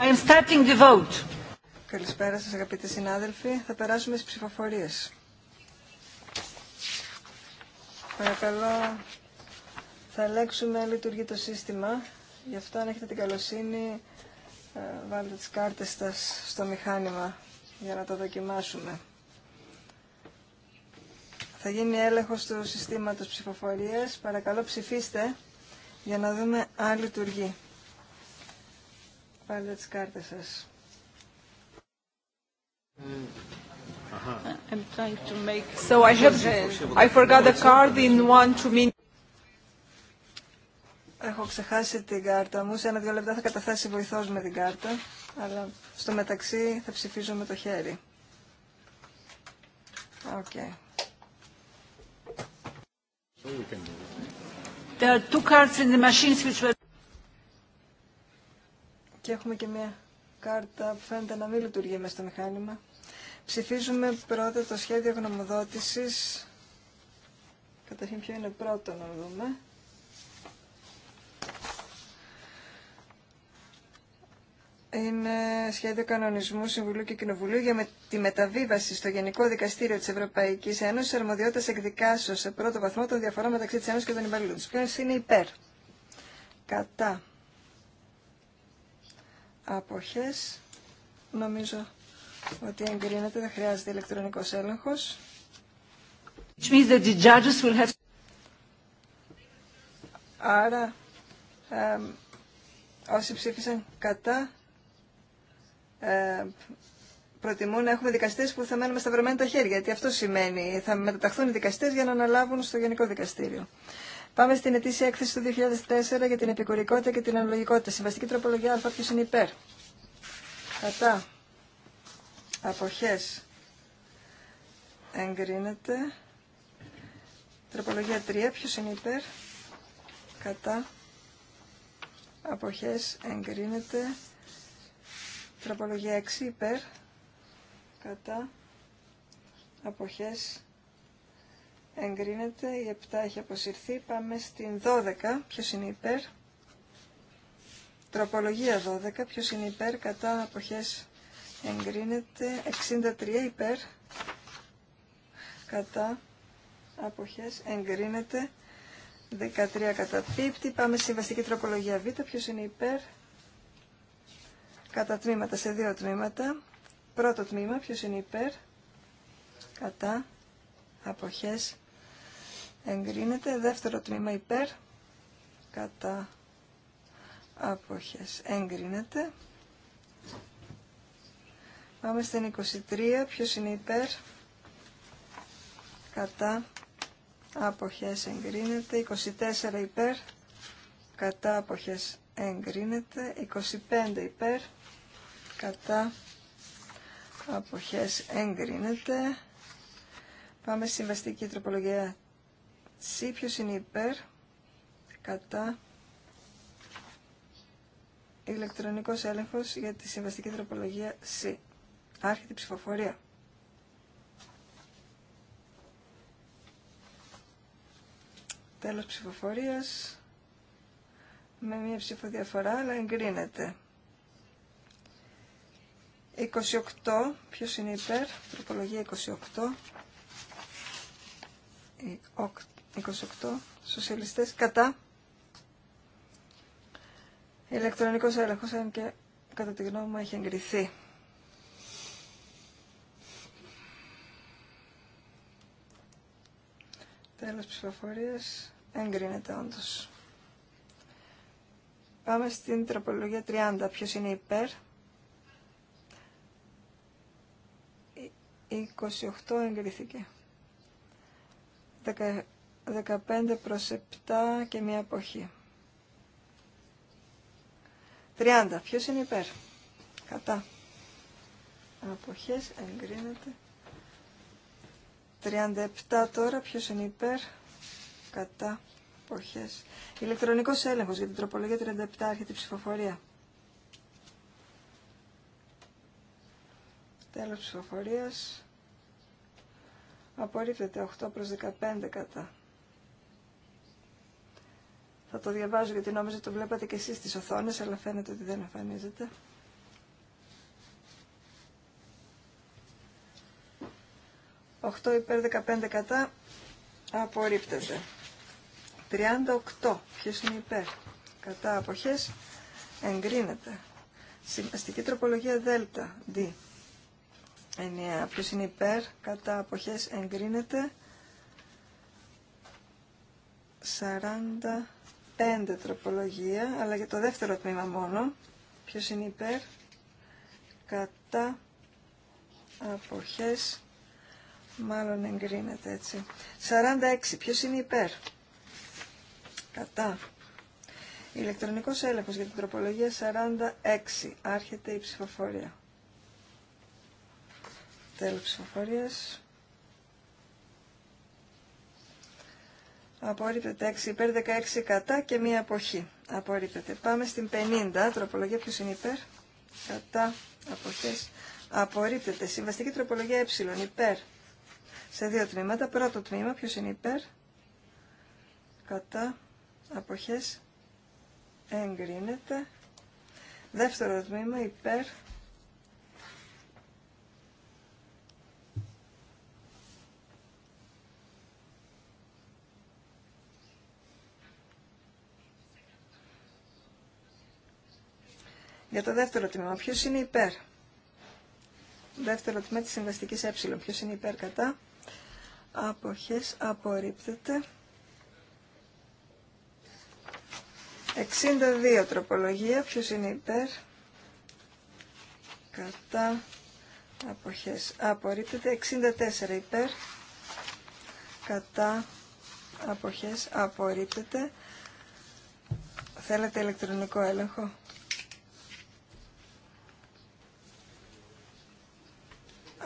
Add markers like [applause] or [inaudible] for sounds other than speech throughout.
starting the Καλησπέρα σας αγαπητοί συνάδελφοι. Θα περάσουμε στις ψηφοφορίες. Παρακαλώ, θα ελέγξουμε λειτουργεί το σύστημα. Γι' αυτό αν έχετε την καλοσύνη, ε, βάλτε τις κάρτες σας στο μηχάνημα για να το δοκιμάσουμε. Θα γίνει έλεγχος του συστήματος ψηφοφορίες. Παρακαλώ ψηφίστε για να δούμε αν λειτουργεί πάλι τις κάρτες σας. I'm trying to make... So I have... I forgot the card in one, two minutes. Έχω ξεχάσει την κάρτα μου. Σε ένα-δύο λεπτά θα καταθέσει βοηθός με την κάρτα. Αλλά στο μεταξύ θα ψηφίζω με το χέρι. Okay. There are two cards in the machines which were και έχουμε και μια κάρτα που φαίνεται να μην λειτουργεί μέσα στο μηχάνημα. Ψηφίζουμε πρώτα το σχέδιο γνωμοδότησης. Καταρχήν ποιο είναι πρώτο να δούμε. είναι σχέδιο κανονισμού Συμβουλίου και Κοινοβουλίου για τη μεταβίβαση στο Γενικό Δικαστήριο τη Ευρωπαϊκή Ένωση αρμοδιότητα εκδικάσεω σε πρώτο βαθμό των διαφορών μεταξύ τη Ένωση και των υπαλλήλων Ποιο είναι υπέρ. Κατά αποχές νομίζω ότι εγκρίνεται, δεν χρειάζεται ηλεκτρονικός έλεγχος. Which means that the judges will have... Άρα, ε, όσοι ψήφισαν κατά, ε, προτιμούν να έχουμε δικαστές που θα μένουν με σταυρωμένα τα χέρια, γιατί αυτό σημαίνει, θα μεταταχθούν οι δικαστές για να αναλάβουν στο Γενικό Δικαστήριο. Πάμε στην ετήσια έκθεση του 2004 για την επικουρικότητα και την αναλογικότητα. Συμβαστική τροπολογία Α, ποιος είναι υπέρ. Κατά. Αποχές. Εγκρίνεται. Τροπολογία 3, ποιος είναι υπέρ. Κατά. Αποχές. Εγκρίνεται. Τροπολογία 6, υπέρ. Κατά. Αποχές εγκρίνεται, η 7 έχει αποσυρθεί. Πάμε στην 12, ποιος είναι υπέρ. Τροπολογία 12, ποιος είναι υπέρ, κατά αποχές εγκρίνεται. 63 υπέρ, κατά αποχές εγκρίνεται. 13 κατά πίπτη. Πάμε στη βασική τροπολογία Β, ποιος είναι υπέρ. Κατά τμήματα, σε δύο τμήματα. Πρώτο τμήμα, ποιος είναι υπέρ. Κατά αποχές εγκρίνεται. Δεύτερο τμήμα υπέρ, κατά άποχες εγκρίνεται. Πάμε στην 23, ποιος είναι υπέρ, κατά άποχες εγκρίνεται. 24 υπέρ, κατά άποχες εγκρίνεται. 25 υπέρ, κατά αποχές εγκρίνεται. Πάμε στη συμβαστική τροπολογία C ποιο είναι υπέρ, κατά, ηλεκτρονικός έλεγχος για τη συμβαστική τροπολογία C. Άρχεται η ψηφοφορία. Τέλος ψηφοφορίας. Με μία ψηφοδιαφορά, αλλά εγκρίνεται. 28, ποιος είναι υπέρ, τροπολογία 28. 8 28 σοσιαλιστές κατά ηλεκτρονικός έλεγχος αν και κατά τη γνώμη μου έχει εγκριθεί. Τέλος ψηφοφορίας εγκρίνεται όντως. Πάμε στην τροπολογία 30. Ποιος είναι υπέρ? 28 εγκριθήκε. 15 προς 7 και μία εποχή. 30. Ποιος είναι υπέρ. Κατά. Αποχές εγκρίνεται. 37 τώρα. Ποιος είναι υπέρ. Κατά. Αποχές. Ηλεκτρονικός έλεγχος για την τροπολογία 37. Άρχεται η ψηφοφορία. Τέλος ψηφοφορίας. Απορρίπτεται 8 προς 15 κατά. Θα το διαβάζω γιατί νόμιζα το βλέπατε και εσείς στις οθόνες, αλλά φαίνεται ότι δεν εμφανίζεται. «8 υπέρ 15 κατά απορρίπτεται». «38 ποιος είναι υπέρ» κατά αποχές εγκρίνεται. Συμβαστική τροπολογία δέλτα, D. 9. Ποιος είναι υπέρ, κατά αποχές εγκρίνεται. 40. Πέντε τροπολογία, αλλά για το δεύτερο τμήμα μόνο. Ποιο είναι υπέρ, κατά, αποχές, μάλλον εγκρίνεται έτσι. 46, Ποιο είναι υπέρ, κατά. Ηλεκτρονικός έλεγχος για την τροπολογία 46, άρχεται η ψηφοφορία. Τέλος ψηφοφορίας. Απορρίπτεται 6 υπέρ, 16 κατά και μία αποχή. Απορρίπτεται. Πάμε στην 50. Τροπολογία ποιος είναι υπέρ. Κατά. Αποχές. Απορρίπτεται. Συμβαστική τροπολογία ε. Υπέρ. Σε δύο τμήματα. Πρώτο τμήμα. Ποιος είναι υπέρ. Κατά. Αποχές. Εγκρίνεται. Δεύτερο τμήμα. Υπέρ. Για το δεύτερο τμήμα, ποιο είναι υπέρ. Δεύτερο τμήμα τη συμβαστική ε, Ποιο είναι υπέρ κατά. Αποχές απορρίπτεται. 62 τροπολογία, ποιος είναι υπέρ. Κατά. απόχέ, απορρίπτεται. 64 υπέρ. Κατά. Αποχές απορρίπτεται. Θέλετε ηλεκτρονικό έλεγχο.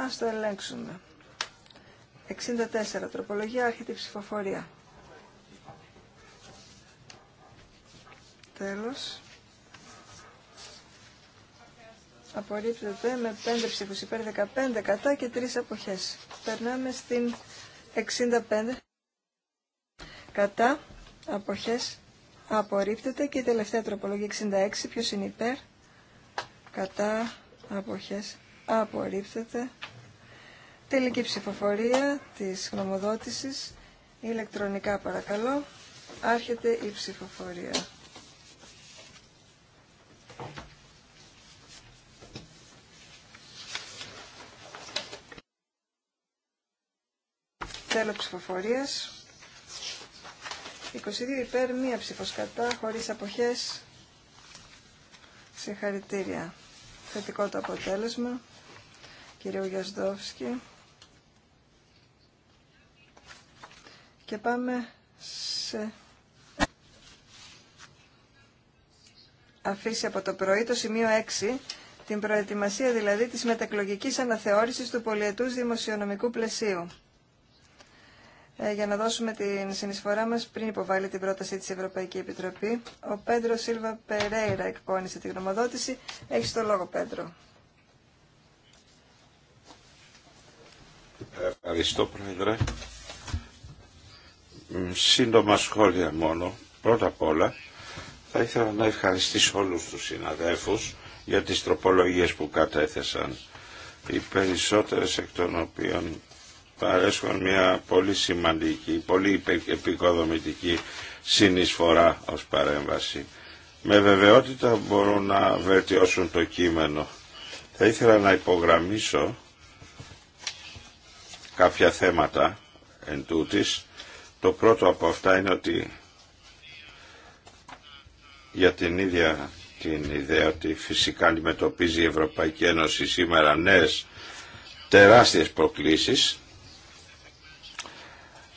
Ας το ελέγξουμε. 64. Τροπολογία άρχεται η ψηφοφορία. Τέλος. Απορρίπτεται με 5 ψήφους υπέρ 15 κατά και 3 αποχές. Περνάμε στην 65 κατά αποχές απορρίπτεται και η τελευταία τροπολογία 66 ποιος είναι υπέρ κατά αποχές απορρίπτεται Τελική ψηφοφορία της γνωμοδότησης. Ηλεκτρονικά παρακαλώ. Άρχεται η ψηφοφορία. Τέλος ψηφοφορίας. 22 υπέρ, μία ψήφος κατά, χωρίς αποχές. Συγχαρητήρια. Θετικό το αποτέλεσμα. Κύριε Ουγιασδόφσκι. Και πάμε σε αφήσει από το πρωί το σημείο 6, την προετοιμασία δηλαδή της μετακλογικής αναθεώρησης του πολιετούς δημοσιονομικού πλαισίου. Ε, για να δώσουμε την συνεισφορά μας πριν υποβάλει την πρόταση της Ευρωπαϊκή Επιτροπή, ο Πέντρο Σίλβα Περέιρα εκπώνησε τη γνωμοδότηση. Έχει το λόγο, Πέντρο. Ευχαριστώ, Πρόεδρε σύντομα σχόλια μόνο. Πρώτα απ' όλα θα ήθελα να ευχαριστήσω όλους τους συναδέλφους για τις τροπολογίες που κατέθεσαν. Οι περισσότερες εκ των οποίων παρέσχουν μια πολύ σημαντική, πολύ επικοδομητική συνεισφορά ως παρέμβαση. Με βεβαιότητα μπορούν να βελτιώσουν το κείμενο. Θα ήθελα να υπογραμμίσω κάποια θέματα εν τούτης, το πρώτο από αυτά είναι ότι για την ίδια την ιδέα ότι φυσικά αντιμετωπίζει η Ευρωπαϊκή Ένωση σήμερα νέες τεράστιες προκλήσεις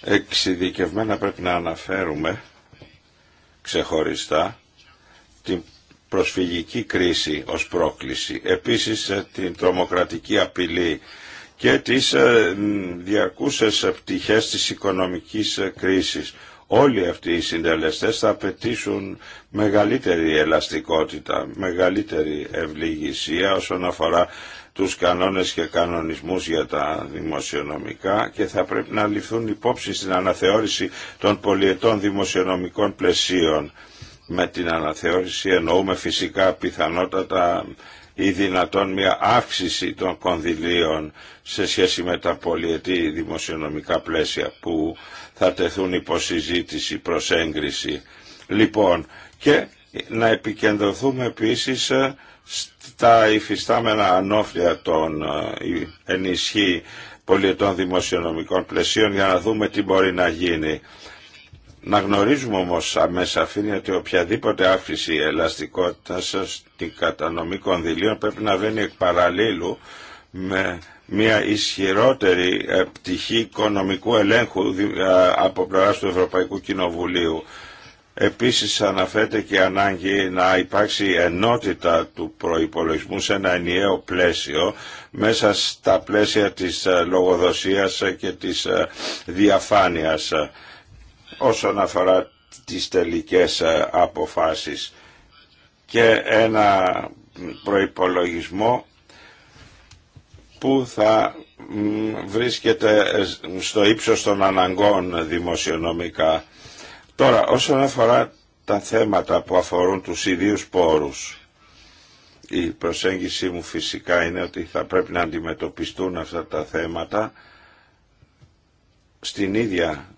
εξειδικευμένα πρέπει να αναφέρουμε ξεχωριστά την προσφυγική κρίση ως πρόκληση επίσης ε, την τρομοκρατική απειλή και τις ε, διακούσες πτυχές της οικονομικής ε, κρίσης. Όλοι αυτοί οι συντελεστές θα απαιτήσουν μεγαλύτερη ελαστικότητα, μεγαλύτερη ευλήγησία όσον αφορά τους κανόνες και κανονισμούς για τα δημοσιονομικά και θα πρέπει να ληφθούν υπόψη στην αναθεώρηση των πολιετών δημοσιονομικών πλαισίων. Με την αναθεώρηση εννοούμε φυσικά πιθανότατα ή δυνατόν μια αύξηση των κονδυλίων σε σχέση με τα πολιετή δημοσιονομικά πλαίσια που θα τεθούν υπό συζήτηση έγκριση. Λοιπόν, και να επικεντρωθούμε επίσης ε, στα υφιστάμενα ανώφλια των ε, ενισχύ πολιετών δημοσιονομικών πλαισίων για να δούμε τι μπορεί να γίνει. Να γνωρίζουμε όμως με αφήνει ότι οποιαδήποτε αύξηση ελαστικότητας στην κατανομή κονδυλίων πρέπει να βαίνει εκ παραλίλου με μια ισχυρότερη ε, πτυχή οικονομικού ελέγχου ε, από πλευράς του Ευρωπαϊκού Κοινοβουλίου. Επίσης αναφέρεται και η ανάγκη να υπάρξει ενότητα του προϋπολογισμού σε ένα ενιαίο πλαίσιο μέσα στα πλαίσια της ε, λογοδοσίας και της διαφάνειας όσον αφορά τις τελικές ε, αποφάσεις και ένα προϋπολογισμό που θα βρίσκεται ε, στο ύψος των αναγκών δημοσιονομικά. Τώρα, όσον αφορά τα θέματα που αφορούν τους ιδίους πόρους, η προσέγγιση μου φυσικά είναι ότι θα πρέπει να αντιμετωπιστούν αυτά τα θέματα στην ίδια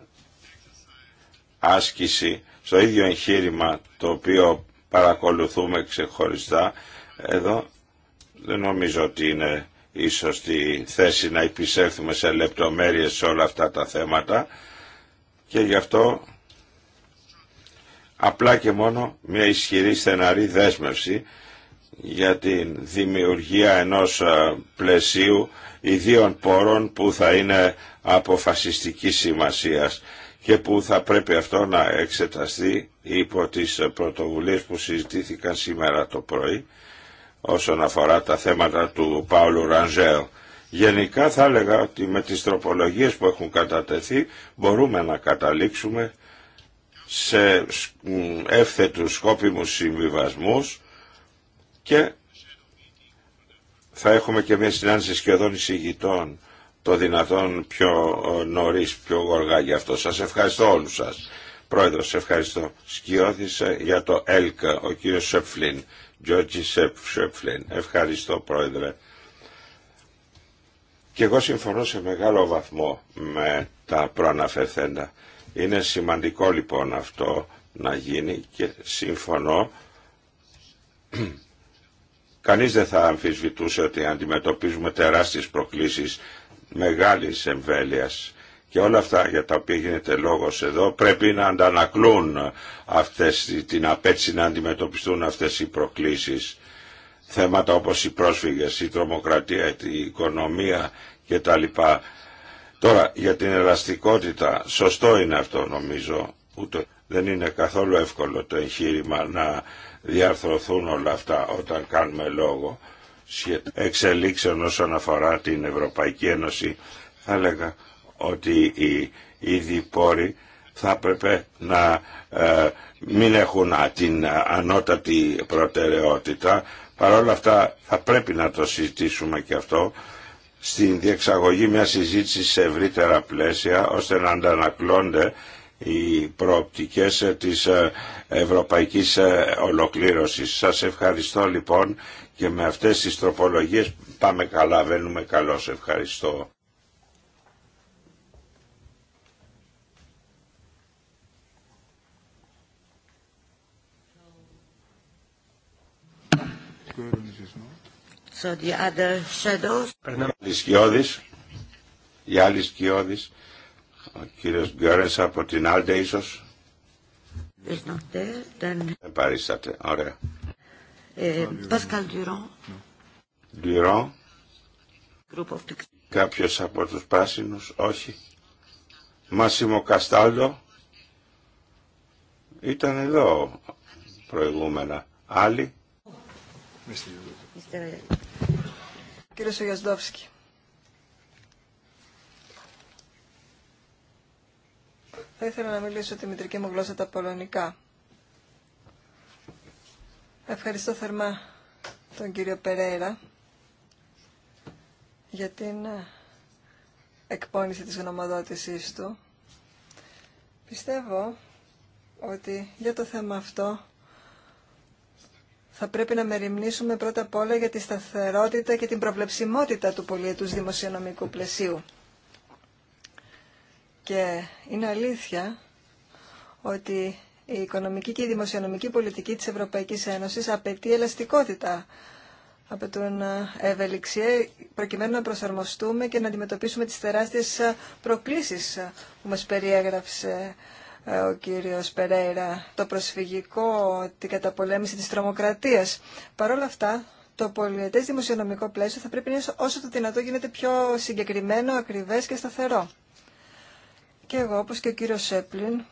άσκηση, στο ίδιο εγχείρημα το οποίο παρακολουθούμε ξεχωριστά, εδώ δεν νομίζω ότι είναι ίσως τη θέση να επισέλθουμε σε λεπτομέρειες σε όλα αυτά τα θέματα και γι' αυτό απλά και μόνο μια ισχυρή στεναρή δέσμευση για την δημιουργία ενός ε, πλαισίου ιδίων πόρων που θα είναι αποφασιστική σημασίας και που θα πρέπει αυτό να εξεταστεί υπό τις πρωτοβουλίες που συζητήθηκαν σήμερα το πρωί όσον αφορά τα θέματα του Παύλου Ραντζέο. Γενικά θα έλεγα ότι με τις τροπολογίες που έχουν κατατεθεί μπορούμε να καταλήξουμε σε εύθετους σκόπιμους συμβιβασμούς και θα έχουμε και μια συνάντηση σχεδόν εισηγητών το δυνατόν πιο ε, νωρίς, πιο γοργά για αυτό. Σας ευχαριστώ όλους σας. Πρόεδρος, ευχαριστώ. Σκιώθησε για το ΕΛΚΑ, ο κύριος Σεπφλίν, Γιώργη Σεπφλίν. Ευχαριστώ, πρόεδρε. Και εγώ συμφωνώ σε μεγάλο βαθμό με τα προαναφερθέντα. Είναι σημαντικό λοιπόν αυτό να γίνει και συμφωνώ. [clears throat] Κανείς δεν θα αμφισβητούσε ότι αντιμετωπίζουμε τεράστιες προκλήσεις μεγάλης εμβέλειας και όλα αυτά για τα οποία γίνεται λόγος εδώ πρέπει να αντανακλούν αυτές, την απέτηση να αντιμετωπιστούν αυτές οι προκλήσεις. Θέματα όπως οι πρόσφυγες, η τρομοκρατία, η οικονομία κτλ. Τώρα για την ελαστικότητα, σωστό είναι αυτό νομίζω, ούτε δεν είναι καθόλου εύκολο το εγχείρημα να διαρθρωθούν όλα αυτά όταν κάνουμε λόγο εξελίξεων όσον αφορά την Ευρωπαϊκή Ένωση θα έλεγα ότι οι ήδη πόροι θα έπρεπε να ε, μην έχουν την ανώτατη προτεραιότητα. παρόλα αυτά θα πρέπει να το συζητήσουμε και αυτό στην διεξαγωγή μια συζήτηση σε ευρύτερα πλαίσια ώστε να αντανακλώνται οι προοπτικές της ε, ευρωπαϊκής ε, ολοκλήρωσης. Σας ευχαριστώ λοιπόν και με αυτές τις τροπολογίες πάμε καλά, βαίνουμε καλώς. Ευχαριστώ. So the other Οι άλλοι σκιώδεις, ο κύριος Γκιόρενς από την Άλντε ίσως. Δεν παρίσταται, ωραία. Πασκάλ ε, Ντυρόν, Κάποιος από τους πράσινους, όχι. Μάσιμο Καστάλτο ήταν εδώ προηγούμενα. Άλλοι. Κύριε Σογιασδόφσκι. Θα ήθελα να μιλήσω τη μητρική μου γλώσσα τα πολωνικά. Ευχαριστώ θερμά τον κύριο Περέιρα για την ε, εκπόνηση της γνωμοδότησής του. Πιστεύω ότι για το θέμα αυτό θα πρέπει να μεριμνήσουμε πρώτα απ' όλα για τη σταθερότητα και την προβλεψιμότητα του πολιετούς δημοσιονομικού πλαισίου. Και είναι αλήθεια ότι η οικονομική και η δημοσιονομική πολιτική της Ευρωπαϊκής Ένωσης απαιτεί ελαστικότητα. Απαιτούν ε, ευελιξία προκειμένου να προσαρμοστούμε και να αντιμετωπίσουμε τις τεράστιες ε, προκλήσεις ε, που μας περιέγραψε ο κύριος Περέιρα, το προσφυγικό, την καταπολέμηση της τρομοκρατίας. Παρ' όλα αυτά, το πολιετές δημοσιονομικό πλαίσιο θα πρέπει να είναι όσο το δυνατό γίνεται πιο συγκεκριμένο, ακριβές και σταθερό. Και εγώ, όπως και ο κύριος Σέπλιν,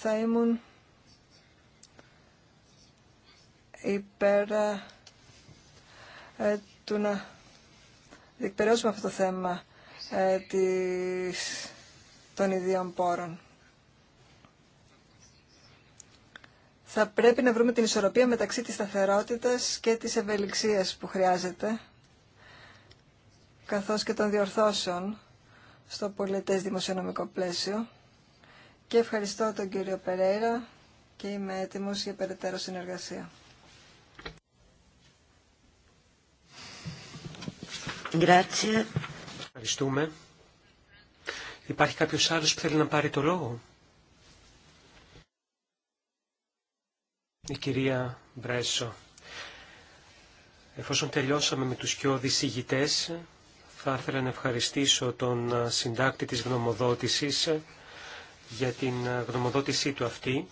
θα ήμουν υπέρ ε, του να διεκπαιρεώσουμε αυτό το θέμα ε, της, των ιδίων πόρων. Θα πρέπει να βρούμε την ισορροπία μεταξύ της σταθερότητας και της ευελιξίας που χρειάζεται, καθώς και των διορθώσεων στο πολιτές δημοσιονομικό πλαίσιο και ευχαριστώ τον κύριο Περέιρα και είμαι έτοιμος για περαιτέρω συνεργασία. Ευχαριστούμε. Υπάρχει κάποιος άλλος που θέλει να πάρει το λόγο. Η κυρία Μπρέσο. Εφόσον τελειώσαμε με τους πιο δυσηγητές, θα ήθελα να ευχαριστήσω τον συντάκτη της γνωμοδότησης για την γνωμοδότησή του αυτή,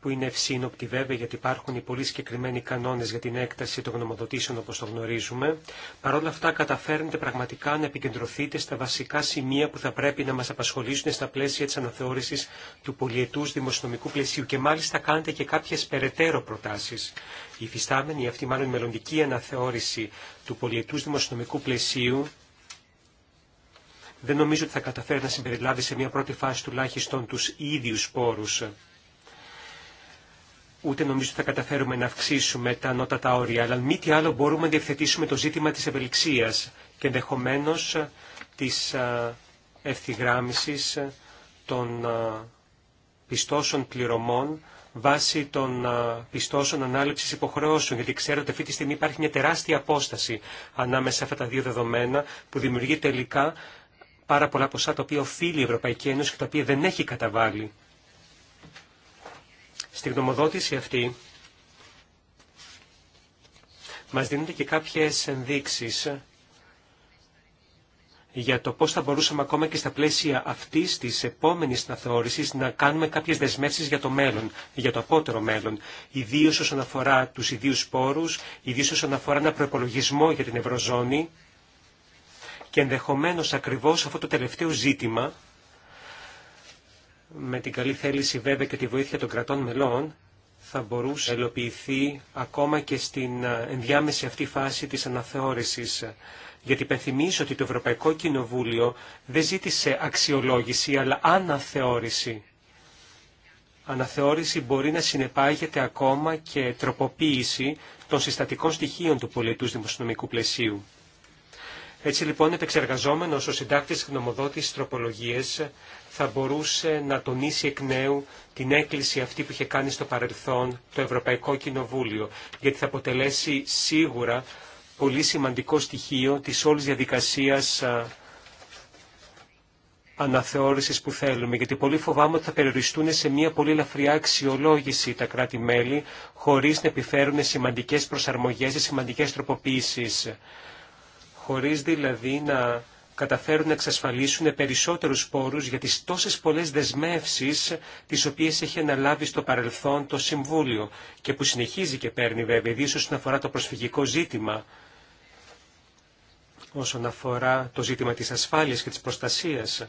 που είναι ευσύνοπτη βέβαια γιατί υπάρχουν οι πολύ συγκεκριμένοι κανόνες για την έκταση των γνωμοδοτήσεων όπως το γνωρίζουμε. Παρ' όλα αυτά καταφέρνετε πραγματικά να επικεντρωθείτε στα βασικά σημεία που θα πρέπει να μας απασχολήσουν στα πλαίσια της αναθεώρησης του πολιετούς δημοσιονομικού πλαισίου και μάλιστα κάνετε και κάποιες περαιτέρω προτάσεις. Η φυστάμενη αυτή μάλλον η μελλοντική αναθεώρηση του πολιετού δημοσιονομικού πλαισίου δεν νομίζω ότι θα καταφέρει να συμπεριλάβει σε μια πρώτη φάση τουλάχιστον τους ίδιους πόρους. Ούτε νομίζω ότι θα καταφέρουμε να αυξήσουμε τα ανώτατα όρια, αλλά μη τι άλλο μπορούμε να διευθετήσουμε το ζήτημα της ευελιξίας και ενδεχομένω της ευθυγράμμισης των πιστώσεων πληρωμών βάσει των πιστώσεων ανάληψης υποχρεώσεων, γιατί ξέρω ότι αυτή τη στιγμή υπάρχει μια τεράστια απόσταση ανάμεσα σε αυτά τα δύο δεδομένα που δημιουργεί τελικά πάρα πολλά ποσά τα οποία οφείλει η Ευρωπαϊκή Ένωση και τα οποία δεν έχει καταβάλει. Στη γνωμοδότηση αυτή μας δίνονται και κάποιες ενδείξεις για το πώς θα μπορούσαμε ακόμα και στα πλαίσια αυτής της επόμενης αναθεώρησης να κάνουμε κάποιες δεσμεύσεις για το μέλλον, για το απότερο μέλλον, ιδίως όσον αφορά τους ιδίους πόρους, ιδίως όσον αφορά ένα προπολογισμό για την Ευρωζώνη, και ενδεχομένως ακριβώς αυτό το τελευταίο ζήτημα, με την καλή θέληση βέβαια και τη βοήθεια των κρατών μελών, θα μπορούσε να ελοποιηθεί ακόμα και στην ε, ενδιάμεση αυτή φάση της αναθεώρησης. Γιατί υπενθυμίζω ότι το Ευρωπαϊκό Κοινοβούλιο δεν ζήτησε αξιολόγηση, αλλά αναθεώρηση. Αναθεώρηση μπορεί να συνεπάγεται ακόμα και τροποποίηση των συστατικών στοιχείων του πολιτού δημοσιονομικού πλαισίου. Έτσι λοιπόν, επεξεργαζόμενος ο συντάκτης γνωμοδότης τροπολογίες θα μπορούσε να τονίσει εκ νέου την έκκληση αυτή που είχε κάνει στο παρελθόν το Ευρωπαϊκό Κοινοβούλιο, γιατί θα αποτελέσει σίγουρα πολύ σημαντικό στοιχείο της όλης διαδικασίας αναθεώρησης που θέλουμε, γιατί πολύ φοβάμαι ότι θα περιοριστούν σε μια πολύ ελαφριά αξιολόγηση τα κράτη-μέλη, χωρίς να επιφέρουν σημαντικές προσαρμογές ή σημαντικές τροποποίησεις χωρίς δηλαδή να καταφέρουν να εξασφαλίσουν περισσότερους πόρους για τις τόσες πολλές δεσμεύσεις τις οποίες έχει αναλάβει στο παρελθόν το Συμβούλιο και που συνεχίζει και παίρνει βέβαια, ιδίως όσον αφορά το προσφυγικό ζήτημα, όσον αφορά το ζήτημα της ασφάλειας και της προστασίας,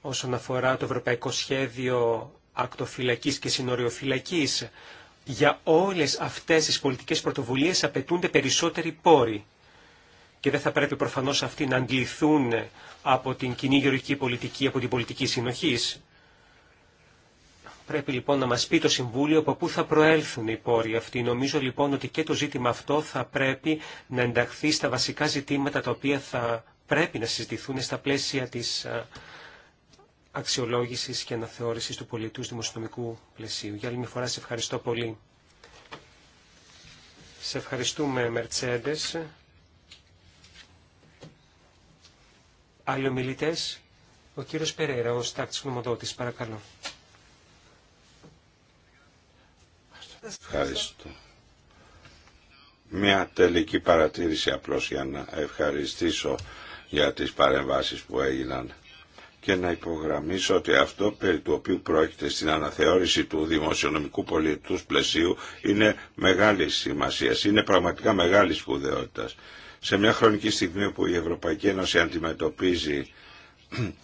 όσον αφορά το ευρωπαϊκό σχέδιο ακτοφυλακής και συνοριοφυλακής, για όλες αυτές τις πολιτικές πρωτοβουλίες απαιτούνται περισσότεροι πόροι και δεν θα πρέπει προφανώς αυτοί να αντληθούν από την κοινή γεωργική πολιτική, από την πολιτική συνοχής. Πρέπει λοιπόν να μας πει το Συμβούλιο από πού θα προέλθουν οι πόροι αυτοί. Νομίζω λοιπόν ότι και το ζήτημα αυτό θα πρέπει να ενταχθεί στα βασικά ζητήματα τα οποία θα πρέπει να συζητηθούν στα πλαίσια της Αξιολόγηση και αναθεώρησης του πολιτού δημοσιονομικού πλαισίου. Για άλλη μια φορά σε ευχαριστώ πολύ. Σε ευχαριστούμε Μερτσέντε. Άλλοι ομιλητέ, ο κύριο Περέρα, ο στάκτης νομοδότης, παρακαλώ. Ευχαριστώ. Μια τελική παρατήρηση απλώς για να ευχαριστήσω για τις παρεμβάσεις που έγιναν και να υπογραμμίσω ότι αυτό περί του οποίου πρόκειται στην αναθεώρηση του δημοσιονομικού πολιτικού πλαισίου είναι μεγάλη σημασία, είναι πραγματικά μεγάλη σπουδαιότητα. Σε μια χρονική στιγμή που η Ευρωπαϊκή Ένωση αντιμετωπίζει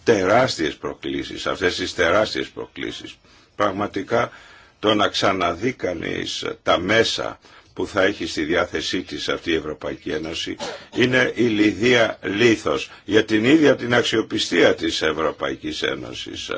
τεράστιες προκλήσεις, αυτές τις τεράστιες προκλήσεις, πραγματικά το να ξαναδεί κανείς τα μέσα που θα έχει στη διάθεσή της αυτή η Ευρωπαϊκή Ένωση είναι η λιδία λίθος για την ίδια την αξιοπιστία της Ευρωπαϊκής Ένωσης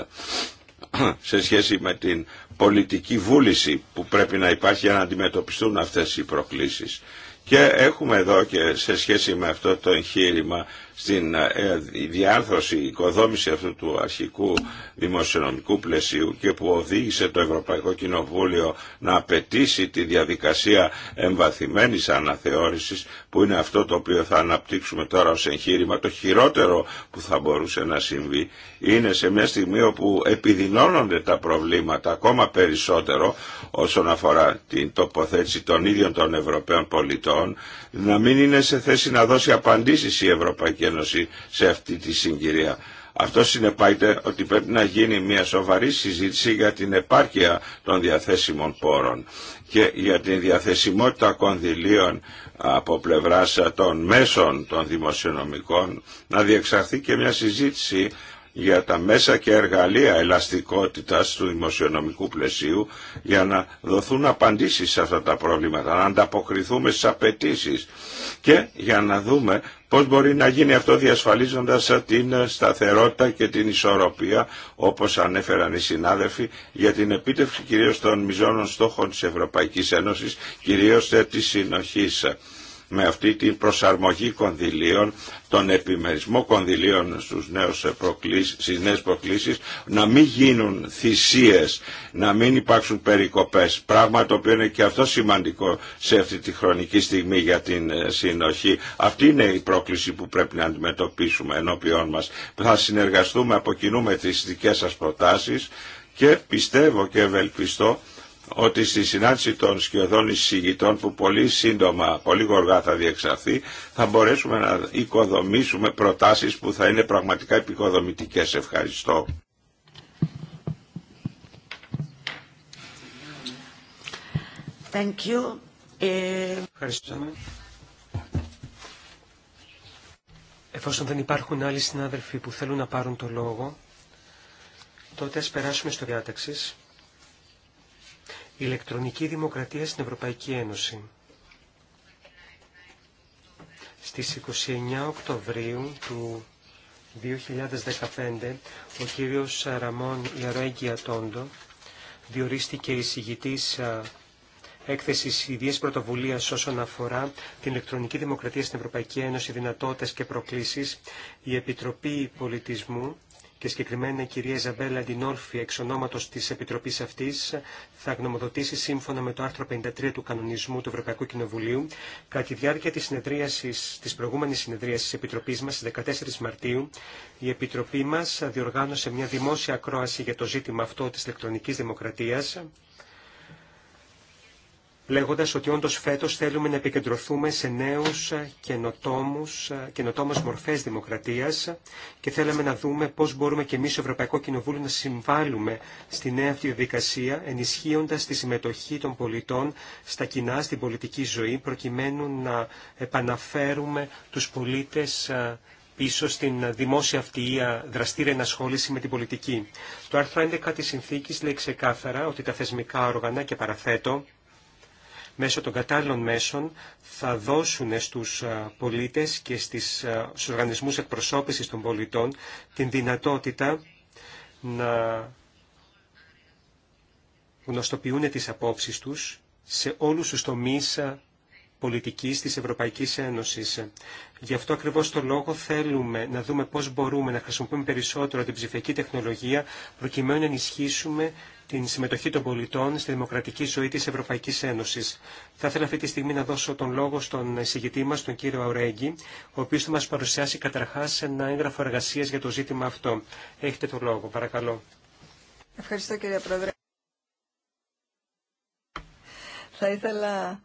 σε σχέση με την πολιτική βούληση που πρέπει να υπάρχει για να αντιμετωπιστούν αυτές οι προκλήσεις. Και έχουμε εδώ και σε σχέση με αυτό το εγχείρημα στην ε, διάρθρωση, οικοδόμηση αυτού του αρχικού δημοσιονομικού πλαισίου και που οδήγησε το Ευρωπαϊκό Κοινοβούλιο να απαιτήσει τη διαδικασία εμβαθυμένη αναθεώρησης που είναι αυτό το οποίο θα αναπτύξουμε τώρα ως εγχείρημα. Το χειρότερο που θα μπορούσε να συμβεί είναι σε μια στιγμή όπου επιδεινώνονται τα προβλήματα ακόμα περισσότερο όσον αφορά την τοποθέτηση των ίδιων των Ευρωπαίων πολιτών να μην είναι σε θέση να δώσει απαντήσει η Ευρωπαϊκή Ένωση σε αυτή τη συγκυρία. Αυτό συνεπάγεται ότι πρέπει να γίνει μια σοβαρή συζήτηση για την επάρκεια των διαθέσιμων πόρων και για την διαθεσιμότητα κονδυλίων από πλευράς των μέσων των δημοσιονομικών να διεξαχθεί και μια συζήτηση για τα μέσα και εργαλεία ελαστικότητας του δημοσιονομικού πλαισίου για να δοθούν απαντήσεις σε αυτά τα προβλήματα, να ανταποκριθούμε στις απαιτήσει και για να δούμε πώς μπορεί να γίνει αυτό διασφαλίζοντας την σταθερότητα και την ισορροπία όπως ανέφεραν οι συνάδελφοι για την επίτευξη κυρίως των μιζώνων στόχων της Ευρωπαϊκής Ένωσης, κυρίως της συνοχής με αυτή την προσαρμογή κονδυλίων, τον επιμερισμό κονδυλίων στους νέους ε, προκλήσεις, στις νέες προκλήσεις, να μην γίνουν θυσίες, να μην υπάρξουν περικοπές, πράγμα το οποίο είναι και αυτό σημαντικό σε αυτή τη χρονική στιγμή για την ε, συνοχή. Αυτή είναι η πρόκληση που πρέπει να αντιμετωπίσουμε ενώπιόν μας. Θα συνεργαστούμε από κοινού τις δικές σας και πιστεύω και ευελπιστώ ότι στη συνάντηση των σκιωδών εισηγητών που πολύ σύντομα, πολύ γοργά θα διεξαρθεί, θα μπορέσουμε να οικοδομήσουμε προτάσεις που θα είναι πραγματικά επικοδομητικές. Ευχαριστώ. Ε, Εφόσον δεν υπάρχουν άλλοι συνάδελφοι που θέλουν να πάρουν το λόγο, τότε ας περάσουμε στο διάταξης ηλεκτρονική δημοκρατία στην Ευρωπαϊκή Ένωση. Στις 29 Οκτωβρίου του 2015, ο κύριος Ραμόν Ιαρέγκια Τόντο διορίστηκε εισηγητής έκθεση ιδίες πρωτοβουλία όσον αφορά την ηλεκτρονική δημοκρατία στην Ευρωπαϊκή Ένωση, δυνατότητες και προκλήσεις, η Επιτροπή Πολιτισμού και συγκεκριμένα η κυρία Ζαμπέλα Ντινόλφη εξ ονόματο της Επιτροπής αυτής θα γνωμοδοτήσει σύμφωνα με το άρθρο 53 του κανονισμού του Ευρωπαϊκού Κοινοβουλίου κατά τη διάρκεια τη της προηγούμενης συνεδρίας της Επιτροπής μας στις 14 Μαρτίου η Επιτροπή μας διοργάνωσε μια δημόσια ακρόαση για το ζήτημα αυτό τη ηλεκτρονική δημοκρατία λέγοντας ότι όντως φέτος θέλουμε να επικεντρωθούμε σε νέους καινοτόμους, καινοτόμες μορφές δημοκρατίας και θέλαμε να δούμε πώς μπορούμε και εμείς στο Ευρωπαϊκό Κοινοβούλιο να συμβάλλουμε στη νέα αυτή διαδικασία, ενισχύοντας τη συμμετοχή των πολιτών στα κοινά, στην πολιτική ζωή, προκειμένου να επαναφέρουμε τους πολίτες ε, πίσω στην δημόσια αυτή ε, δραστήρια ενασχόληση με την πολιτική. Το άρθρο 11 της συνθήκης λέει ξεκάθαρα ότι τα θεσμικά όργανα και παραθέτω μέσω των κατάλληλων μέσων θα δώσουν στους πολίτες και στις, στους οργανισμούς εκπροσώπησης των πολιτών την δυνατότητα να γνωστοποιούν τις απόψεις τους σε όλους τους τομείς πολιτικής της Ευρωπαϊκής Ένωσης. Γι' αυτό ακριβώς το λόγο θέλουμε να δούμε πώς μπορούμε να χρησιμοποιούμε περισσότερο την ψηφιακή τεχνολογία προκειμένου να ενισχύσουμε την συμμετοχή των πολιτών στη δημοκρατική ζωή της Ευρωπαϊκής Ένωσης. Θα ήθελα αυτή τη στιγμή να δώσω τον λόγο στον εισηγητή μας, τον κύριο Αουρέγγι, ο οποίος θα μας παρουσιάσει καταρχάς ένα έγγραφο εργασίας για το ζήτημα αυτό. Έχετε τον λόγο, παρακαλώ. Ευχαριστώ κύριε Πρόεδρε. Θα ήθελα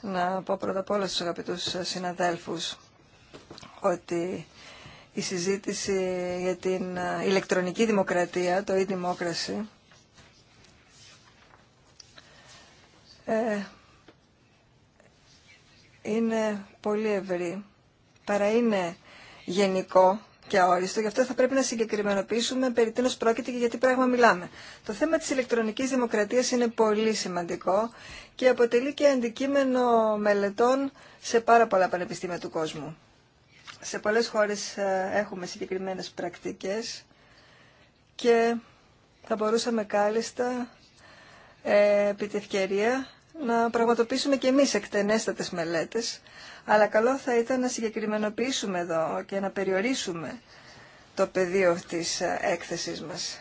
να πω πρώτα απ' όλα στους αγαπητούς συναδέλφους ότι η συζήτηση για την ηλεκτρονική δημοκρατία, το e-democracy, Ε, είναι πολύ ευρύ, παρά είναι γενικό και αόριστο. Γι' αυτό θα πρέπει να συγκεκριμενοποιήσουμε περί τίνος πρόκειται και τι πράγμα μιλάμε. Το θέμα της ηλεκτρονικής δημοκρατίας είναι πολύ σημαντικό και αποτελεί και αντικείμενο μελετών σε πάρα πολλά πανεπιστήμια του κόσμου. Σε πολλές χώρες ε, έχουμε συγκεκριμένες πρακτικές και θα μπορούσαμε κάλλιστα ε, επί τη ευκαιρία να πραγματοποιήσουμε και εμείς εκτενέστατες μελέτες, αλλά καλό θα ήταν να συγκεκριμενοποιήσουμε εδώ και να περιορίσουμε το πεδίο της ε, έκθεσης μας.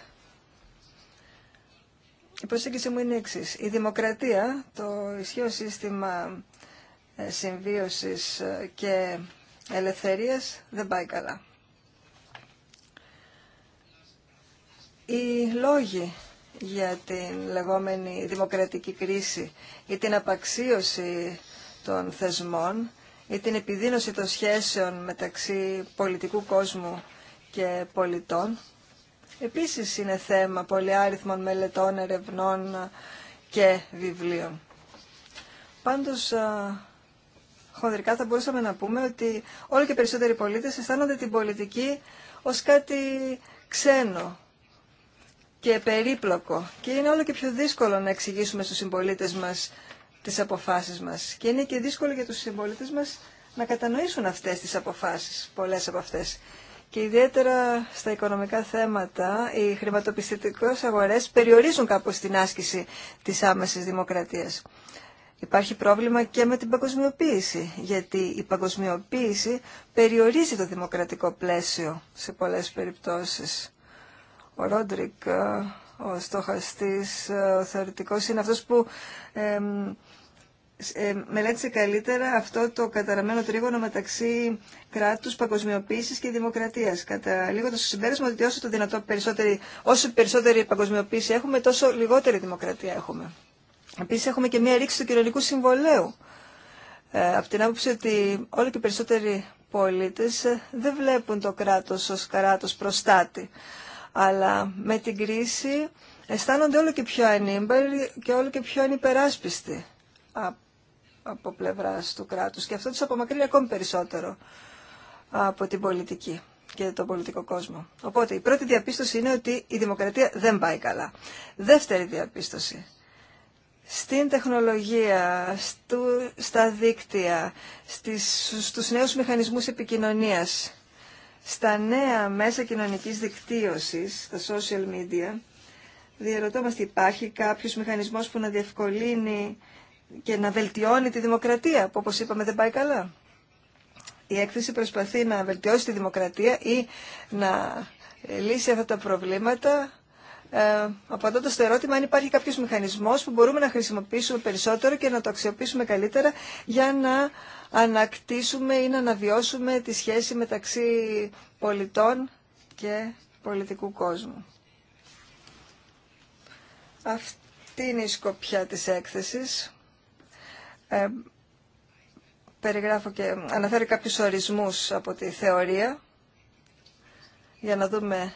Η προσέγγιση μου είναι εξή. Η δημοκρατία, το ισχύο σύστημα ε, συμβίωσης ε, και ελευθερίας δεν πάει καλά. Οι λόγοι για την λεγόμενη δημοκρατική κρίση, ή την απαξίωση των θεσμών, ή την επιδείνωση των σχέσεων μεταξύ πολιτικού κόσμου και πολιτών. Επίσης είναι θέμα πολυάριθμων μελετών, ερευνών και βιβλίων. Πάντως, χονδρικά θα μπορούσαμε να πούμε ότι όλο και περισσότεροι πολίτες αισθάνονται την πολιτική ως κάτι ξένο, και περίπλοκο και είναι όλο και πιο δύσκολο να εξηγήσουμε στους συμπολίτε μας τις αποφάσεις μας και είναι και δύσκολο για τους συμπολίτε μας να κατανοήσουν αυτές τις αποφάσεις, πολλές από αυτές. Και ιδιαίτερα στα οικονομικά θέματα, οι χρηματοπιστωτικές αγορές περιορίζουν κάπως την άσκηση της άμεσης δημοκρατίας. Υπάρχει πρόβλημα και με την παγκοσμιοποίηση, γιατί η παγκοσμιοποίηση περιορίζει το δημοκρατικό πλαίσιο σε πολλές περιπτώσεις. Ο Ρόντρικ, ε, ο στοχαστής, ε, ο θεωρητικός, είναι αυτός που ε, ε, μελέτησε καλύτερα αυτό το καταραμένο τρίγωνο μεταξύ κράτους, παγκοσμιοποίησης και δημοκρατίας. Κατά λίγο το συμπέρασμα ότι όσο, δυνατό περισσότερη, όσο περισσότερη παγκοσμιοποίηση έχουμε, τόσο λιγότερη δημοκρατία έχουμε. Επίσης έχουμε και μία ρήξη του κοινωνικού συμβολέου. Ε, από την άποψη ότι όλο και περισσότεροι πολίτες ε, δεν βλέπουν το κράτος ως κράτος προστάτη αλλά με την κρίση αισθάνονται όλο και πιο ανήμπεροι και όλο και πιο ανυπεράσπιστοι από πλευράς του κράτους και αυτό τους απομακρύνει ακόμη περισσότερο από την πολιτική και τον πολιτικό κόσμο. Οπότε η πρώτη διαπίστωση είναι ότι η δημοκρατία δεν πάει καλά. Δεύτερη διαπίστωση. Στην τεχνολογία, στα δίκτυα, στις, στους νέους μηχανισμούς επικοινωνίας στα νέα μέσα κοινωνικής δικτύωσης, τα social media, τι υπάρχει κάποιος μηχανισμός που να διευκολύνει και να βελτιώνει τη δημοκρατία, που όπως είπαμε δεν πάει καλά. Η έκθεση προσπαθεί να βελτιώσει τη δημοκρατία ή να λύσει αυτά τα προβλήματα ε, τότε το ερώτημα αν υπάρχει κάποιος μηχανισμός που μπορούμε να χρησιμοποιήσουμε περισσότερο και να το αξιοποιήσουμε καλύτερα για να ανακτήσουμε ή να αναβιώσουμε τη σχέση μεταξύ πολιτών και πολιτικού κόσμου. Αυτή είναι η σκοπιά της έκθεσης. Ε, περιγράφω και αναφέρω κάποιους ορισμούς από τη θεωρία για να δούμε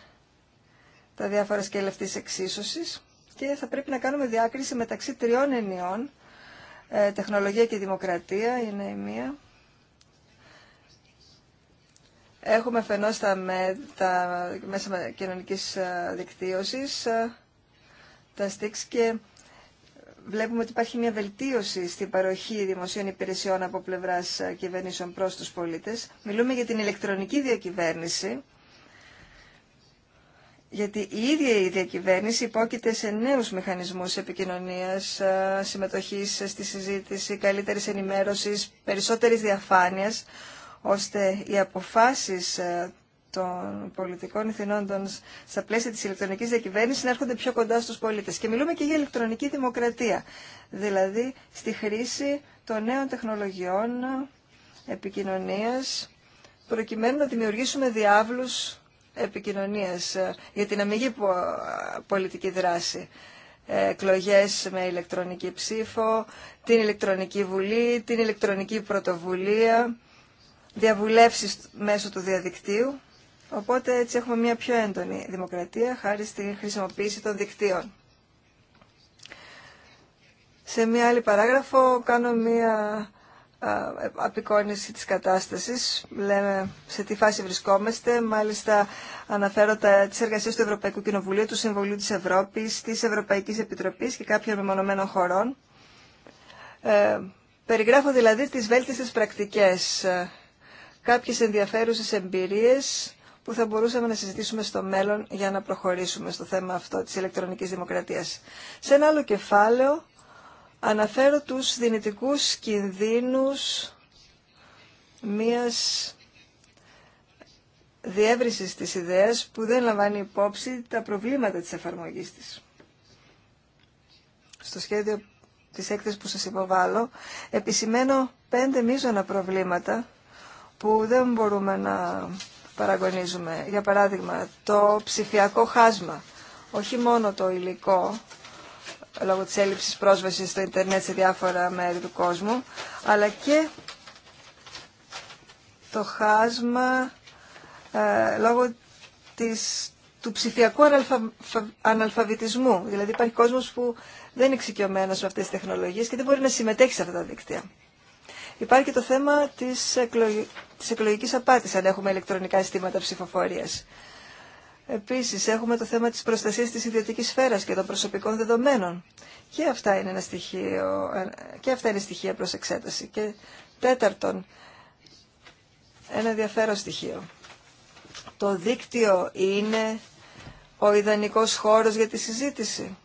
τα διάφορα σκέλη αυτής εξίσωσης και θα πρέπει να κάνουμε διάκριση μεταξύ τριών ενιών. Ε, τεχνολογία και δημοκρατία είναι η μία. Έχουμε φαινο τα, μέσα κοινωνικής ε, δικτύωσης, ε, τα στιξ και βλέπουμε ότι υπάρχει μια βελτίωση στην παροχή δημοσίων υπηρεσιών από πλευράς κυβερνήσεων προς τους πολίτες. Μιλούμε για την ηλεκτρονική διακυβέρνηση γιατί η ίδια η διακυβέρνηση υπόκειται σε νέους μηχανισμούς επικοινωνίας, ε, συμμετοχής στη συζήτηση, καλύτερης ενημέρωσης, περισσότερης διαφάνειας, ώστε οι αποφάσεις ε, των πολιτικών ηθινών στα πλαίσια της ηλεκτρονικής διακυβέρνησης να έρχονται πιο κοντά στους πολίτες. Και μιλούμε και για ηλεκτρονική δημοκρατία, δηλαδή στη χρήση των νέων τεχνολογιών επικοινωνίας, προκειμένου να δημιουργήσουμε διάβλους επικοινωνίας, ε, για την αμυγή πολιτική δράση. Ε, εκλογές με ηλεκτρονική ψήφο, την ηλεκτρονική βουλή, την ηλεκτρονική πρωτοβουλία, διαβουλεύσεις μέσω του διαδικτύου. Οπότε έτσι έχουμε μια πιο έντονη δημοκρατία χάρη στη χρησιμοποίηση των δικτύων. Σε μια άλλη παράγραφο κάνω μια ε, απεικόνιση της κατάστασης. Λέμε σε τι φάση βρισκόμαστε. Μάλιστα αναφέρω τα, τις εργασίες του Ευρωπαϊκού Κοινοβουλίου, του Συμβουλίου της Ευρώπης, της Ευρωπαϊκής Επιτροπής και κάποιων μεμονωμένων χωρών. Ε, περιγράφω δηλαδή τις βέλτιστες πρακτικές, ε, κάποιες ενδιαφέρουσες εμπειρίες που θα μπορούσαμε να συζητήσουμε στο μέλλον για να προχωρήσουμε στο θέμα αυτό της ηλεκτρονικής δημοκρατίας. Σε ένα άλλο κεφάλαιο αναφέρω τους δυνητικούς κινδύνους μίας διεύρυνσης της ιδέας που δεν λαμβάνει υπόψη τα προβλήματα της εφαρμογής της. Στο σχέδιο της έκθεσης που σας υποβάλλω επισημαίνω πέντε μείζωνα προβλήματα που δεν μπορούμε να παραγωνίζουμε. Για παράδειγμα, το ψηφιακό χάσμα, όχι μόνο το υλικό, λόγω της έλλειψης πρόσβασης στο ίντερνετ σε διάφορα μέρη του κόσμου, αλλά και το χάσμα ε, λόγω της, του ψηφιακού αναλφαβητισμού. Δηλαδή υπάρχει κόσμος που δεν είναι εξοικειωμένος με αυτές τις τεχνολογίες και δεν μπορεί να συμμετέχει σε αυτά τα δίκτυα. Υπάρχει και το θέμα της, εκλογικής απάτης, αν έχουμε ηλεκτρονικά συστήματα ψηφοφορίας. Επίσης, έχουμε το θέμα της προστασίας της ιδιωτικής σφαίρας και των προσωπικών δεδομένων. Και αυτά είναι, ένα στοιχείο, ε, και αυτά είναι στοιχεία προ εξέταση. Και τέταρτον, ένα ενδιαφέρον στοιχείο. Το δίκτυο είναι ο ιδανικός χώρος για τη συζήτηση.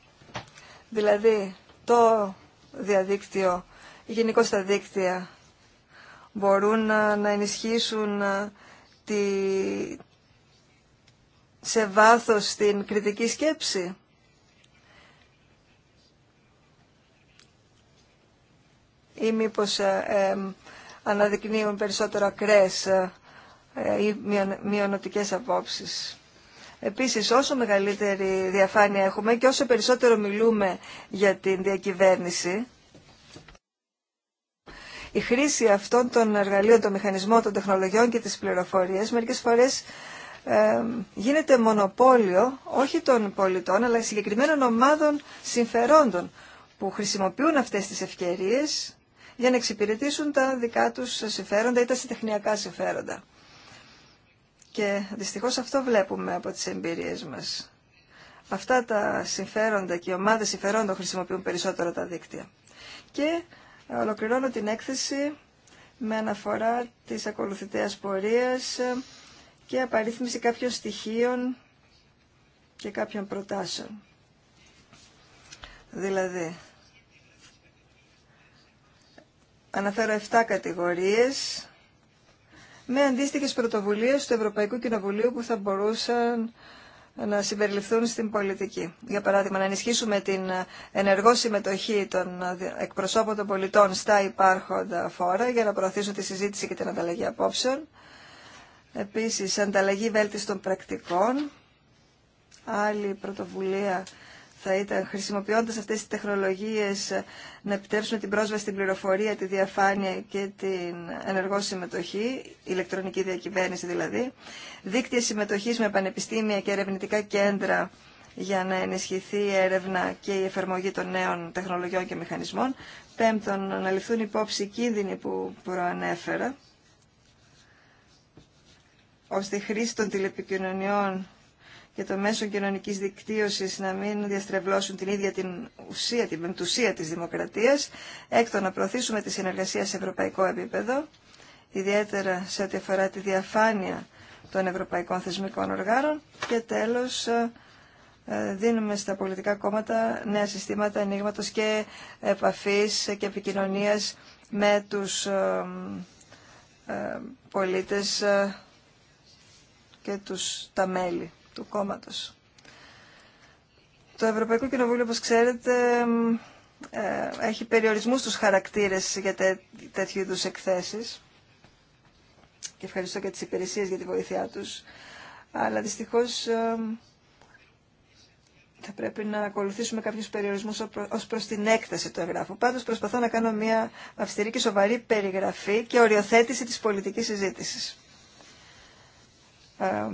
Δηλαδή, το διαδίκτυο, γενικώ τα δίκτυα μπορούν να, να ενισχύσουν ε, τη, σε βάθος την κριτική σκέψη. Ή μήπως ε, ε αναδεικνύουν περισσότερο ακραίες ε, ε, ή μειονοτικές απόψεις. Επίσης, όσο μεγαλύτερη διαφάνεια έχουμε και όσο περισσότερο μιλούμε για την διακυβέρνηση, η χρήση αυτών των εργαλείων, των μηχανισμών, των τεχνολογιών και της πληροφορίας μερικές φορές γίνεται μονοπόλιο όχι των πολιτών αλλά συγκεκριμένων ομάδων συμφερόντων που χρησιμοποιούν αυτές τις ευκαιρίες για να εξυπηρετήσουν τα δικά τους συμφέροντα ή τα συντεχνιακά συμφέροντα. Και δυστυχώς αυτό βλέπουμε από τις εμπειρίες μας. Αυτά τα συμφέροντα και οι ομάδες συμφερόντων χρησιμοποιούν περισσότερο τα δίκτυα. Και ολοκληρώνω την έκθεση με αναφορά της ακολουθητέας πορείας και απαρίθμηση κάποιων στοιχείων και κάποιων προτάσεων. Δηλαδή, αναφέρω 7 κατηγορίες με αντίστοιχες πρωτοβουλίες του Ευρωπαϊκού Κοινοβουλίου που θα μπορούσαν να συμπεριληφθούν στην πολιτική. Για παράδειγμα, να ενισχύσουμε την ενεργό συμμετοχή των εκπροσώπων των πολιτών στα υπάρχοντα φόρα για να προωθήσουν τη συζήτηση και την ανταλλαγή απόψεων. Επίσης, ανταλλαγή βέλτιστων πρακτικών. Άλλη πρωτοβουλία θα ήταν χρησιμοποιώντας αυτές τις τεχνολογίες να επιτρέψουμε την πρόσβαση στην πληροφορία, τη διαφάνεια και την ενεργό συμμετοχή, ηλεκτρονική διακυβέρνηση δηλαδή, δίκτυα συμμετοχής με πανεπιστήμια και ερευνητικά κέντρα για να ενισχυθεί η έρευνα και η εφαρμογή των νέων τεχνολογιών και μηχανισμών. Πέμπτον, να ληφθούν υπόψη οι κίνδυνοι που προανέφερα ώστε η χρήση των τηλεπικοινωνιών και των μέσων κοινωνικής δικτύωσης να μην διαστρεβλώσουν την ίδια την ουσία, την πεμπτουσία της δημοκρατίας, έκτο να προωθήσουμε τη συνεργασία σε ευρωπαϊκό επίπεδο, ιδιαίτερα σε ό,τι αφορά τη διαφάνεια των ευρωπαϊκών θεσμικών οργάνων και τέλος ε, ε, δίνουμε στα πολιτικά κόμματα νέα συστήματα ανοίγματο και επαφή και επικοινωνίας με τους ε, πολίτες και τους, τα μέλη του κόμματος. Το Ευρωπαϊκό Κοινοβούλιο, όπως ξέρετε, ε, έχει περιορισμούς τους χαρακτήρες για τέ, τέτοιου είδους εκθέσεις και ευχαριστώ και τις υπηρεσίες για τη βοήθειά τους, αλλά δυστυχώς ε, θα πρέπει να ακολουθήσουμε κάποιους περιορισμούς ως προς την έκταση του εγγράφου. Πάντως προσπαθώ να κάνω μια αυστηρή και σοβαρή περιγραφή και οριοθέτηση της πολιτικής συζήτησης. Ε,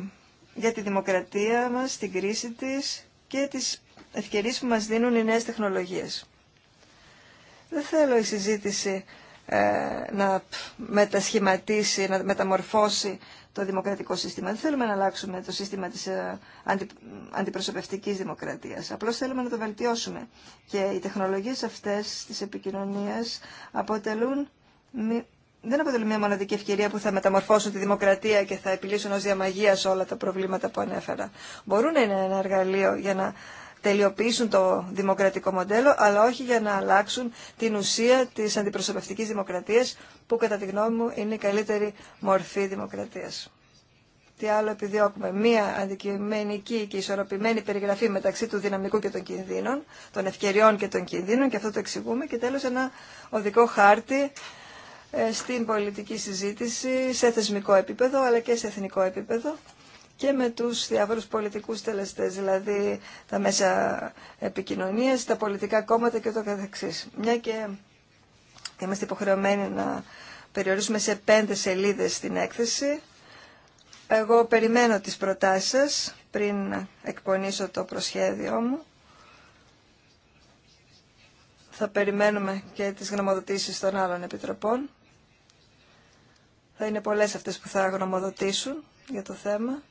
για τη δημοκρατία μας, την κρίση της και τις ευκαιρίες που μας δίνουν οι νέες τεχνολογίες. Δεν θέλω η συζήτηση ε, να μετασχηματίσει, να μεταμορφώσει το δημοκρατικό σύστημα. Δεν θέλουμε να αλλάξουμε το σύστημα της ε, αντι, αντιπροσωπευτικής δημοκρατίας. Απλώς θέλουμε να το βελτιώσουμε. Και οι τεχνολογίες αυτές της επικοινωνίας αποτελούν δεν αποτελεί μια μοναδική ευκαιρία που θα μεταμορφώσουν τη δημοκρατία και θα επιλύσουν ω διαμαγεία όλα τα προβλήματα που ανέφερα. Μπορούν να είναι ένα εργαλείο για να τελειοποιήσουν το δημοκρατικό μοντέλο, αλλά όχι για να αλλάξουν την ουσία τη αντιπροσωπευτική δημοκρατία που κατά τη γνώμη μου είναι η καλύτερη μορφή δημοκρατία. Τι άλλο επιδιώκουμε. Μία αντικειμενική και ισορροπημένη περιγραφή μεταξύ του δυναμικού και των κινδύνων, των ευκαιριών και των κινδύνων, και αυτό το εξηγούμε. Και τέλο ένα οδικό χάρτη ε, στην πολιτική συζήτηση σε θεσμικό επίπεδο αλλά και σε εθνικό επίπεδο και με τους διάφορους πολιτικούς τελεστές, δηλαδή τα μέσα επικοινωνίας, τα πολιτικά κόμματα και το καθεξής. Μια και είμαστε υποχρεωμένοι να περιορίσουμε σε πέντε σελίδες την έκθεση, εγώ περιμένω τις προτάσεις σας πριν εκπονήσω το προσχέδιό μου. Θα περιμένουμε και τις γνωμοδοτήσεις των άλλων επιτροπών. Θα είναι πολλές αυτές που θα γνωμοδοτήσουν για το θέμα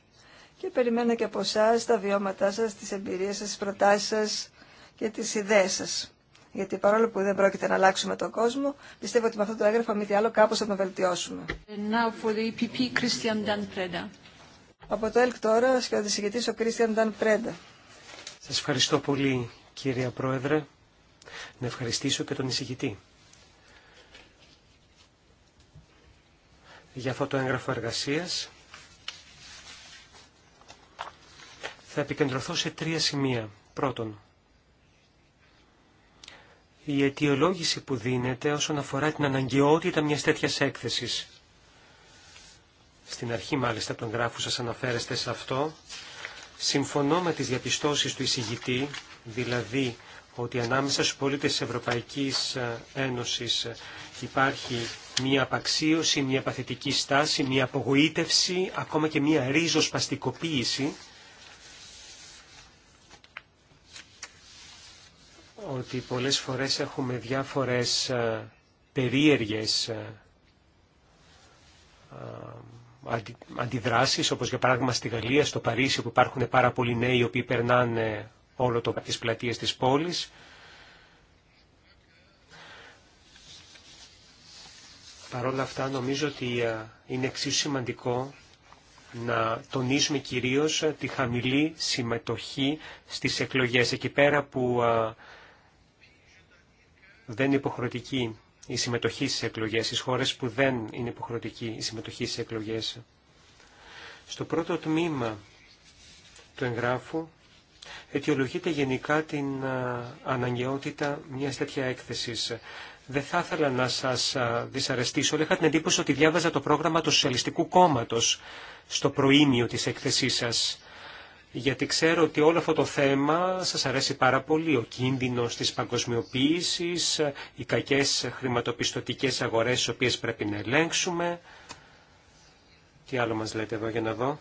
και περιμένω και από εσά τα βιώματά σας, τις εμπειρίες σας, τις προτάσεις σας και τις ιδέες σας. Γιατί παρόλο που δεν πρόκειται να αλλάξουμε τον κόσμο, πιστεύω ότι με αυτό το έγγραφο, μη τι άλλο, κάπως θα τον βελτιώσουμε. for the e Christian Από το ΕΛΚ τώρα, σχεδόν ο Κρίστιαν Dan Πρέντα. Σας ευχαριστώ πολύ, κύριε Πρόεδρε. Να ευχαριστήσω και τον εισηγητή. για αυτό το έγγραφο εργασίας. Θα επικεντρωθώ σε τρία σημεία. Πρώτον, η αιτιολόγηση που δίνεται όσον αφορά την αναγκαιότητα μιας τέτοιας έκθεσης. Στην αρχή μάλιστα τον γράφου σας αναφέρεστε σε αυτό. Συμφωνώ με τις διαπιστώσεις του εισηγητή, δηλαδή ότι ανάμεσα στους πολίτες της Ευρωπαϊκής ε, Ένωσης ε, υπάρχει μια απαξίωση, μια παθητική στάση, μια απογοήτευση, ακόμα και μια ρίζοσπαστικοποίηση ότι πολλές φορές έχουμε διάφορες ε, περίεργες ε, ε, αντιδράσεις, όπως για παράδειγμα στη Γαλλία, στο Παρίσι, που υπάρχουν πάρα πολλοί νέοι οι οποίοι περνάνε όλο το τις πλατείες της πόλης. Παρ' όλα αυτά νομίζω ότι ε, είναι εξίσου σημαντικό να τονίσουμε κυρίως ε, τη χαμηλή συμμετοχή στις εκλογές. Εκεί πέρα που ε, δεν είναι υποχρεωτική η συμμετοχή στις εκλογές, στις χώρες που δεν είναι υποχρεωτική η συμμετοχή στις εκλογές. Στο πρώτο τμήμα του εγγράφου αιτιολογείται γενικά την αναγκαιότητα μιας τέτοια έκθεσης. Δεν θα ήθελα να σας δυσαρεστήσω, είχα την εντύπωση ότι διάβαζα το πρόγραμμα του Σοσιαλιστικού Κόμματος στο προήμιο της έκθεσής σας. Γιατί ξέρω ότι όλο αυτό το θέμα σας αρέσει πάρα πολύ. Ο κίνδυνος της παγκοσμιοποίησης, οι κακές χρηματοπιστωτικές αγορές, τις οποίες πρέπει να ελέγξουμε. Τι άλλο μας λέτε εδώ για να δω.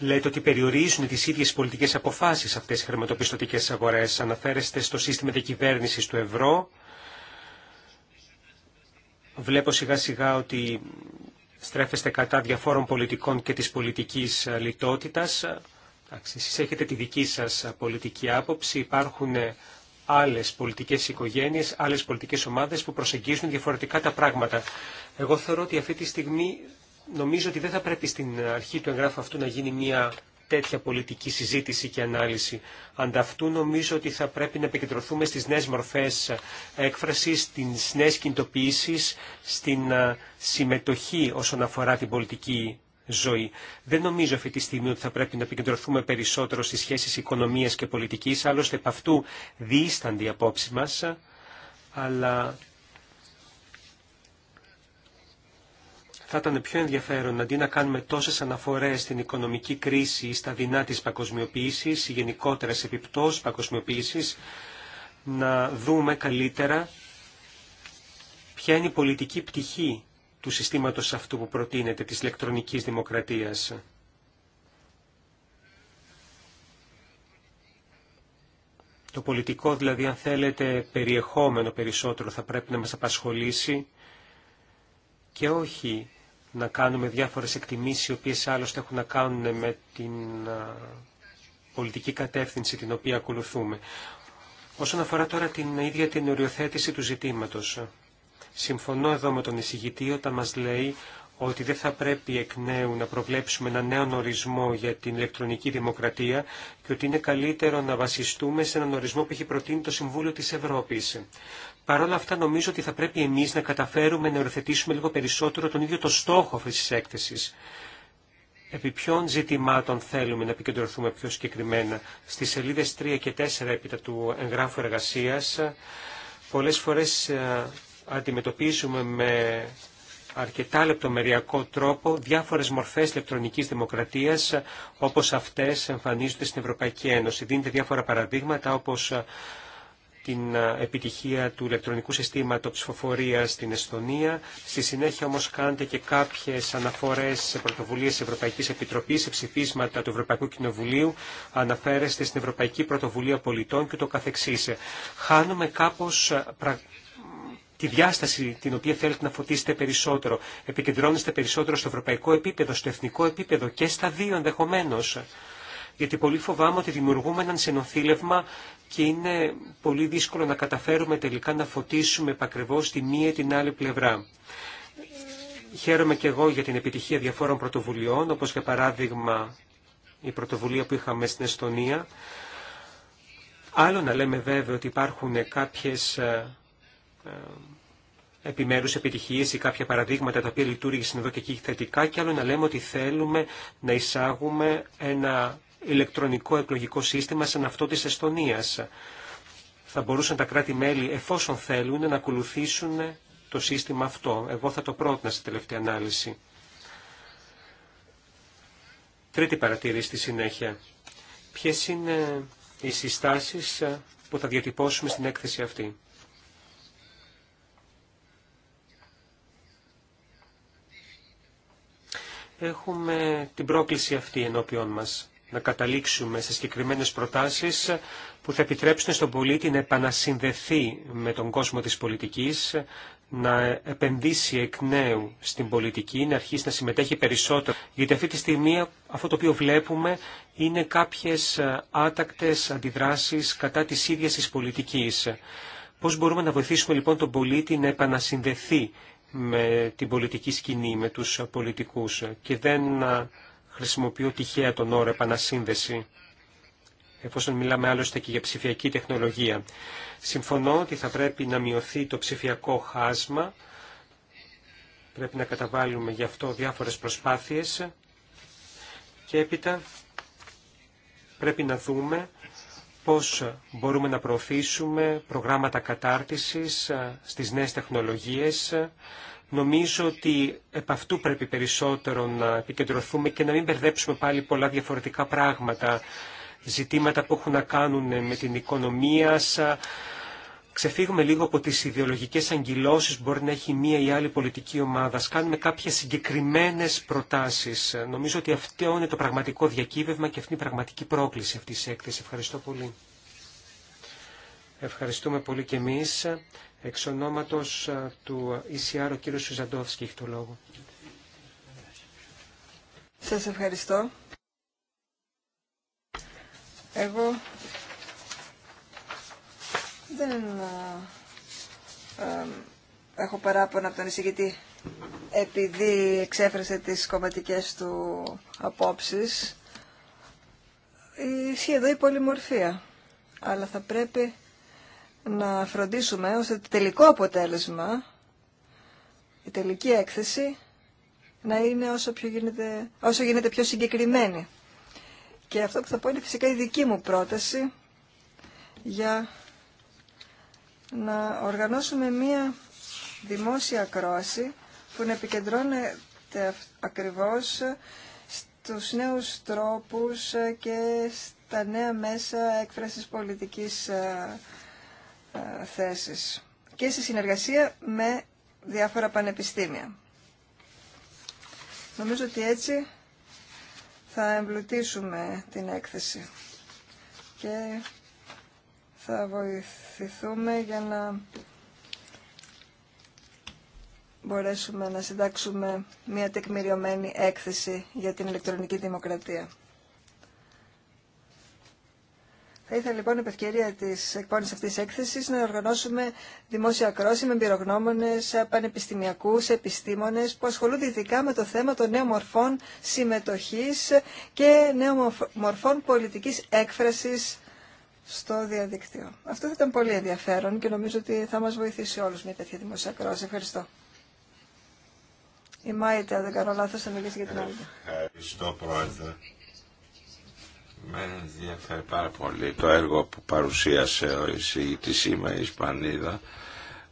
Λέτε ότι περιορίζουν τις ίδιες πολιτικές αποφάσεις αυτές οι χρηματοπιστωτικές αγορές. Αναφέρεστε στο σύστημα διακυβέρνησης του ευρώ. Βλέπω σιγά σιγά ότι στρέφεστε κατά διαφόρων πολιτικών και της πολιτικής λιτότητας. Εσείς έχετε τη δική σας πολιτική άποψη. Υπάρχουν άλλες πολιτικές οικογένειες, άλλες πολιτικές ομάδες που προσεγγίζουν διαφορετικά τα πράγματα. Εγώ θεωρώ ότι αυτή τη στιγμή νομίζω ότι δεν θα πρέπει στην αρχή του εγγράφου αυτού να γίνει μια τέτοια πολιτική συζήτηση και ανάλυση. Ανταυτού νομίζω ότι θα πρέπει να επικεντρωθούμε στις νέες μορφές έκφρασης, στις νέες κινητοποιήσεις, στην ε, συμμετοχή όσον αφορά την πολιτική ζωή. Δεν νομίζω αυτή τη στιγμή ότι θα πρέπει να επικεντρωθούμε περισσότερο στις σχέσεις οικονομίας και πολιτικής, άλλωστε επ' αυτού διήστανται οι απόψεις μας, αλλά Θα ήταν πιο ενδιαφέρον αντί να κάνουμε τόσε αναφορέ στην οικονομική κρίση ή στα δεινά τη παγκοσμιοποίηση ή γενικότερε επιπτώσει παγκοσμιοποίηση, να δούμε καλύτερα ποια είναι η στα δεινα τη παγκοσμιοποιηση η γενικοτερε επιπτωσει πτυχή του συστήματος αυτού που προτείνεται της ηλεκτρονικής δημοκρατίας. Το πολιτικό δηλαδή αν θέλετε περιεχόμενο περισσότερο θα πρέπει να μας απασχολήσει και όχι να κάνουμε διάφορες εκτιμήσεις οι οποίες άλλωστε έχουν να κάνουν με την πολιτική κατεύθυνση την οποία ακολουθούμε. Όσον αφορά τώρα την ίδια την οριοθέτηση του ζητήματος, συμφωνώ εδώ με τον εισηγητή όταν μας λέει ότι δεν θα πρέπει εκ νέου να προβλέψουμε έναν νέο ορισμό για την ηλεκτρονική δημοκρατία και ότι είναι καλύτερο να βασιστούμε σε έναν ορισμό που έχει προτείνει το Συμβούλιο της Ευρώπης. Παρ' όλα αυτά νομίζω ότι θα πρέπει εμείς να καταφέρουμε να οριοθετήσουμε λίγο περισσότερο τον ίδιο το στόχο αυτής της έκθεσης. Επί ποιων ζητημάτων θέλουμε να επικεντρωθούμε πιο συγκεκριμένα. Στις σελίδες 3 και 4 έπειτα του εγγράφου εργασίας πολλές φορές ε, αντιμετωπίζουμε με αρκετά λεπτομεριακό τρόπο διάφορες μορφές ηλεκτρονικής δημοκρατίας όπως αυτές εμφανίζονται στην Ευρωπαϊκή Ένωση. Δίνεται διάφορα παραδείγματα όπως ε, την επιτυχία του ηλεκτρονικού συστήματος ψηφοφορία στην Εστονία. Στη συνέχεια όμως κάνετε και κάποιες αναφορές σε πρωτοβουλίες της Ευρωπαϊκής Επιτροπής, σε ψηφίσματα του Ευρωπαϊκού Κοινοβουλίου, αναφέρεστε στην Ευρωπαϊκή Πρωτοβουλία Πολιτών και το καθεξής. Χάνουμε κάπως τη διάσταση την οποία θέλετε να φωτίσετε περισσότερο. Επικεντρώνεστε περισσότερο στο ευρωπαϊκό επίπεδο, στο εθνικό επίπεδο και στα δύο ενδεχομένω. Γιατί πολύ φοβάμαι ότι δημιουργούμε έναν συνοθήλευμα και είναι πολύ δύσκολο να καταφέρουμε τελικά να φωτίσουμε επακριβώς τη μία ή την άλλη πλευρά. Χαίρομαι και εγώ για την επιτυχία διαφόρων πρωτοβουλειών, όπως για παράδειγμα η πρωτοβουλία που είχαμε στην Εστονία. Άλλο να λέμε βέβαια ότι υπάρχουν κάποιες ε, ε, επιμέρους επιτυχίες ή κάποια παραδείγματα τα οποία λειτουργήσαν εδώ και εκεί θετικά και άλλο να λέμε ότι θέλουμε να εισάγουμε ένα ηλεκτρονικό εκλογικό σύστημα σαν αυτό της Εστονίας. Θα μπορούσαν τα κράτη-μέλη, εφόσον θέλουν, να ακολουθήσουν το σύστημα αυτό. Εγώ θα το πρότεινα στη τελευταία ανάλυση. Τρίτη παρατήρηση στη συνέχεια. Ποιες είναι οι συστάσεις που θα διατυπώσουμε στην έκθεση αυτή. Έχουμε την πρόκληση αυτή ενώπιόν μας να καταλήξουμε σε συγκεκριμένες προτάσεις που θα επιτρέψουν στον πολίτη να επανασυνδεθεί με τον κόσμο της πολιτικής, να επενδύσει εκ νέου στην πολιτική, να αρχίσει να συμμετέχει περισσότερο. Γιατί αυτή τη στιγμή αυτό το οποίο βλέπουμε είναι κάποιες άτακτες αντιδράσεις κατά της ίδιας της πολιτικής. Πώς μπορούμε να βοηθήσουμε λοιπόν τον πολίτη να επανασυνδεθεί με την πολιτική σκηνή, με τους πολιτικούς και δεν να χρησιμοποιώ τυχαία τον όρο επανασύνδεση, εφόσον μιλάμε άλλωστε και για ψηφιακή τεχνολογία. Συμφωνώ ότι θα πρέπει να μειωθεί το ψηφιακό χάσμα, πρέπει να καταβάλουμε γι' αυτό διάφορες προσπάθειες και έπειτα πρέπει να δούμε πώς μπορούμε να προωθήσουμε προγράμματα κατάρτισης ε, στις νέες τεχνολογίες, Νομίζω ότι επ' αυτού πρέπει περισσότερο να επικεντρωθούμε και να μην μπερδέψουμε πάλι πολλά διαφορετικά πράγματα. Ζητήματα που έχουν να κάνουν με την οικονομία, ξεφύγουμε λίγο από τις ιδεολογικές αγκυλώσεις που μπορεί να έχει μία ή άλλη πολιτική ομάδα. Κάνουμε κάποιες συγκεκριμένες προτάσεις. Νομίζω ότι αυτό είναι το πραγματικό διακύβευμα και αυτή είναι η πραγματική πρόκληση αυτής της έκθεσης. Ευχαριστώ πολύ. Ευχαριστούμε πολύ και εμείς. Εξ ονόματος του ECR, ο κύριος Σουζαντόφσκι έχει το λόγο. Σας ευχαριστώ. Εγώ δεν έχω παράπονα από τον εισηγητή επειδή εξέφρασε τις κομματικές του απόψεις. Ισχύει εδώ η πολυμορφία. Αλλά θα πρέπει να φροντίσουμε ώστε το τελικό αποτέλεσμα, η τελική έκθεση, να είναι όσο, πιο γίνεται, όσο γίνεται πιο συγκεκριμένη. Και αυτό που θα πω είναι φυσικά η δική μου πρόταση για να οργανώσουμε μία δημόσια ακρόαση που να επικεντρώνεται ακριβώς στους νέους τρόπους και στα νέα μέσα έκφρασης πολιτικής ε, ε, θέσεις και σε συνεργασία με διάφορα πανεπιστήμια. Νομίζω ότι έτσι θα εμπλουτίσουμε την έκθεση και θα βοηθηθούμε για να μπορέσουμε να συντάξουμε μια τεκμηριωμένη έκθεση για την ηλεκτρονική δημοκρατία. Θα ήθελα λοιπόν επ' ευκαιρία τη εκπόνηση αυτή τη έκθεση να οργανώσουμε δημόσια κρόση με εμπειρογνώμονε, πανεπιστημιακού, επιστήμονε που ασχολούνται ειδικά με το θέμα των νέων μορφών συμμετοχή και νέων μορφών πολιτική έκφραση στο διαδίκτυο. Αυτό θα ήταν πολύ ενδιαφέρον και νομίζω ότι θα μα βοηθήσει όλου μια τέτοια δημόσια κρόση. Ευχαριστώ. Η Μάιτα, δεν κάνω λάθο, θα μιλήσει για την άλλη. Ευχαριστώ, Πρόεδρε με ενδιαφέρει πάρα πολύ το έργο που παρουσίασε ο εισηγητής είμαι Ισπανίδα.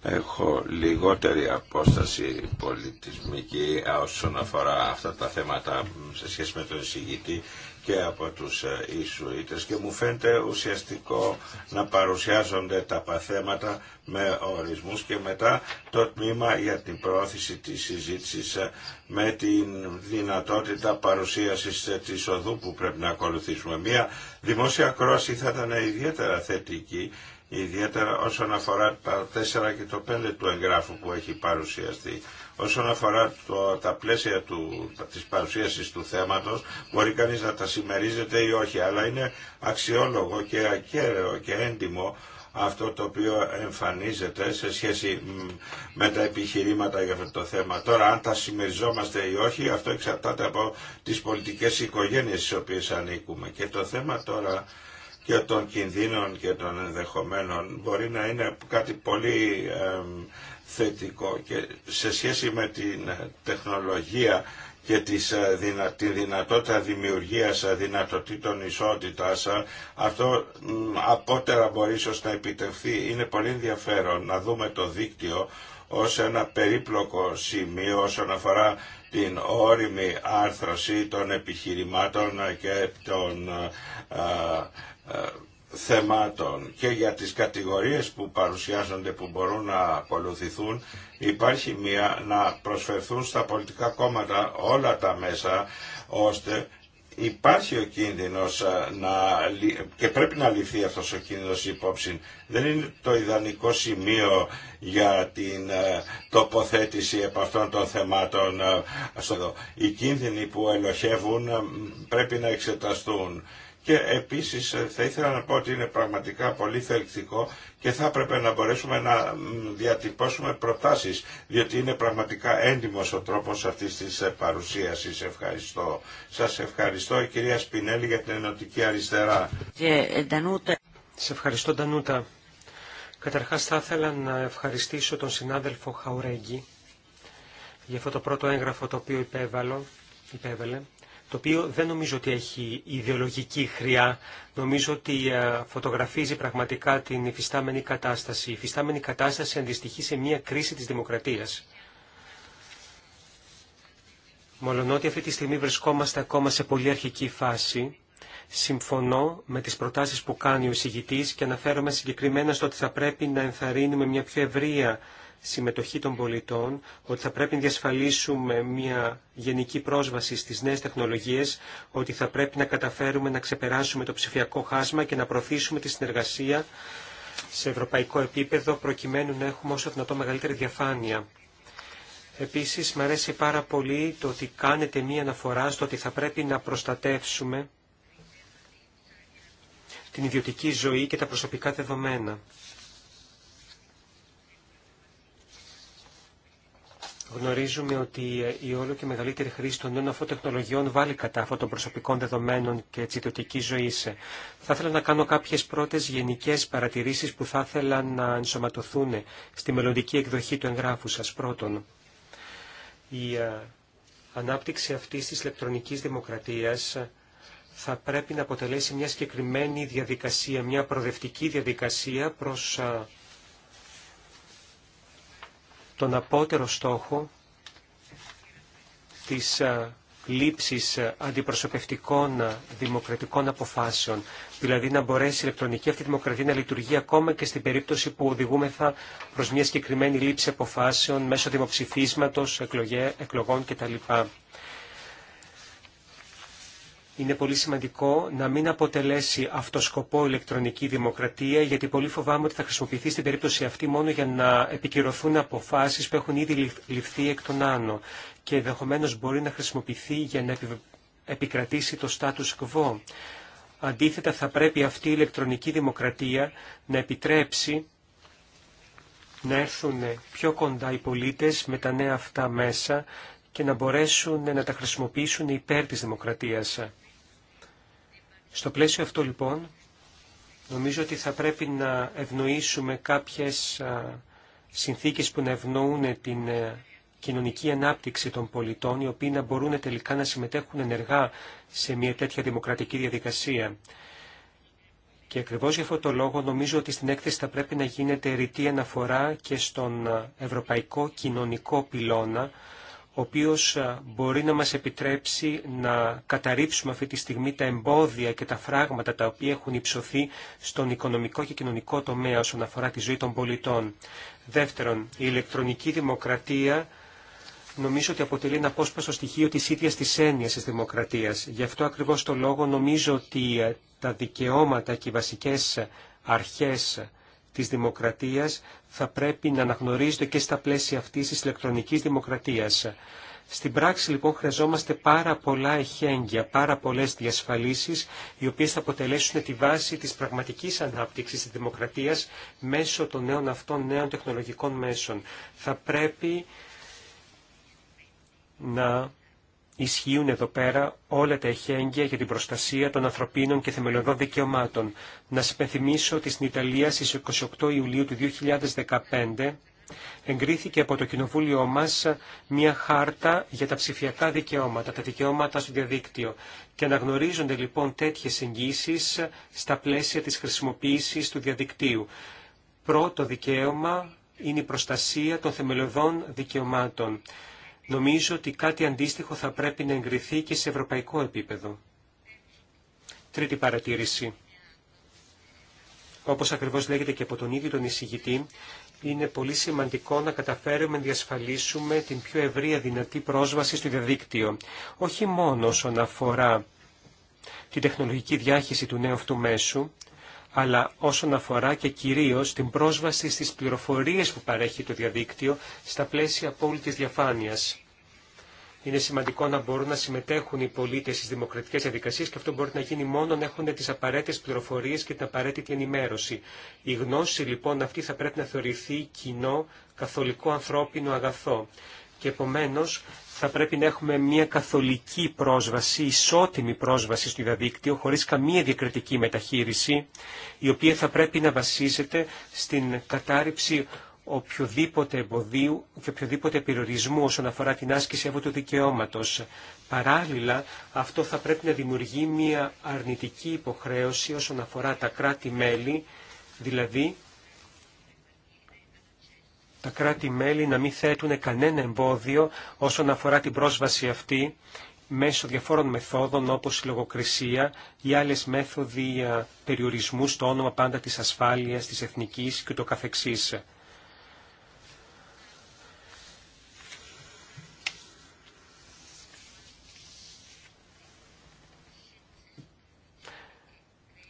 Έχω λιγότερη απόσταση πολιτισμική ε, όσον αφορά αυτά τα θέματα σε σχέση με τον εισηγητή και από τους ε, Ισουίτες και μου φαίνεται ουσιαστικό να παρουσιάζονται τα παθέματα με ορισμούς και μετά το τμήμα για την πρόθεση της συζήτησης ε, με την δυνατότητα παρουσίασης ε, της οδού που πρέπει να ακολουθήσουμε. Μία δημόσια κρόση θα ήταν ιδιαίτερα θετική ιδιαίτερα όσον αφορά τα 4 και το 5 του εγγράφου που έχει παρουσιαστεί. Όσον αφορά τα πλαίσια του, της παρουσίασης του θέματος, μπορεί κανείς να τα συμμερίζεται ή όχι, αλλά είναι αξιόλογο και ακέραιο και έντιμο αυτό το οποίο εμφανίζεται σε σχέση με τα επιχειρήματα για αυτό το θέμα. Τώρα, αν τα συμμεριζόμαστε ή όχι, αυτό εξαρτάται από τις πολιτικές οικογένειες στις οποίες ανήκουμε. Και το θέμα τώρα και των κινδύνων και των ενδεχομένων μπορεί να είναι κάτι πολύ θετικό και σε σχέση με την ε, τεχνολογία και ε, τη δυνατότητα δημιουργίας ε, δυνατοτήτων ισότητας αυτό απότερα μπορεί ίσως να επιτευχθεί είναι πολύ ενδιαφέρον να δούμε το δίκτυο ως ένα περίπλοκο σημείο όσον αφορά την όρημη άρθρωση των επιχειρημάτων και των θεμάτων και για τις κατηγορίες που παρουσιάζονται που μπορούν να ακολουθηθούν υπάρχει μια να προσφερθούν στα πολιτικά κόμματα όλα τα μέσα ώστε υπάρχει ο κίνδυνος ε, να, και πρέπει να ληφθεί αυτός ο κίνδυνος υπόψη. Δεν είναι το ιδανικό σημείο για την ε, τοποθέτηση από αυτών των θεμάτων. Ε, Οι κίνδυνοι που ελοχεύουν πρέπει να εξεταστούν και επίσης ε, θα ήθελα να πω ότι είναι πραγματικά πολύ θελκτικό και θα έπρεπε να μπορέσουμε να διατυπώσουμε προτάσεις, διότι είναι πραγματικά έντιμος ο τρόπος αυτής της ε, παρουσίασης. Ευχαριστώ. Σας ευχαριστώ η κυρία Σπινέλη για την Ενωτική Αριστερά. Και, ε, Σε ευχαριστώ Ντανούτα. Καταρχάς θα ήθελα να ευχαριστήσω τον συνάδελφο Χαουρέγγι για αυτό το πρώτο έγγραφο το οποίο υπέβαλε το οποίο δεν νομίζω ότι έχει ιδεολογική χρειά. Νομίζω ότι ε, φωτογραφίζει πραγματικά την υφιστάμενη κατάσταση. Η υφιστάμενη κατάσταση αντιστοιχεί σε μια κρίση της δημοκρατίας. Μολονότι αυτή τη στιγμή βρισκόμαστε ακόμα σε πολύ αρχική φάση, συμφωνώ με τις προτάσεις που κάνει ο εισηγητής και αναφέρομαι συγκεκριμένα στο ότι θα πρέπει να ενθαρρύνουμε μια πιο ευρεία συμμετοχή των πολιτών, ότι θα πρέπει να διασφαλίσουμε μια γενική πρόσβαση στις νέες τεχνολογίες, ότι θα πρέπει να καταφέρουμε να ξεπεράσουμε το ψηφιακό χάσμα και να προωθήσουμε τη συνεργασία σε ευρωπαϊκό επίπεδο, προκειμένου να έχουμε όσο δυνατό μεγαλύτερη διαφάνεια. Επίσης, μου αρέσει πάρα πολύ το ότι κάνετε μία αναφορά στο ότι θα πρέπει να προστατεύσουμε την ιδιωτική ζωή και τα προσωπικά δεδομένα. Γνωρίζουμε ότι η όλο και μεγαλύτερη χρήση των νέων αφοτεχνολογιών βάλει κατά των προσωπικών δεδομένων και τη ιδιωτική ζωή. Θα ήθελα να κάνω κάποιε πρώτε γενικέ παρατηρήσει που θα ήθελα να ενσωματωθούν στη μελλοντική εκδοχή του εγγράφου σα. Πρώτον, η ε, ανάπτυξη αυτή τη ηλεκτρονική δημοκρατία θα πρέπει να αποτελέσει μια συγκεκριμένη διαδικασία, μια προοδευτική διαδικασία προς ε, τον απότερο στόχο της ε, λήψης ε, αντιπροσωπευτικών ε, δημοκρατικών αποφάσεων, δηλαδή να μπορέσει η ηλεκτρονική αυτή δημοκρατία να λειτουργεί ακόμα και στην περίπτωση που οδηγούμεθα προς μια συγκεκριμένη λήψη αποφάσεων μέσω δημοψηφίσματος, εκλογέ, εκλογών κτλ είναι πολύ σημαντικό να μην αποτελέσει αυτό σκοπό ηλεκτρονική δημοκρατία, γιατί πολύ φοβάμαι ότι θα χρησιμοποιηθεί στην περίπτωση αυτή μόνο για να επικυρωθούν αποφάσεις που έχουν ήδη ληφθεί εκ των άνω και ενδεχομένω μπορεί να χρησιμοποιηθεί για να επικρατήσει το status quo. Αντίθετα, θα πρέπει αυτή η ηλεκτρονική δημοκρατία να επιτρέψει να έρθουν πιο κοντά οι πολίτες με τα νέα αυτά μέσα και να μπορέσουν να τα χρησιμοποιήσουν υπέρ της δημοκρατίας. Στο πλαίσιο αυτό λοιπόν, νομίζω ότι θα πρέπει να ευνοήσουμε κάποιες συνθήκες που να ευνοούν την ε, κοινωνική ανάπτυξη των πολιτών, οι οποίοι να μπορούν τελικά να συμμετέχουν ενεργά σε μια τέτοια δημοκρατική διαδικασία. Και ακριβώ για αυτό το λόγο νομίζω ότι στην έκθεση θα πρέπει να γίνεται ρητή αναφορά και στον ευρωπαϊκό κοινωνικό πυλώνα, ο οποίος μπορεί να μας επιτρέψει να καταρρύψουμε αυτή τη στιγμή τα εμπόδια και τα φράγματα τα οποία έχουν υψωθεί στον οικονομικό και κοινωνικό τομέα όσον αφορά τη ζωή των πολιτών. Δεύτερον, η ηλεκτρονική δημοκρατία νομίζω ότι αποτελεί ένα απόσπαστο στοιχείο της ίδιας της έννοιας της δημοκρατίας. Γι' αυτό ακριβώς το λόγο νομίζω ότι τα δικαιώματα και οι βασικές αρχές της δημοκρατίας θα πρέπει να αναγνωρίζεται και στα πλαίσια αυτής της ηλεκτρονικής δημοκρατίας. Στην πράξη λοιπόν χρειαζόμαστε πάρα πολλά εχέγγυα, πάρα πολλές διασφαλίσεις οι οποίες θα αποτελέσουν τη βάση της πραγματικής ανάπτυξης της δημοκρατίας μέσω των νέων αυτών νέων τεχνολογικών μέσων. Θα πρέπει να Ισχύουν εδώ πέρα όλα τα εχέγγυα για την προστασία των ανθρωπίνων και θεμελιωδών δικαιωμάτων. Να σας υπενθυμίσω ότι στην Ιταλία στις 28 Ιουλίου του 2015 εγκρίθηκε από το Κοινοβούλιο μας μια χάρτα για τα ψηφιακά δικαιώματα, τα δικαιώματα στο διαδίκτυο. Και αναγνωρίζονται λοιπόν τέτοιες εγγύσεις στα πλαίσια της χρησιμοποίησης του διαδικτύου. Πρώτο δικαίωμα είναι η προστασία των θεμελιωδών δικαιωμάτων. Νομίζω ότι κάτι αντίστοιχο θα πρέπει να εγκριθεί και σε ευρωπαϊκό επίπεδο. Τρίτη παρατήρηση. Όπως ακριβώς λέγεται και από τον ίδιο τον εισηγητή, είναι πολύ σημαντικό να καταφέρουμε να διασφαλίσουμε την πιο ευρεία δυνατή πρόσβαση στο διαδίκτυο. Όχι μόνο όσον αφορά την τεχνολογική διάχυση του νέου αυτού μέσου, αλλά όσον αφορά και κυρίως την πρόσβαση στις πληροφορίες που παρέχει το διαδίκτυο στα πλαίσια απόλυτης διαφάνειας. Είναι σημαντικό να μπορούν να συμμετέχουν οι πολίτε στι δημοκρατικέ διαδικασίε και αυτό μπορεί να γίνει μόνο αν έχουν τι απαραίτητε πληροφορίε και την απαραίτητη ενημέρωση. Η γνώση λοιπόν αυτή θα πρέπει να θεωρηθεί κοινό καθολικό ανθρώπινο αγαθό. Και θα πρέπει να έχουμε μια καθολική πρόσβαση, ισότιμη πρόσβαση στο διαδίκτυο, χωρίς καμία διακριτική μεταχείριση, η οποία θα πρέπει να βασίζεται στην κατάρριψη οποιοδήποτε εμποδίου και οποιοδήποτε περιορισμού όσον αφορά την άσκηση αυτού του δικαιώματος. Παράλληλα, αυτό θα πρέπει να δημιουργεί μια αρνητική υποχρέωση όσον αφορά τα κράτη-μέλη, δηλαδή τα κράτη-μέλη να μην θέτουν κανένα εμπόδιο όσον αφορά την πρόσβαση αυτή μέσω διαφόρων μεθόδων όπως η λογοκρισία ή άλλες μέθοδοι ε, περιορισμού στο όνομα πάντα της ασφάλειας, της εθνικής και το καθεξής.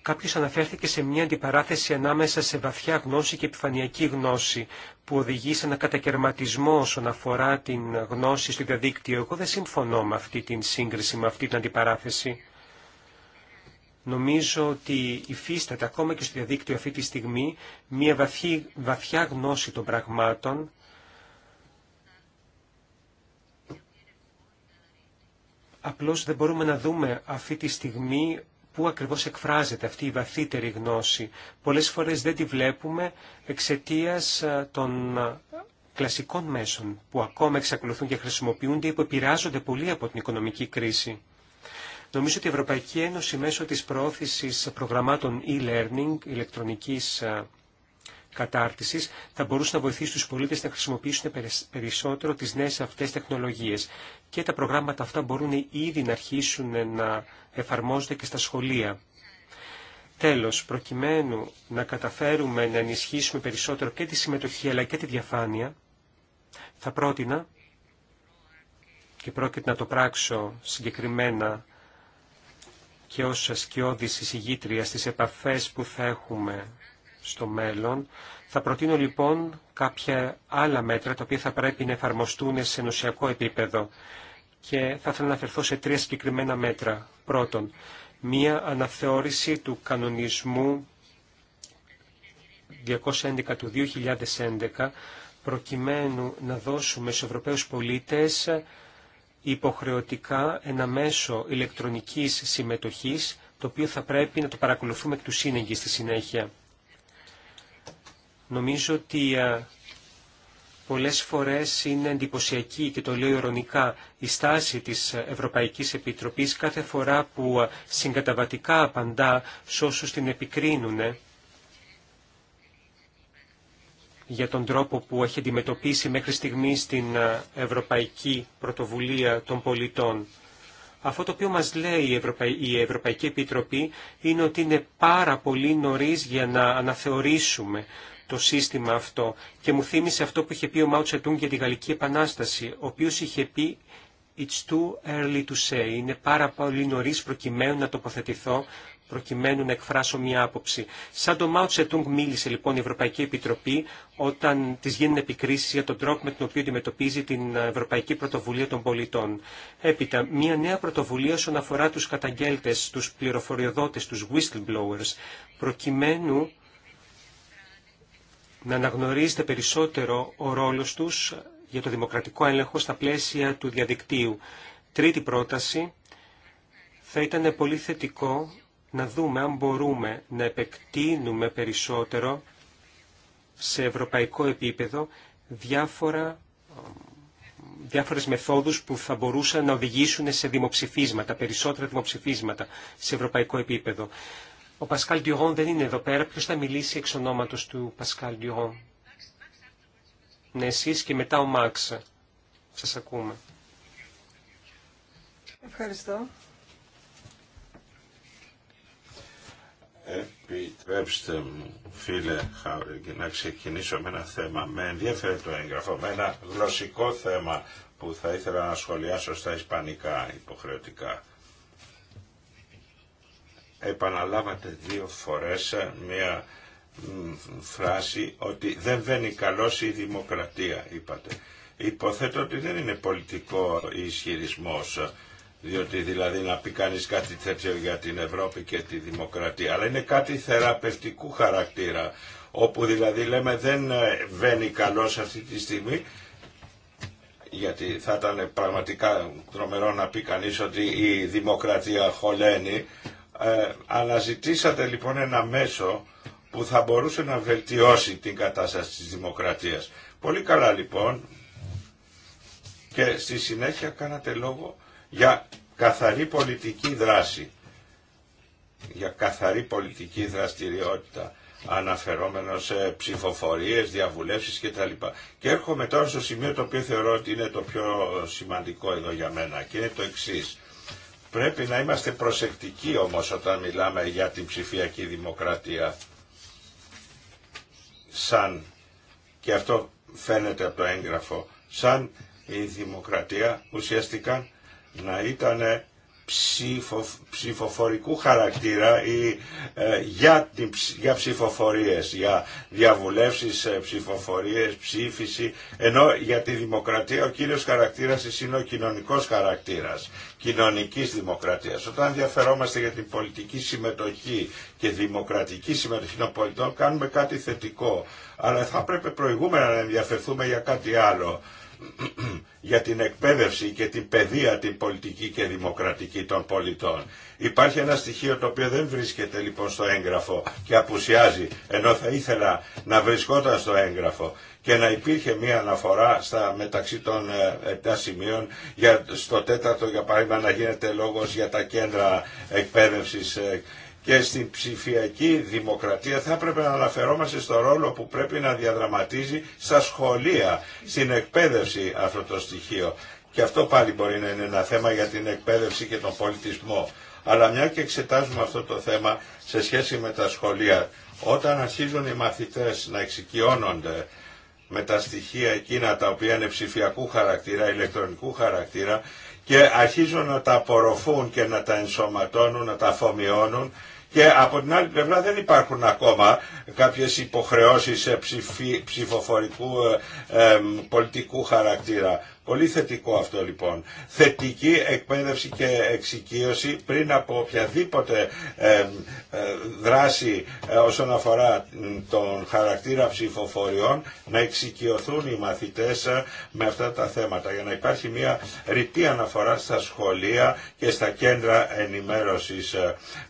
Κάποιος αναφέρθηκε σε μια αντιπαράθεση ανάμεσα σε βαθιά γνώση και επιφανειακή γνώση που οδηγεί σε ένα κατακαιρματισμό όσον αφορά την γνώση στο διαδίκτυο. Εγώ δεν συμφωνώ με αυτή την σύγκριση, με αυτή την αντιπαράθεση. Νομίζω ότι υφίσταται ακόμα και στο διαδίκτυο αυτή τη στιγμή μια βαθιά γνώση των πραγμάτων Απλώς δεν μπορούμε να δούμε αυτή τη στιγμή πού ακριβώς εκφράζεται αυτή η βαθύτερη γνώση. Πολλές φορές δεν τη βλέπουμε εξαιτίας ε, των ε, κλασικών μέσων που ακόμα εξακολουθούν και χρησιμοποιούνται ή που επηρεάζονται πολύ από την οικονομική κρίση. Νομίζω ότι η Ευρωπαϊκή Ένωση μέσω της προώθησης προγραμμάτων e-learning, ηλεκτρονικής ε, κατάρτισης θα μπορούσε να βοηθήσει τους πολίτες να χρησιμοποιήσουν περισσότερο τις νέες αυτές τεχνολογίες. Και τα προγράμματα αυτά μπορούν ήδη να αρχίσουν να εφαρμόζονται και στα σχολεία. Τέλος, προκειμένου να καταφέρουμε να ενισχύσουμε περισσότερο και τη συμμετοχή αλλά και τη διαφάνεια, θα πρότεινα και πρόκειται να το πράξω συγκεκριμένα και ως ασκιώδης εισηγήτρια στις επαφές που θα έχουμε στο μέλλον. Θα προτείνω λοιπόν κάποια άλλα μέτρα τα οποία θα πρέπει να εφαρμοστούν σε ενωσιακό επίπεδο και θα ήθελα να αναφερθώ σε τρία συγκεκριμένα μέτρα. Πρώτον, μία αναθεώρηση του κανονισμού 211 του 2011 προκειμένου να δώσουμε στους Ευρωπαίους πολίτες υποχρεωτικά ένα μέσο ηλεκτρονικής συμμετοχής το οποίο θα πρέπει να το παρακολουθούμε εκ του σύνεγγυ στη συνέχεια. Νομίζω ότι ε, πολλές φορές είναι εντυπωσιακή και το λέω ηρωνικά η στάση της Ευρωπαϊκής Επιτροπής κάθε φορά που ε, συγκαταβατικά απαντά σε όσους την επικρίνουν ε, για τον τρόπο που έχει αντιμετωπίσει μέχρι στιγμή στην Ευρωπαϊκή Πρωτοβουλία των Πολιτών. Αυτό το οποίο μας λέει η, Ευρωπαϊκή Επιτροπή είναι ότι είναι πάρα πολύ νωρίς για να αναθεωρήσουμε το σύστημα αυτό και μου θύμισε αυτό που είχε πει ο Μάουτσετούν για τη Γαλλική Επανάσταση, ο οποίο είχε πει «It's too early to say», είναι πάρα πολύ νωρί προκειμένου να τοποθετηθώ, προκειμένου να εκφράσω μία άποψη. Σαν το Μάου Τσετούγκ μίλησε λοιπόν η Ευρωπαϊκή Επιτροπή όταν τη γίνουν επικρίσει για τον τρόπο με τον οποίο αντιμετωπίζει την Ευρωπαϊκή Πρωτοβουλία των Πολιτών. Έπειτα, μία νέα πρωτοβουλία όσον αφορά του καταγγέλτε, του πληροφοριοδότε, του whistleblowers, προκειμένου να αναγνωρίζεται περισσότερο ο ρόλος τους για το δημοκρατικό έλεγχο στα πλαίσια του διαδικτύου. Τρίτη πρόταση, θα ήταν πολύ θετικό να δούμε αν μπορούμε να επεκτείνουμε περισσότερο σε ευρωπαϊκό επίπεδο διάφορα, διάφορες μεθόδους που θα μπορούσαν να οδηγήσουν σε δημοψηφίσματα, περισσότερα δημοψηφίσματα σε ευρωπαϊκό επίπεδο. Ο Πασκάλ Ντιουρόν δεν είναι εδώ πέρα. Ποιος θα μιλήσει εξ ονόματος του Πασκάλ Ντιουρόν. Ναι, εσείς και μετά ο Μάξ. Σας ακούμε. Ευχαριστώ. Επιτρέψτε μου, φίλε Χάουρικη, να ξεκινήσω με ένα θέμα. Με ενδιαφέρει το έγγραφο, με ένα γλωσσικό θέμα που θα ήθελα να σχολιάσω στα ισπανικά υποχρεωτικά επαναλάβατε δύο φορές μια φράση ότι δεν βαίνει καλώς η δημοκρατία, είπατε. Υποθέτω ότι δεν είναι πολιτικό ισχυρισμός, διότι δηλαδή να πει κανεί κάτι τέτοιο για την Ευρώπη και τη δημοκρατία, αλλά είναι κάτι θεραπευτικού χαρακτήρα, όπου δηλαδή λέμε δεν ε, βαίνει καλώς αυτή τη στιγμή, γιατί θα ήταν πραγματικά τρομερό να πει κανείς ότι η δημοκρατία χωλαίνει, ε, αναζητήσατε λοιπόν ένα μέσο που θα μπορούσε να βελτιώσει την κατάσταση της δημοκρατίας. Πολύ καλά λοιπόν και στη συνέχεια κάνατε λόγο για καθαρή πολιτική δράση, για καθαρή πολιτική δραστηριότητα αναφερόμενο σε ψηφοφορίες, διαβουλεύσεις κτλ. Και έρχομαι τώρα στο σημείο το οποίο θεωρώ ότι είναι το πιο σημαντικό εδώ για μένα και είναι το εξής. Πρέπει να είμαστε προσεκτικοί όμως όταν μιλάμε για την ψηφιακή δημοκρατία. Σαν, και αυτό φαίνεται από το έγγραφο, σαν η δημοκρατία ουσιαστικά να ήταν ψηφοφορικού χαρακτήρα ή ε, για, την, για ψηφοφορίες, για διαβουλεύσεις, ε, ψηφοφορίες, ψήφιση, ενώ για τη δημοκρατία ο κύριος χαρακτήρας είναι ο κοινωνικός χαρακτήρας, κοινωνικής δημοκρατίας. Όταν ενδιαφερόμαστε για την πολιτική συμμετοχή και δημοκρατική συμμετοχή των πολιτών κάνουμε κάτι θετικό, αλλά θα πρέπει προηγούμενα να ενδιαφερθούμε για κάτι άλλο. [clears throat] για την εκπαίδευση και την παιδεία την πολιτική και δημοκρατική των πολιτών. Υπάρχει ένα στοιχείο το οποίο δεν βρίσκεται λοιπόν στο έγγραφο και απουσιάζει, ενώ θα ήθελα να βρισκόταν στο έγγραφο και να υπήρχε μία αναφορά στα μεταξύ των ε, επτά σημείων για, στο τέταρτο για παράδειγμα να γίνεται λόγος για τα κέντρα εκπαίδευσης ε, και στην ψηφιακή δημοκρατία θα έπρεπε να αναφερόμαστε στο ρόλο που πρέπει να διαδραματίζει στα σχολεία, στην εκπαίδευση αυτό το στοιχείο. Και αυτό πάλι μπορεί να είναι ένα θέμα για την εκπαίδευση και τον πολιτισμό. Αλλά μια και εξετάζουμε αυτό το θέμα σε σχέση με τα σχολεία, όταν αρχίζουν οι μαθητές να εξοικειώνονται με τα στοιχεία εκείνα τα οποία είναι ψηφιακού χαρακτήρα, ηλεκτρονικού χαρακτήρα και αρχίζουν να τα απορροφούν και να τα ενσωματώνουν, να τα αφομοιώνουν, και από την άλλη πλευρά δεν υπάρχουν ακόμα κάποιες υποχρεώσεις ε, ψηφοφορικού ε, ε, πολιτικού χαρακτήρα. Πολύ θετικό αυτό λοιπόν. Θετική εκπαίδευση και εξοικείωση πριν από οποιαδήποτε ε, δράση ε, όσον αφορά τον χαρακτήρα ψηφοφοριών να εξοικειωθούν οι μαθητές ε, με αυτά τα θέματα για να υπάρχει μια ρητή αναφορά στα σχολεία και στα κέντρα ενημέρωσης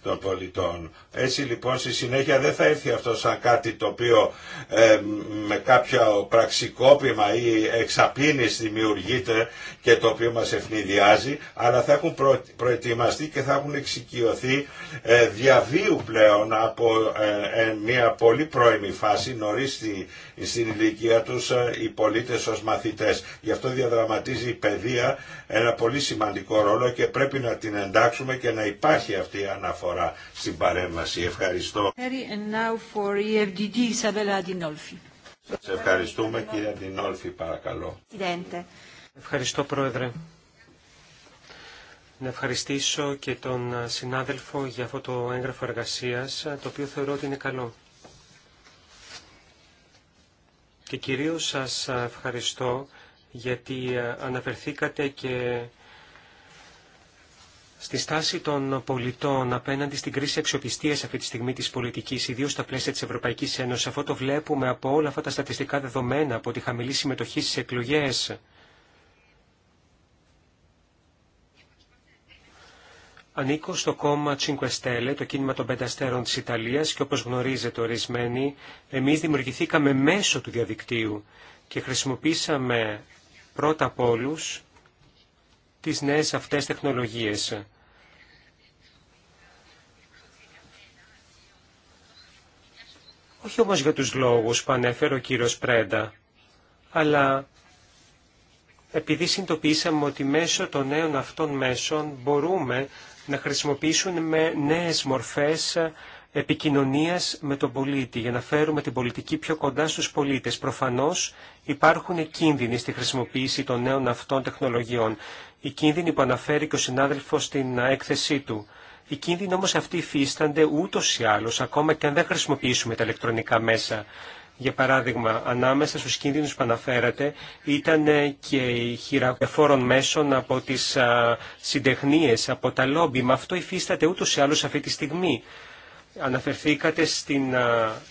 των πολιτών. Έτσι λοιπόν στη συνέχεια δεν θα έρθει αυτό σαν κάτι το οποίο με κάποιο πραξικόπημα ή εξαπίνης δημιουργεί δημιουργείται και το οποίο μας ευνηδιάζει, αλλά θα έχουν προετοιμαστεί και θα έχουν εξοικειωθεί ε, διαβίου πλέον από ε, ε, μια πολύ πρώιμη φάση, νωρίς στην ηλικία τους οι πολίτες ως μαθητές. Γι' αυτό διαδραματίζει η παιδεία ένα πολύ σημαντικό ρόλο και πρέπει να την εντάξουμε και να υπάρχει αυτή η αναφορά στην παρέμβαση. Ευχαριστώ. E Σας ευχαριστούμε κύριε Αντινόλφη παρακαλώ. Ευχαριστώ Πρόεδρε. Να ευχαριστήσω και τον συνάδελφο για αυτό το έγγραφο εργασίας, το οποίο θεωρώ ότι είναι καλό. Και κυρίως σας ευχαριστώ γιατί αναφερθήκατε και στη στάση των πολιτών απέναντι στην κρίση αξιοπιστίας αυτή τη στιγμή της πολιτικής, ιδίως στα πλαίσια της Ευρωπαϊκής Ένωσης. Αυτό το βλέπουμε από όλα αυτά τα στατιστικά δεδομένα, από τη χαμηλή συμμετοχή στις εκλογές, Ανήκω στο κόμμα Cinque Stelle, το κίνημα των πενταστέρων της Ιταλίας και όπως γνωρίζετε ορισμένοι, εμείς δημιουργηθήκαμε μέσω του διαδικτύου και χρησιμοποίησαμε πρώτα απ' όλους τις νέες αυτές τεχνολογίες. Όχι όμως για τους λόγους που ανέφερε ο κύριος Πρέντα, αλλά επειδή συνειδητοποιήσαμε ότι μέσω των νέων αυτών μέσων μπορούμε να χρησιμοποιήσουν με νέες μορφές επικοινωνίας με τον πολίτη, για να φέρουμε την πολιτική πιο κοντά στους πολίτες. Προφανώς υπάρχουν κίνδυνοι στη χρησιμοποίηση των νέων αυτών τεχνολογιών. Οι κίνδυνοι που αναφέρει και ο συνάδελφος στην έκθεσή του. Οι κίνδυνοι όμως αυτοί υφίστανται ούτως ή άλλως, ακόμα και αν δεν χρησιμοποιήσουμε τα ηλεκτρονικά μέσα. Για παράδειγμα, ανάμεσα στους κίνδυνους που αναφέρατε ήταν ε, και η χειραφόρων μέσων από τις συντεχνίες, από τα λόμπι. Με αυτό υφίσταται ούτως ή άλλως αυτή τη στιγμή. Αναφερθήκατε στην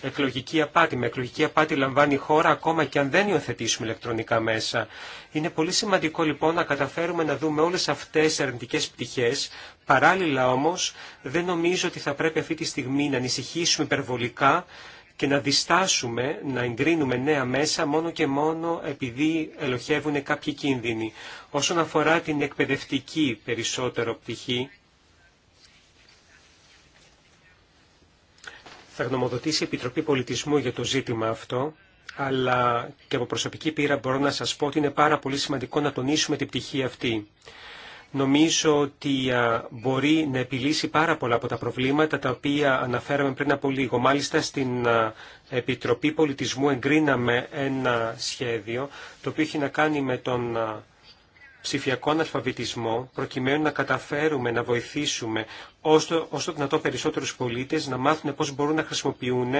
εκλογική απάτη. Με εκλογική απάτη λαμβάνει η χώρα ακόμα και αν δεν υιοθετήσουμε ηλεκτρονικά μέσα. Είναι πολύ σημαντικό λοιπόν να καταφέρουμε να δούμε όλες αυτές τις αρνητικές πτυχές. Παράλληλα όμως δεν νομίζω ότι θα πρέπει αυτή τη στιγμή να ανησυχήσουμε υπερβολικά και να διστάσουμε να εγκρίνουμε νέα μέσα μόνο και μόνο επειδή ελοχεύουν κάποιοι κίνδυνοι. Όσον αφορά την εκπαιδευτική περισσότερο πτυχή, θα γνωμοδοτήσει η Επιτροπή Πολιτισμού για το ζήτημα αυτό, αλλά και από προσωπική πείρα μπορώ να σας πω ότι είναι πάρα πολύ σημαντικό να τονίσουμε την πτυχή αυτή νομίζω ότι μπορεί να επιλύσει πάρα πολλά από τα προβλήματα τα οποία αναφέραμε πριν από λίγο. Μάλιστα στην Επιτροπή Πολιτισμού εγκρίναμε ένα σχέδιο το οποίο έχει να κάνει με τον ψηφιακό αναλφαβητισμό προκειμένου να καταφέρουμε να βοηθήσουμε όσο, όσο δυνατόν περισσότερους πολίτες να μάθουν πώς μπορούν να χρησιμοποιούν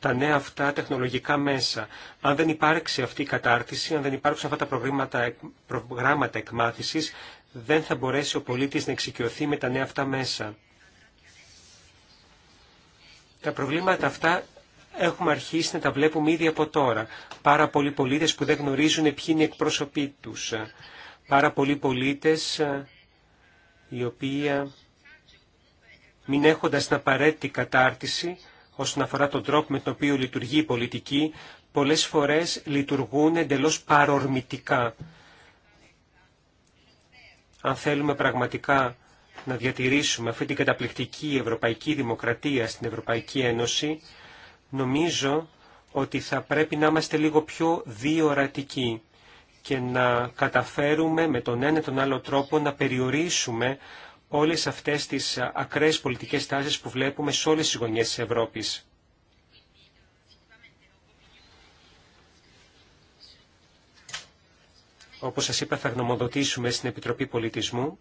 τα νέα αυτά τεχνολογικά μέσα. Αν δεν υπάρξει αυτή η κατάρτιση, αν δεν υπάρξουν αυτά τα προγράμματα, προγράμματα δεν θα μπορέσει ο πολίτης να εξοικειωθεί με τα νέα αυτά μέσα. Τα προβλήματα αυτά έχουμε αρχίσει να τα βλέπουμε ήδη από τώρα. Πάρα πολλοί πολίτες που δεν γνωρίζουν ποιοι είναι οι εκπρόσωποι τους. Πάρα πολλοί πολίτες ε, οι οποίοι ε, μην έχοντας την απαραίτητη κατάρτιση όσον αφορά τον τρόπο με τον οποίο λειτουργεί η πολιτική, πολλές φορές λειτουργούν εντελώς παρορμητικά αν θέλουμε πραγματικά να διατηρήσουμε αυτή την καταπληκτική ευρωπαϊκή δημοκρατία στην Ευρωπαϊκή Ένωση, νομίζω ότι θα πρέπει να είμαστε λίγο πιο διορατικοί και να καταφέρουμε με τον ένα τον άλλο τρόπο να περιορίσουμε όλες αυτές τις ακραίες πολιτικές τάσεις που βλέπουμε σε όλες τις γωνιές της Ευρώπης. Όπως σας είπα θα γνωμοδοτήσουμε στην Επιτροπή Πολιτισμού.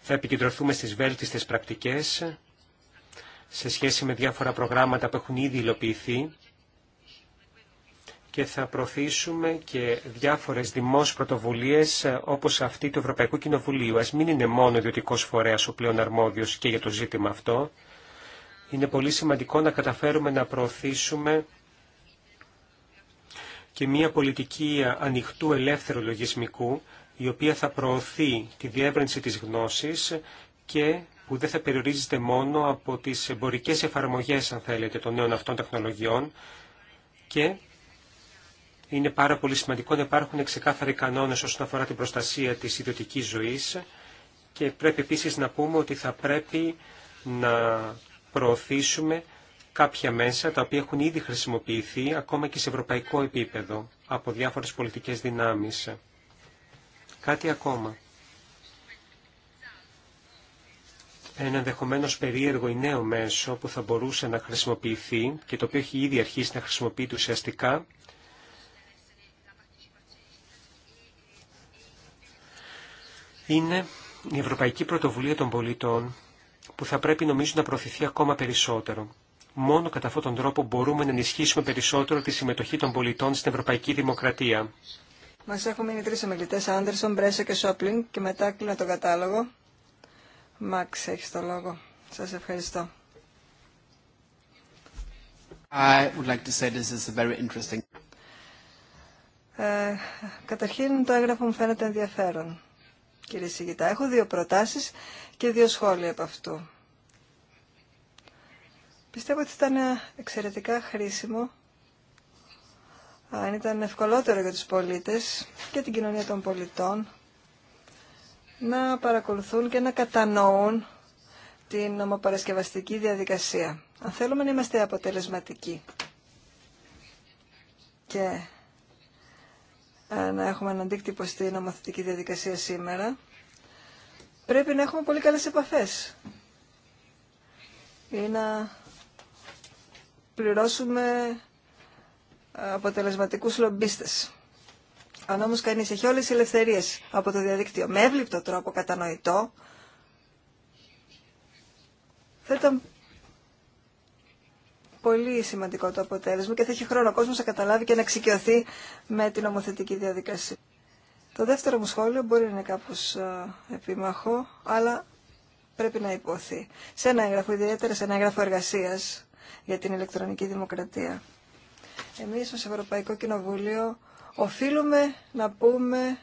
Θα επικεντρωθούμε στις βέλτιστες πρακτικές σε σχέση με διάφορα προγράμματα που έχουν ήδη υλοποιηθεί και θα προωθήσουμε και διάφορες δημόσιες πρωτοβουλίες ε, όπως αυτή του Ευρωπαϊκού Κοινοβουλίου. Ας μην είναι μόνο ιδιωτικό φορέας ο πλέον αρμόδιος και για το ζήτημα αυτό. Είναι πολύ σημαντικό να καταφέρουμε να προωθήσουμε και μια πολιτική ανοιχτού ελεύθερου λογισμικού, η οποία θα προωθεί τη διεύρυνση της γνώσης και που δεν θα περιορίζεται μόνο από τις εμπορικές εφαρμογές, αν θέλετε, των νέων αυτών τεχνολογιών και είναι πάρα πολύ σημαντικό να υπάρχουν ξεκάθαροι κανόνες όσον αφορά την προστασία της ιδιωτικής ζωής και πρέπει επίσης να πούμε ότι θα πρέπει να προωθήσουμε κάποια μέσα τα οποία έχουν ήδη χρησιμοποιηθεί ακόμα και σε ευρωπαϊκό επίπεδο από διάφορες πολιτικές δυνάμεις. Κάτι ακόμα. Ένα ενδεχομένω περίεργο ή νέο μέσο που θα μπορούσε να χρησιμοποιηθεί και το οποίο έχει ήδη αρχίσει να χρησιμοποιείται ουσιαστικά είναι η Ευρωπαϊκή Πρωτοβουλία των Πολιτών που θα πρέπει νομίζω να προωθηθεί ακόμα περισσότερο. Μόνο κατά αυτόν τον τρόπο μπορούμε να ενισχύσουμε περισσότερο τη συμμετοχή των πολιτών στην Ευρωπαϊκή Δημοκρατία. Μα έχουν μείνει τρει ομιλητέ, Άντερσον, Μπρέσο και Σόπλινγκ, και μετά κλείνω τον κατάλογο. Μαξ, έχει το λόγο. Σα ευχαριστώ. I would like to say this is very interesting. Ε, καταρχήν το έγγραφο μου φαίνεται ενδιαφέρον, κύριε Σιγητά. Έχω δύο προτάσεις και δύο σχόλια από αυτού. Πιστεύω ότι ήταν ε, εξαιρετικά χρήσιμο, αν ήταν ευκολότερο για τους πολίτες και την κοινωνία των πολιτών, να παρακολουθούν και να κατανοούν την νομοπαρασκευαστική διαδικασία. Αν θέλουμε να είμαστε αποτελεσματικοί και ε, να έχουμε έναν αντίκτυπο στη νομοθετική διαδικασία σήμερα, πρέπει να έχουμε πολύ καλές επαφές ή να πληρώσουμε ε, αποτελεσματικούς λομπίστες. Αν όμως κανείς έχει όλες τις ελευθερίες από το διαδίκτυο με εύληπτο τρόπο κατανοητό, θα ήταν πολύ σημαντικό το αποτέλεσμα και θα έχει χρόνο ο κόσμος να καταλάβει και να εξοικειωθεί με την ομοθετική διαδικασία. Το δεύτερο μου σχόλιο μπορεί να είναι κάπως ε, επίμαχο, αλλά πρέπει να υποθεί. Σε ένα έγγραφο, ιδιαίτερα σε ένα έγγραφο εργασίας, για την ηλεκτρονική δημοκρατία. Εμείς ως Ευρωπαϊκό Κοινοβούλιο οφείλουμε να πούμε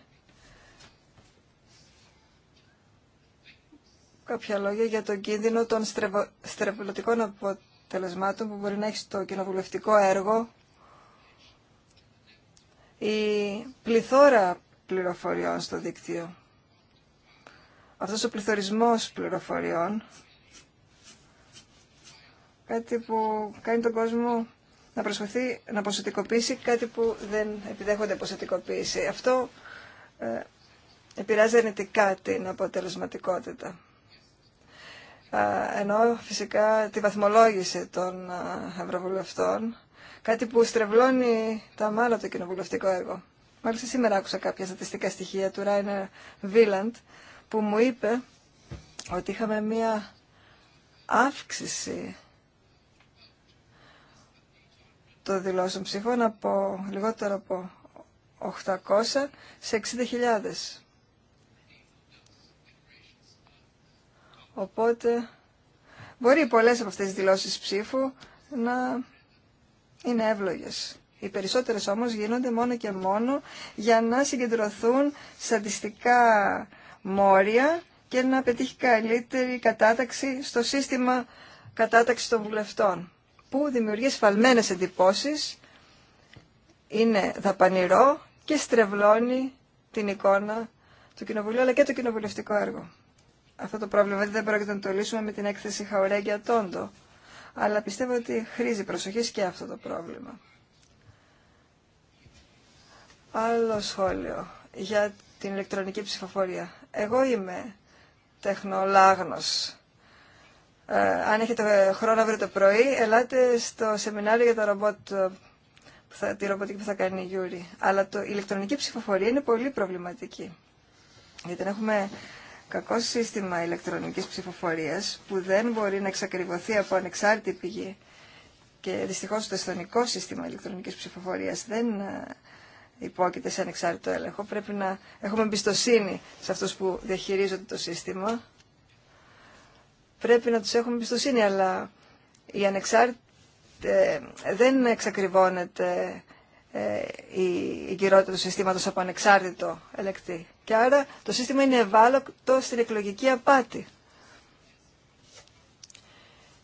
κάποια λόγια για τον κίνδυνο των στρεβο... στρεβλωτικών αποτελεσμάτων που μπορεί να έχει στο κοινοβουλευτικό έργο η πληθώρα πληροφοριών στο δίκτυο. Αυτός ο πληθωρισμός πληροφοριών κάτι που κάνει τον κόσμο να προσπαθεί να ποσοτικοποιήσει κάτι που δεν επιδέχονται ποσοτικοποίηση. Αυτό ε, επηρεάζει αρνητικά την αποτελεσματικότητα. Ενώ φυσικά τη βαθμολόγηση των ευρωβουλευτών, κάτι που στρεβλώνει τα μάλλον το κοινοβουλευτικό έργο. Μάλιστα σήμερα άκουσα κάποια στατιστικά στοιχεία του Ράινερ Βίλαντ που μου είπε ότι είχαμε μία αύξηση το δηλώσεων ψήφων από λιγότερο από 800 σε 60.000. Οπότε μπορεί πολλές από αυτές τις δηλώσεις ψήφου να είναι εύλογες. Οι περισσότερες όμως γίνονται μόνο και μόνο για να συγκεντρωθούν στατιστικά μόρια και να πετύχει καλύτερη κατάταξη στο σύστημα κατάταξη των βουλευτών που δημιουργεί σφαλμένες εντυπώσεις, είναι δαπανηρό και στρεβλώνει την εικόνα του Κοινοβουλίου αλλά και του κοινοβουλευτικό έργο. Αυτό το πρόβλημα δεν πρόκειται να το λύσουμε με την έκθεση Χαουρέγγια Τόντο, αλλά πιστεύω ότι χρήζει προσοχής και αυτό το πρόβλημα. Άλλο σχόλιο για την ηλεκτρονική ψηφοφορία. Εγώ είμαι τεχνολάγνος ε, αν έχετε χρόνο αύριο το πρωί, ελάτε στο σεμινάριο για το ρομπότ, θα, τη ρομποτική που θα κάνει η Γιούρη. Αλλά το, η ηλεκτρονική ψηφοφορία είναι πολύ προβληματική. Γιατί έχουμε κακό σύστημα ηλεκτρονικής ψηφοφορίας που δεν μπορεί να εξακριβωθεί από ανεξάρτητη πηγή. Και δυστυχώς το εσθονικό σύστημα ηλεκτρονικής ψηφοφορίας δεν ε, υπόκειται σε ανεξάρτητο έλεγχο. Πρέπει να έχουμε εμπιστοσύνη σε αυτούς που διαχειρίζονται το σύστημα πρέπει να τους έχουμε εμπιστοσύνη, αλλά η ανεξάρτητη ε, δεν εξακριβώνεται ε, η κυρότητα του συστήματος από ανεξάρτητο ελεκτή. Και άρα το σύστημα είναι ευάλωτο στην εκλογική απάτη.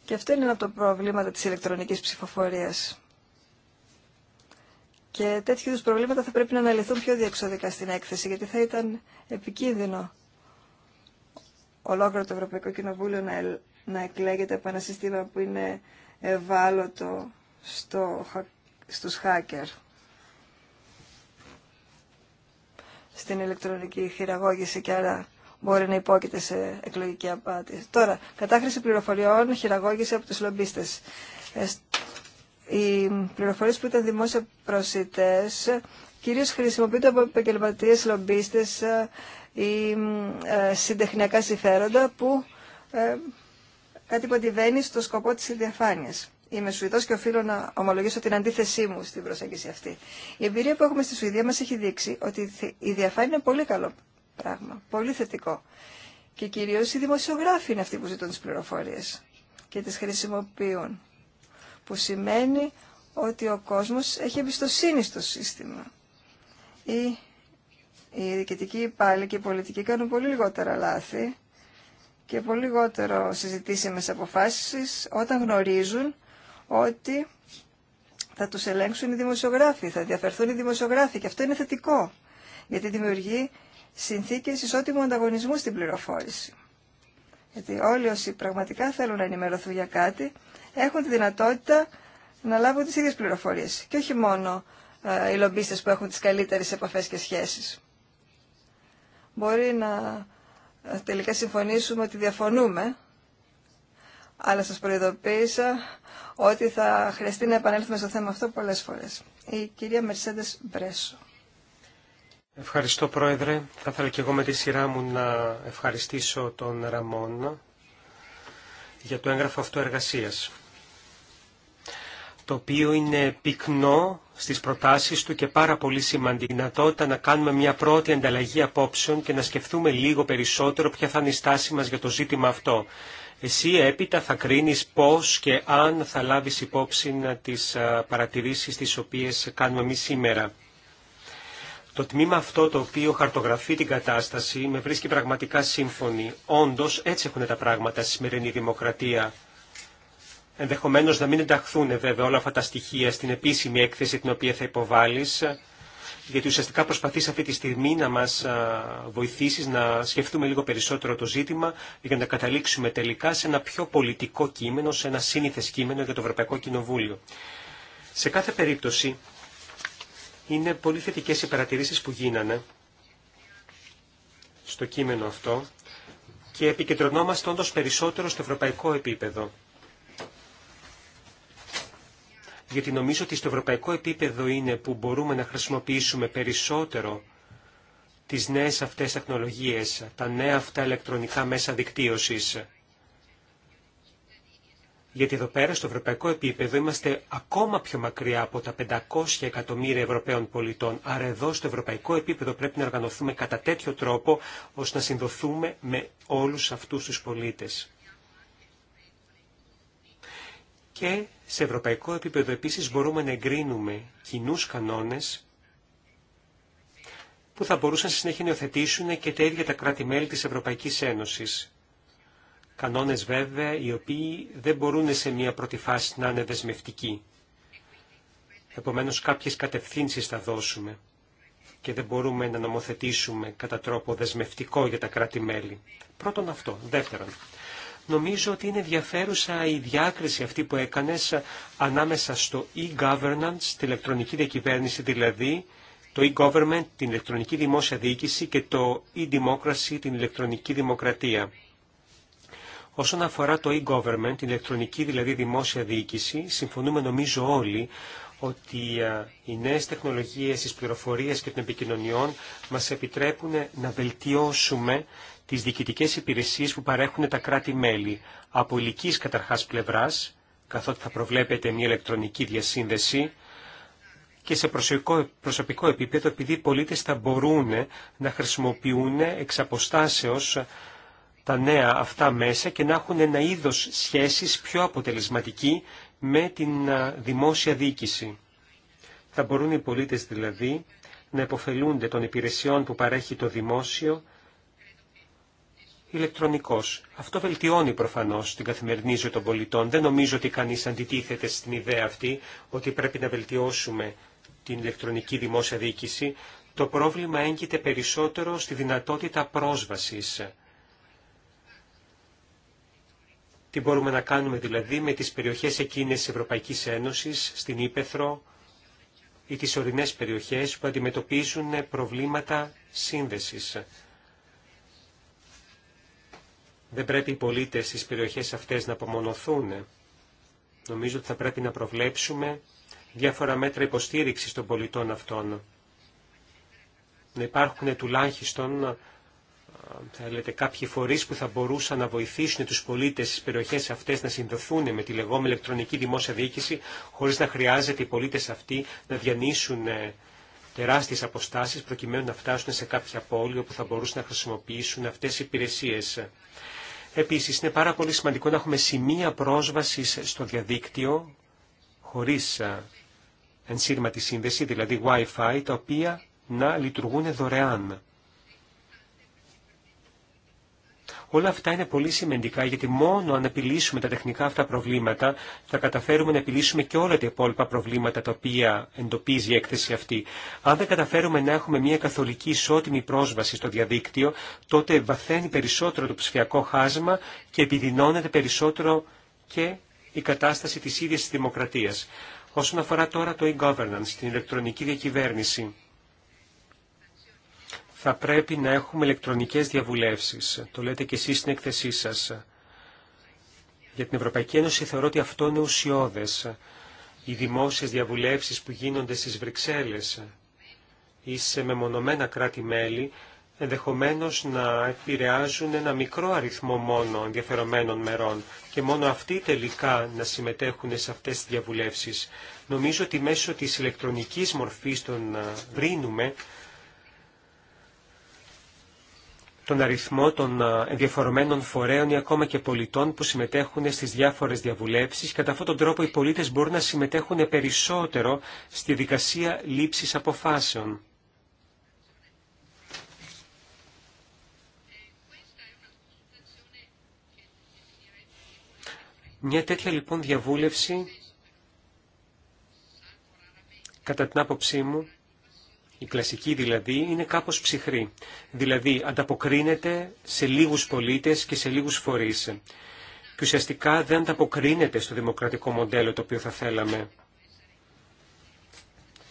Και αυτό είναι ένα από τα προβλήματα της ηλεκτρονικής ψηφοφορίας. Και τέτοιου είδου προβλήματα θα πρέπει να αναλυθούν πιο διεξοδικά στην έκθεση, γιατί θα ήταν επικίνδυνο ολόκληρο το Ευρωπαϊκό Κοινοβούλιο να, να εκλέγεται από ένα σύστημα που είναι ευάλωτο στο, στους hacker. Στην ηλεκτρονική χειραγώγηση και άρα μπορεί να υπόκειται σε εκλογική απάτη. Τώρα, κατάχρηση πληροφοριών, χειραγώγηση από τους λομπίστες. Οι πληροφορίες που ήταν δημόσια προσιτές κυρίως χρησιμοποιούνται από επαγγελματίε λομπίστες ή ε, συντεχνιακά συμφέροντα που ε, κάτι που αντιβαίνει στο σκοπό της διαφάνειας. Είμαι Σουηδό και οφείλω να ομολογήσω την αντίθεσή μου στην προσέγγιση αυτή. Η εμπειρία που έχουμε στη Σουηδία μα έχει δείξει ότι η διαφάνεια είναι πολύ καλό πράγμα, πολύ θετικό. Και κυρίω οι δημοσιογράφοι είναι αυτοί που ζητούν τι πληροφορίε και τι χρησιμοποιούν. Που σημαίνει ότι ο κόσμο έχει εμπιστοσύνη στο σύστημα. Οι διοικητικοί υπάλληλοι και οι πολιτικοί κάνουν πολύ λιγότερα λάθη και πολύ λιγότερο συζητήσιμες αποφάσεις όταν γνωρίζουν ότι θα τους ελέγξουν οι δημοσιογράφοι, θα διαφερθούν οι δημοσιογράφοι και αυτό είναι θετικό γιατί δημιουργεί συνθήκες ισότιμου ανταγωνισμού στην πληροφόρηση. Γιατί όλοι όσοι πραγματικά θέλουν να ενημερωθούν για κάτι έχουν τη δυνατότητα να λάβουν τις ίδιες πληροφορίες και όχι μόνο ε, οι λομπίστες που έχουν τις καλύτερες επαφές και σχέσεις. Μπορεί να τελικά συμφωνήσουμε ότι διαφωνούμε, αλλά σας προειδοποίησα ότι θα χρειαστεί να επανέλθουμε στο θέμα αυτό πολλές φορές. Η κυρία Μερσέντες Μπρέσο. Ευχαριστώ Πρόεδρε. Θα ήθελα και εγώ με τη σειρά μου να ευχαριστήσω τον Ραμόν για το έγγραφο αυτό εργασίας το οποίο είναι πυκνό στις προτάσεις του και πάρα πολύ σημαντική δυνατότητα να κάνουμε μια πρώτη ανταλλαγή απόψεων και να σκεφτούμε λίγο περισσότερο ποια θα είναι η στάση μας για το ζήτημα αυτό. Εσύ έπειτα θα κρίνεις πώς και αν θα λάβεις υπόψη να τις παρατηρήσεις τις οποίες κάνουμε εμείς σήμερα. Το τμήμα αυτό το οποίο χαρτογραφεί την κατάσταση με βρίσκει πραγματικά σύμφωνη. Όντως έτσι έχουν τα πράγματα στη σημερινή δημοκρατία ενδεχομένως να μην ενταχθούν βέβαια όλα αυτά τα στοιχεία στην επίσημη έκθεση την οποία θα υποβάλεις, γιατί ουσιαστικά προσπαθείς αυτή τη στιγμή να μας βοηθήσεις να σκεφτούμε λίγο περισσότερο το ζήτημα για να καταλήξουμε τελικά σε ένα πιο πολιτικό κείμενο, σε ένα σύνηθες κείμενο για το Ευρωπαϊκό Κοινοβούλιο. Σε κάθε περίπτωση είναι πολύ θετικές οι παρατηρήσεις που γίνανε στο κείμενο αυτό και επικεντρωνόμαστε όντως περισσότερο στο ευρωπαϊκό επίπεδο γιατί νομίζω ότι στο ευρωπαϊκό επίπεδο είναι που μπορούμε να χρησιμοποιήσουμε περισσότερο τις νέες αυτές τεχνολογίες, τα νέα αυτά ηλεκτρονικά μέσα δικτύωσης. Γιατί εδώ πέρα στο ευρωπαϊκό επίπεδο είμαστε ακόμα πιο μακριά από τα 500 εκατομμύρια Ευρωπαίων πολιτών. Άρα εδώ στο ευρωπαϊκό επίπεδο πρέπει να οργανωθούμε κατά τέτοιο τρόπο ώστε να συνδοθούμε με όλους αυτούς τους πολίτες. Και σε ευρωπαϊκό επίπεδο επίσης μπορούμε να εγκρίνουμε κοινού κανόνες που θα μπορούσαν στη συνέχεια να υιοθετήσουν και τα ίδια τα κράτη-μέλη της Ευρωπαϊκής Ένωσης. Κανόνες βέβαια οι οποίοι δεν μπορούν σε μια πρώτη φάση να είναι δεσμευτικοί. Επομένως κάποιες κατευθύνσεις θα δώσουμε και δεν μπορούμε να νομοθετήσουμε κατά τρόπο δεσμευτικό για τα κράτη-μέλη. Πρώτον αυτό. Δεύτερον, Νομίζω ότι είναι ενδιαφέρουσα η διάκριση αυτή που έκανες ε, ανάμεσα στο e-governance, την ηλεκτρονική διακυβέρνηση δηλαδή, το e-government, την ηλεκτρονική δημόσια διοίκηση και το e-democracy, την ηλεκτρονική δημοκρατία. Όσον αφορά το e-government, την ηλεκτρονική δηλαδή δημόσια διοίκηση, συμφωνούμε νομίζω όλοι ότι ε, οι νέες τεχνολογίες, τις πληροφορίες και των επικοινωνιών μας επιτρέπουν να βελτιώσουμε τις διοικητικές υπηρεσίες που παρέχουν τα κράτη-μέλη, από ηλική καταρχάς πλευράς, καθότι θα προβλέπεται μια ηλεκτρονική διασύνδεση, και σε προσωπικό επίπεδο, επειδή οι πολίτες θα μπορούν να χρησιμοποιούν εξ αποστάσεως τα νέα αυτά μέσα και να έχουν ένα είδος σχέσης πιο αποτελεσματική με την δημόσια διοίκηση. Θα μπορούν οι πολίτες δηλαδή να υποφελούνται των υπηρεσιών που παρέχει το δημόσιο ηλεκτρονικός. Αυτό βελτιώνει προφανώς την καθημερινή ζωή των πολιτών. Δεν νομίζω ότι κανείς αντιτίθεται στην ιδέα αυτή ότι πρέπει να βελτιώσουμε την ηλεκτρονική δημόσια διοίκηση. Το πρόβλημα έγκυται περισσότερο στη δυνατότητα πρόσβασης. Τι μπορούμε να κάνουμε δηλαδή με τις περιοχές εκείνες της Ευρωπαϊκής Ένωσης, στην Ήπεθρο ή τις ορεινές περιοχές που αντιμετωπίζουν προβλήματα σύνδεσης. Δεν πρέπει οι πολίτες στις περιοχές αυτές να απομονωθούν. Νομίζω ότι θα πρέπει να προβλέψουμε διάφορα μέτρα υποστήριξης των πολιτών αυτών. Να υπάρχουν τουλάχιστον θα λέτε, κάποιοι φορείς που θα μπορούσαν να βοηθήσουν τους πολίτες στις περιοχές αυτές να συνδοθούν με τη λεγόμενη ηλεκτρονική δημόσια διοίκηση, χωρίς να χρειάζεται οι πολίτες αυτοί να διανύσουν ε, τεράστιες αποστάσεις προκειμένου να φτάσουν σε κάποια πόλη όπου θα μπορούσαν να χρησιμοποιήσουν αυτές οι υπηρεσίες. Επίσης, είναι πάρα πολύ σημαντικό να έχουμε σημεία πρόσβασης στο διαδίκτυο, χωρίς ενσύρματη σύνδεση, δηλαδή Wi-Fi, τα οποία να λειτουργούν δωρεάν. Όλα αυτά είναι πολύ σημαντικά γιατί μόνο αν επιλύσουμε τα τεχνικά αυτά προβλήματα θα καταφέρουμε να επιλύσουμε και όλα τα υπόλοιπα προβλήματα τα οποία εντοπίζει η έκθεση αυτή. Αν δεν καταφέρουμε να έχουμε μια καθολική ισότιμη πρόσβαση στο διαδίκτυο, τότε βαθαίνει περισσότερο το ψηφιακό χάσμα και επιδεινώνεται περισσότερο και η κατάσταση της ίδιας της δημοκρατίας. Όσον αφορά τώρα το e-governance, την ηλεκτρονική διακυβέρνηση, θα πρέπει να έχουμε ηλεκτρονικές διαβουλεύσεις. Το λέτε και εσείς στην έκθεσή σας. Για την Ευρωπαϊκή Ένωση θεωρώ ότι αυτό είναι ουσιώδες. Οι δημόσιες διαβουλεύσεις που γίνονται στις Βρυξέλλες ή σε μεμονωμένα κράτη-μέλη ενδεχομένως να επηρεάζουν ένα μικρό αριθμό μόνο ενδιαφερομένων μερών και μόνο αυτοί τελικά να συμμετέχουν σε αυτές τις διαβουλεύσεις. Νομίζω ότι μέσω της ηλεκτρονικής μορφής των βρίνουμε τον αριθμό των διαφορεμένων φορέων ή ακόμα και πολιτών που συμμετέχουν στις διάφορες διαβουλεύσεις. Κατά αυτόν τον τρόπο οι πολίτες μπορούν να συμμετέχουν περισσότερο στη δικασία λήψης αποφάσεων. Μια τέτοια λοιπόν διαβούλευση, κατά την άποψή μου, η κλασική δηλαδή, είναι κάπως ψυχρή. Δηλαδή ανταποκρίνεται σε λίγους πολίτες και σε λίγους φορείς. Και ουσιαστικά δεν ανταποκρίνεται στο δημοκρατικό μοντέλο το οποίο θα θέλαμε.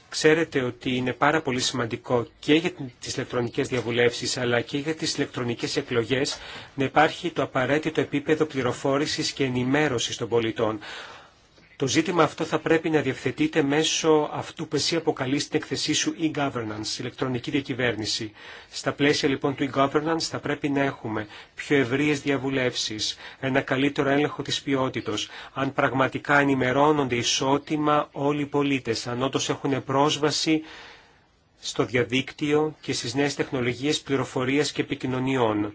Ξέρετε ότι είναι πάρα πολύ σημαντικό και για τις ηλεκτρονικές διαβουλεύσεις αλλά και για τις ηλεκτρονικές εκλογές να υπάρχει το απαραίτητο επίπεδο πληροφόρησης και ενημέρωσης των πολιτών. Το ζήτημα αυτό θα πρέπει να διευθετείται μέσω αυτού που εσύ αποκαλεί στην εκθεσή σου e-governance, ηλεκτρονική διακυβέρνηση. Στα πλαίσια λοιπόν του e-governance θα πρέπει να έχουμε πιο ευρείε διαβουλεύσει, ένα καλύτερο έλεγχο τη ποιότητα, αν πραγματικά ενημερώνονται ισότιμα όλοι οι πολίτε, αν όντω έχουν πρόσβαση στο διαδίκτυο και στις νέες τεχνολογίες πληροφορίας και επικοινωνιών.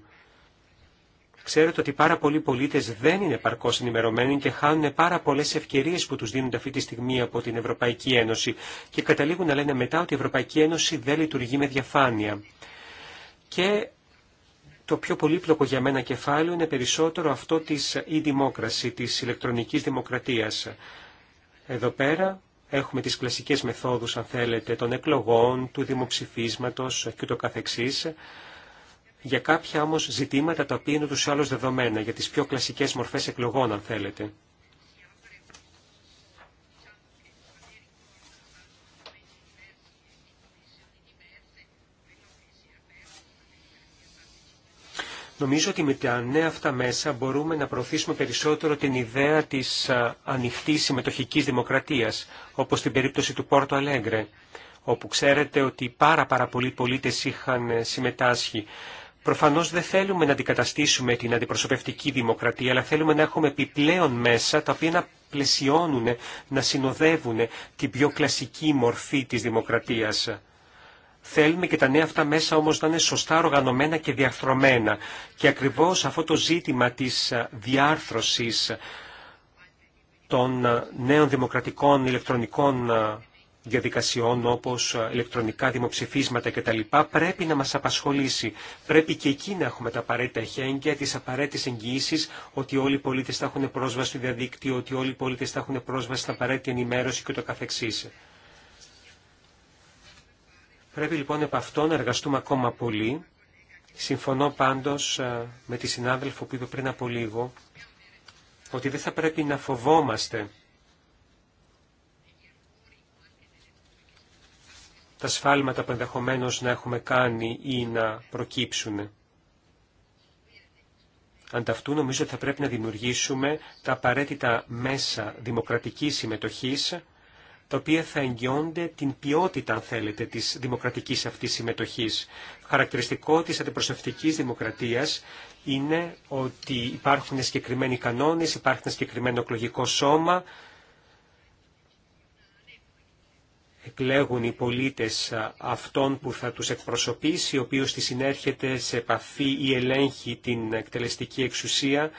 Ξέρετε ότι πάρα πολλοί πολίτε δεν είναι παρκώ ενημερωμένοι και χάνουν πάρα πολλέ ευκαιρίε που του δίνουν αυτή τη στιγμή από την Ευρωπαϊκή Ένωση και καταλήγουν να λένε μετά ότι η Ευρωπαϊκή Ένωση δεν λειτουργεί με διαφάνεια. Και το πιο πολύπλοκο για μένα κεφάλαιο είναι περισσότερο αυτό της e-democracy, της ηλεκτρονικής δημοκρατίας. Εδώ πέρα έχουμε τις κλασικές μεθόδους, αν θέλετε, των εκλογών, του δημοψηφίσματος και το καθεξής για κάποια όμως ζητήματα τα οποία είναι τους άλλους δεδομένα, για τις πιο κλασικές μορφές εκλογών αν θέλετε. Νομίζω ότι με τα νέα αυτά μέσα μπορούμε να προωθήσουμε περισσότερο την ιδέα της ανοιχτής συμμετοχικής δημοκρατίας, όπως στην περίπτωση του Πόρτο Αλέγκρε, όπου ξέρετε ότι πάρα πάρα πολλοί πολίτες είχαν ε, συμμετάσχει. Προφανώς δεν θέλουμε να αντικαταστήσουμε την αντιπροσωπευτική δημοκρατία, αλλά θέλουμε να έχουμε επιπλέον μέσα τα οποία να πλαισιώνουν, να συνοδεύουν την πιο κλασική μορφή της δημοκρατίας. Θέλουμε και τα νέα αυτά μέσα όμως να είναι σωστά οργανωμένα και διαρθρωμένα. Και ακριβώς αυτό το ζήτημα της διάρθρωσης των νέων δημοκρατικών ηλεκτρονικών διαδικασιών όπως ε, ηλεκτρονικά δημοψηφίσματα κτλ. πρέπει να μας απασχολήσει. Πρέπει και εκεί να έχουμε τα απαραίτητα χέγγια, τι απαραίτητε εγγυήσεις ότι όλοι οι πολίτες θα έχουν πρόσβαση στο διαδίκτυο, ότι όλοι οι πολίτες θα έχουν πρόσβαση στην απαραίτητη ενημέρωση και το καθεξής. Πρέπει λοιπόν επ' αυτό να εργαστούμε ακόμα πολύ. Συμφωνώ πάντως ε, με τη συνάδελφο που είπε πριν από λίγο ότι δεν θα πρέπει να φοβόμαστε τα σφάλματα που ενδεχομένω να έχουμε κάνει ή να προκύψουν. Ανταυτού νομίζω ότι θα πρέπει να δημιουργήσουμε τα απαραίτητα μέσα δημοκρατικής συμμετοχής, τα οποία θα εγγυώνται την ποιότητα, αν θέλετε, της δημοκρατικής αυτής συμμετοχής. Χαρακτηριστικό της αντιπροσωπευτικής δημοκρατίας είναι ότι υπάρχουν συγκεκριμένοι κανόνες, υπάρχει ένα συγκεκριμένο εκλογικό σώμα, εκλέγουν οι πολίτες αυτόν που θα τους εκπροσωπήσει, ο οποίος τη συνέρχεται σε επαφή ή ελέγχει την εκτελεστική εξουσία,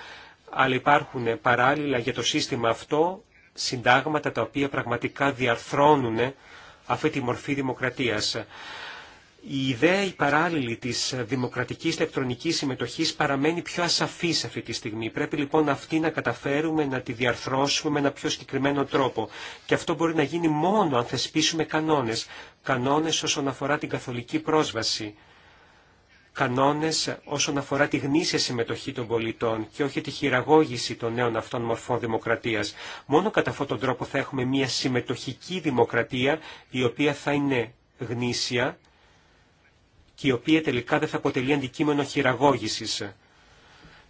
αλλά υπάρχουν παράλληλα για το σύστημα αυτό συντάγματα τα οποία πραγματικά διαρθρώνουν αυτή τη μορφή δημοκρατίας. Η ιδέα η παράλληλη της δημοκρατικής ηλεκτρονικής συμμετοχής παραμένει πιο ασαφής αυτή τη στιγμή. Πρέπει λοιπόν αυτή να καταφέρουμε να τη διαρθρώσουμε με ένα πιο συγκεκριμένο τρόπο. Και αυτό μπορεί να γίνει μόνο αν θεσπίσουμε κανόνες. Κανόνες όσον αφορά την καθολική πρόσβαση. Κανόνες όσον αφορά τη γνήσια συμμετοχή των πολιτών και όχι τη χειραγώγηση των νέων αυτών μορφών δημοκρατίας. Μόνο κατά αυτόν τον τρόπο θα έχουμε μια συμμετοχική δημοκρατία η οποία θα είναι γνήσια και η οποία τελικά δεν θα αποτελεί αντικείμενο χειραγώγησης.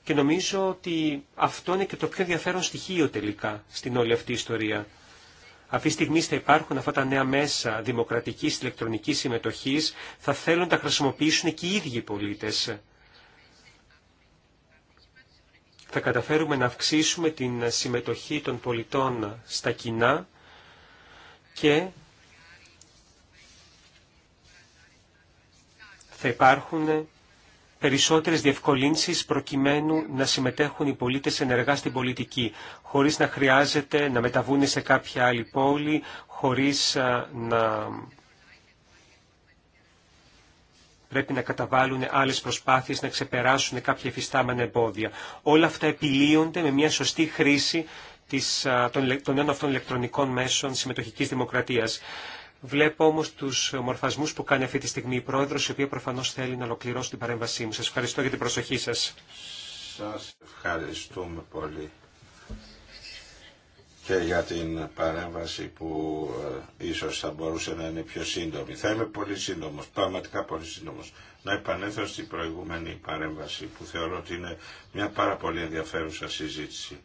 Και νομίζω ότι αυτό είναι και το πιο ενδιαφέρον στοιχείο τελικά στην όλη αυτή η ιστορία. Αυτή τη στιγμή θα υπάρχουν αυτά τα νέα μέσα δημοκρατικής ηλεκτρονικής συμμετοχής, θα θέλουν να τα χρησιμοποιήσουν και οι ίδιοι οι πολίτες. Θα καταφέρουμε να αυξήσουμε την συμμετοχή των πολιτών στα κοινά και θα υπάρχουν περισσότερες διευκολύνσεις προκειμένου να συμμετέχουν οι πολίτες ενεργά στην πολιτική, χωρίς να χρειάζεται να μεταβούν σε κάποια άλλη πόλη, χωρίς να πρέπει να καταβάλουν άλλες προσπάθειες να ξεπεράσουν κάποια εφιστάμενα εμπόδια. Όλα αυτά επιλύονται με μια σωστή χρήση των νέων αυτών ηλεκτρονικών μέσων συμμετοχικής δημοκρατίας. Βλέπω όμω του μορφασμού που κάνει αυτή τη στιγμή η πρόεδρο, η οποία προφανώ θέλει να ολοκληρώσει την παρέμβασή μου. Σα ευχαριστώ για την προσοχή σα. Σα ευχαριστούμε πολύ και για την παρέμβαση που ε, ίσως θα μπορούσε να είναι πιο σύντομη. Θα είμαι πολύ σύντομος, πραγματικά πολύ σύντομος. Να επανέλθω στην προηγούμενη παρέμβαση που θεωρώ ότι είναι μια πάρα πολύ ενδιαφέρουσα συζήτηση.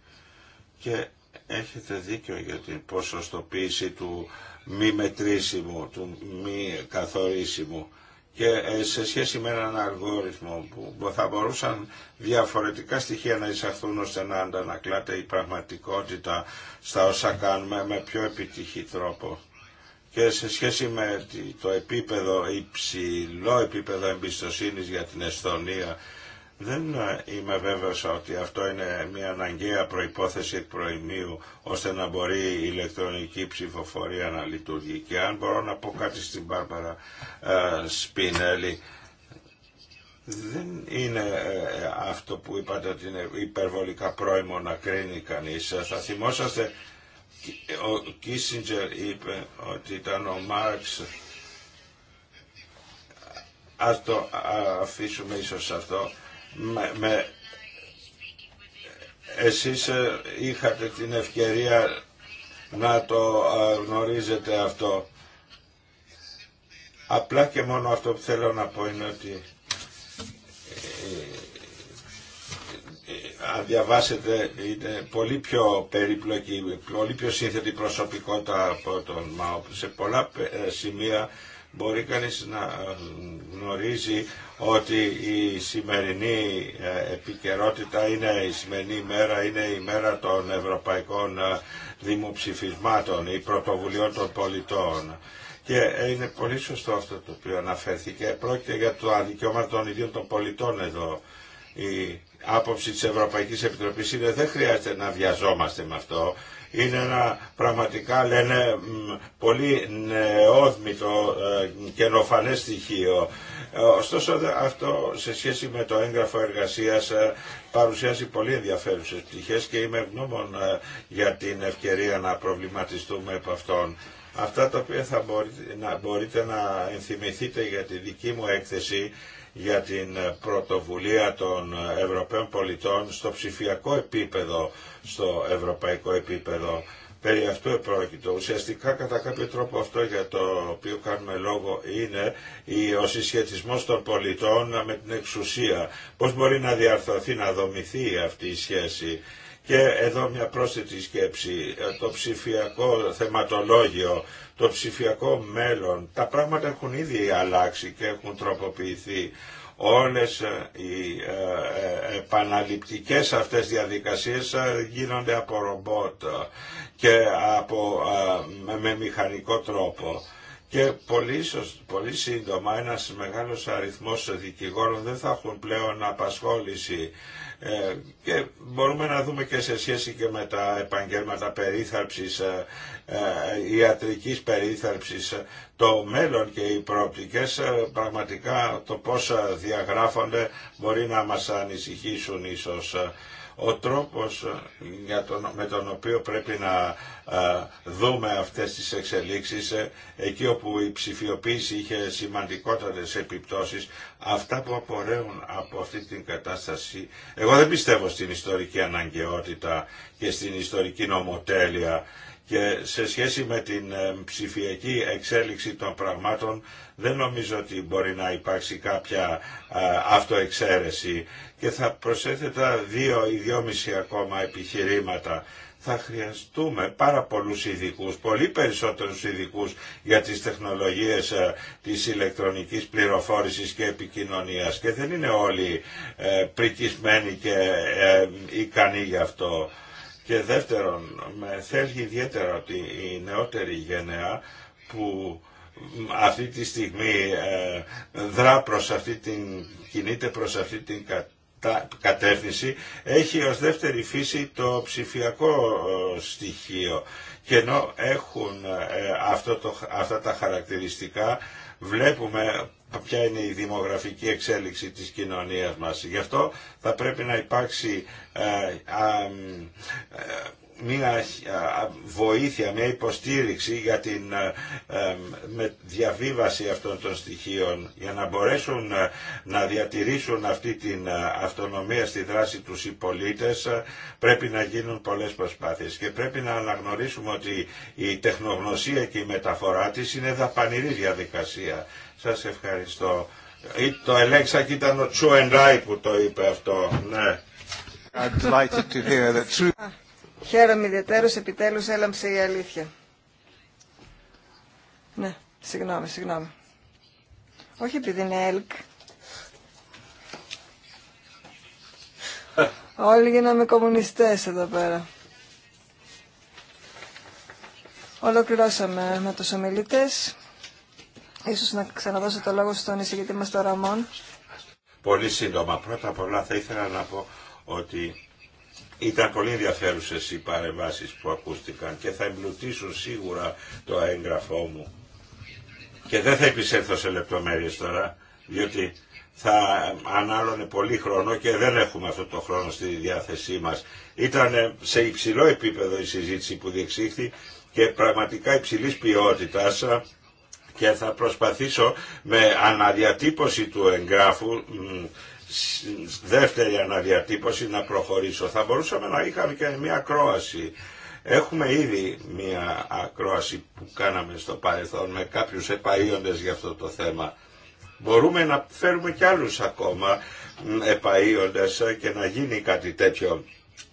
Και έχετε δίκιο για την ποσοστοποίηση του μη μετρήσιμο, του μη καθορίσιμου και ε, σε σχέση με έναν αλγόριθμο που θα μπορούσαν διαφορετικά στοιχεία να εισαχθούν ώστε να αντανακλάται η πραγματικότητα στα όσα κάνουμε με πιο επιτυχή τρόπο. Και σε σχέση με το επίπεδο, υψηλό επίπεδο εμπιστοσύνης για την Εσθονία δεν ε, είμαι βέβαιος ότι αυτό είναι μια αναγκαία προϋπόθεση εκ προημίου ώστε να μπορεί η ηλεκτρονική ψηφοφορία να λειτουργεί. Και αν μπορώ να πω κάτι στην Μπάρμπαρα ε, Σπινέλη, δεν είναι ε, αυτό που είπατε ότι είναι υπερβολικά πρόημο να κρίνει κανείς. Θα θυμόσαστε, ο Κίσιντζερ είπε ότι ήταν ο Μάρξ Ας το αφήσουμε ίσως αυτό με, εσείς ε, είχατε την ευκαιρία να το ε, γνωρίζετε αυτό. Απλά και μόνο αυτό που θέλω να πω είναι ότι ε, αν διαβάσετε είναι πολύ πιο περίπλοκη, πολύ πιο σύνθετη προσωπικότητα από τον ΜΑΟ. Σε πολλά σημεία Μπορεί κανείς να ε, γνωρίζει ότι η σημερινή ε, επικαιρότητα είναι η σημερινή ημέρα, είναι η μέρα των ευρωπαϊκών ε, δημοψηφισμάτων, η πρωτοβουλίων των πολιτών. Και είναι πολύ σωστό αυτό το οποίο αναφέρθηκε. Πρόκειται για το αδικαιώμα των ίδιων των πολιτών εδώ. Η άποψη της Ευρωπαϊκής Επιτροπής είναι δεν χρειάζεται να βιαζόμαστε με αυτό είναι ένα πραγματικά λένε πολύ νεόδμητο ε, καινοφανές στοιχείο. Ε, ωστόσο αυτό σε σχέση με το έγγραφο εργασίας ε, παρουσιάζει πολύ ενδιαφέρουσες πτυχές και είμαι ευγνώμων για την ευκαιρία να προβληματιστούμε από αυτόν. Αυτά τα οποία θα να, μπορείτε να ενθυμηθείτε για τη δική μου έκθεση για την πρωτοβουλία των Ευρωπαίων πολιτών στο ψηφιακό επίπεδο, στο ευρωπαϊκό επίπεδο. Περί αυτού επρόκειτο. Ουσιαστικά κατά κάποιο τρόπο αυτό για το οποίο κάνουμε λόγο είναι ο συσχετισμός των πολιτών με την εξουσία. Πώς μπορεί να διαρθωθεί, να δομηθεί αυτή η σχέση και εδώ μια πρόσθετη σκέψη, το ψηφιακό θεματολόγιο, το ψηφιακό μέλλον. Τα πράγματα έχουν ήδη αλλάξει και έχουν τροποποιηθεί όλες ε, οι ε, ε, επαναληπτικές αυτές διαδικασίες γίνονται από ρομπότ και από, με μηχανικό τρόπο. Και πολύ, πολύ σύντομα ένας μεγάλος αριθμός δικηγόρων δεν θα έχουν πλέον απασχόληση ε, και μπορούμε να δούμε και σε σχέση και με τα επαγγέλματα περίθαλψης, ε, ε, ιατρικής περίθαλψης, το μέλλον και οι προοπτικές ε, πραγματικά το πώς διαγράφονται μπορεί να μας ανησυχήσουν ίσως ο τρόπος ε, με τον οποίο πρέπει να ε, δούμε αυτές τις εξελίξεις ε, εκεί όπου η ψηφιοποίηση είχε σημαντικότατες επιπτώσεις αυτά που απορρέουν από αυτή την κατάσταση εγώ δεν πιστεύω στην ιστορική αναγκαιότητα και στην ιστορική νομοτέλεια και σε σχέση με την ε, ψηφιακή εξέλιξη των πραγμάτων δεν νομίζω ότι μπορεί να υπάρξει κάποια ε, αυτοεξαίρεση και θα προσέθετα δύο ή δυόμιση ακόμα επιχειρήματα θα χρειαστούμε πάρα πολλούς ειδικού, πολύ περισσότερους ειδικού για τις τεχνολογίες ε, της ηλεκτρονικής πληροφόρησης και επικοινωνίας και δεν είναι όλοι πρικισμένοι και ικανοί γι' αυτό. Και δεύτερον, με θέλει ιδιαίτερα ότι η νεότερη γενεά που αυτή τη στιγμή ε, δρά προς αυτή την, κινείται προς αυτή την κατεύθυνση, έχει ως δεύτερη φύση το ψηφιακό ε, στοιχείο. Και ενώ έχουν ε, αυτό το, αυτά τα χαρακτηριστικά, βλέπουμε ποια είναι η δημογραφική εξέλιξη της κοινωνίας μας. Γι' αυτό θα πρέπει να υπάρξει ε, ε, μια βοήθεια, μια υποστήριξη για την ε, διαβίβαση αυτών των στοιχείων για να μπορέσουν ε, να διατηρήσουν αυτή την αυτονομία στη δράση τους οι πολίτες ε, πρέπει να γίνουν πολλές προσπάθειες και πρέπει να αναγνωρίσουμε ότι η τεχνογνωσία και η μεταφορά της είναι δαπανηρή διαδικασία. Σας ευχαριστώ. Το ελέγξα και ήταν ο που το είπε αυτό. Ναι. to hear Χαίρομαι ιδιαίτερως, επιτέλους έλαμψε η αλήθεια. Ναι, συγγνώμη, συγγνώμη. Όχι επειδή είναι ΕΛΚ. Όλοι γίναμε κομμουνιστές εδώ πέρα. Ολοκληρώσαμε με τους ομιλητές. Ίσως να ξαναδώσω το λόγο στον εισηγητή μας τον Ραμόν. Πολύ σύντομα. Πρώτα απ' όλα θα ήθελα να πω ότι ήταν πολύ ενδιαφέρουσε οι παρεμβάσει που ακούστηκαν και θα εμπλουτίσουν σίγουρα το έγγραφό μου. Και δεν θα επισέλθω σε λεπτομέρειες τώρα, διότι θα ανάλωνε πολύ χρόνο και δεν έχουμε αυτό το χρόνο στη διάθεσή μας. Ήταν ε, σε υψηλό επίπεδο η συζήτηση που διεξήχθη και πραγματικά υψηλή ποιότητας ε, και θα προσπαθήσω με αναδιατύπωση του εγγράφου δεύτερη αναδιατύπωση να προχωρήσω. Θα μπορούσαμε να είχαμε και μια ακρόαση. Έχουμε ήδη μια ακρόαση που κάναμε στο παρελθόν με κάποιους επαΐοντες για αυτό το θέμα. Μπορούμε να φέρουμε κι άλλους ακόμα επαΐοντες και να γίνει κάτι τέτοιο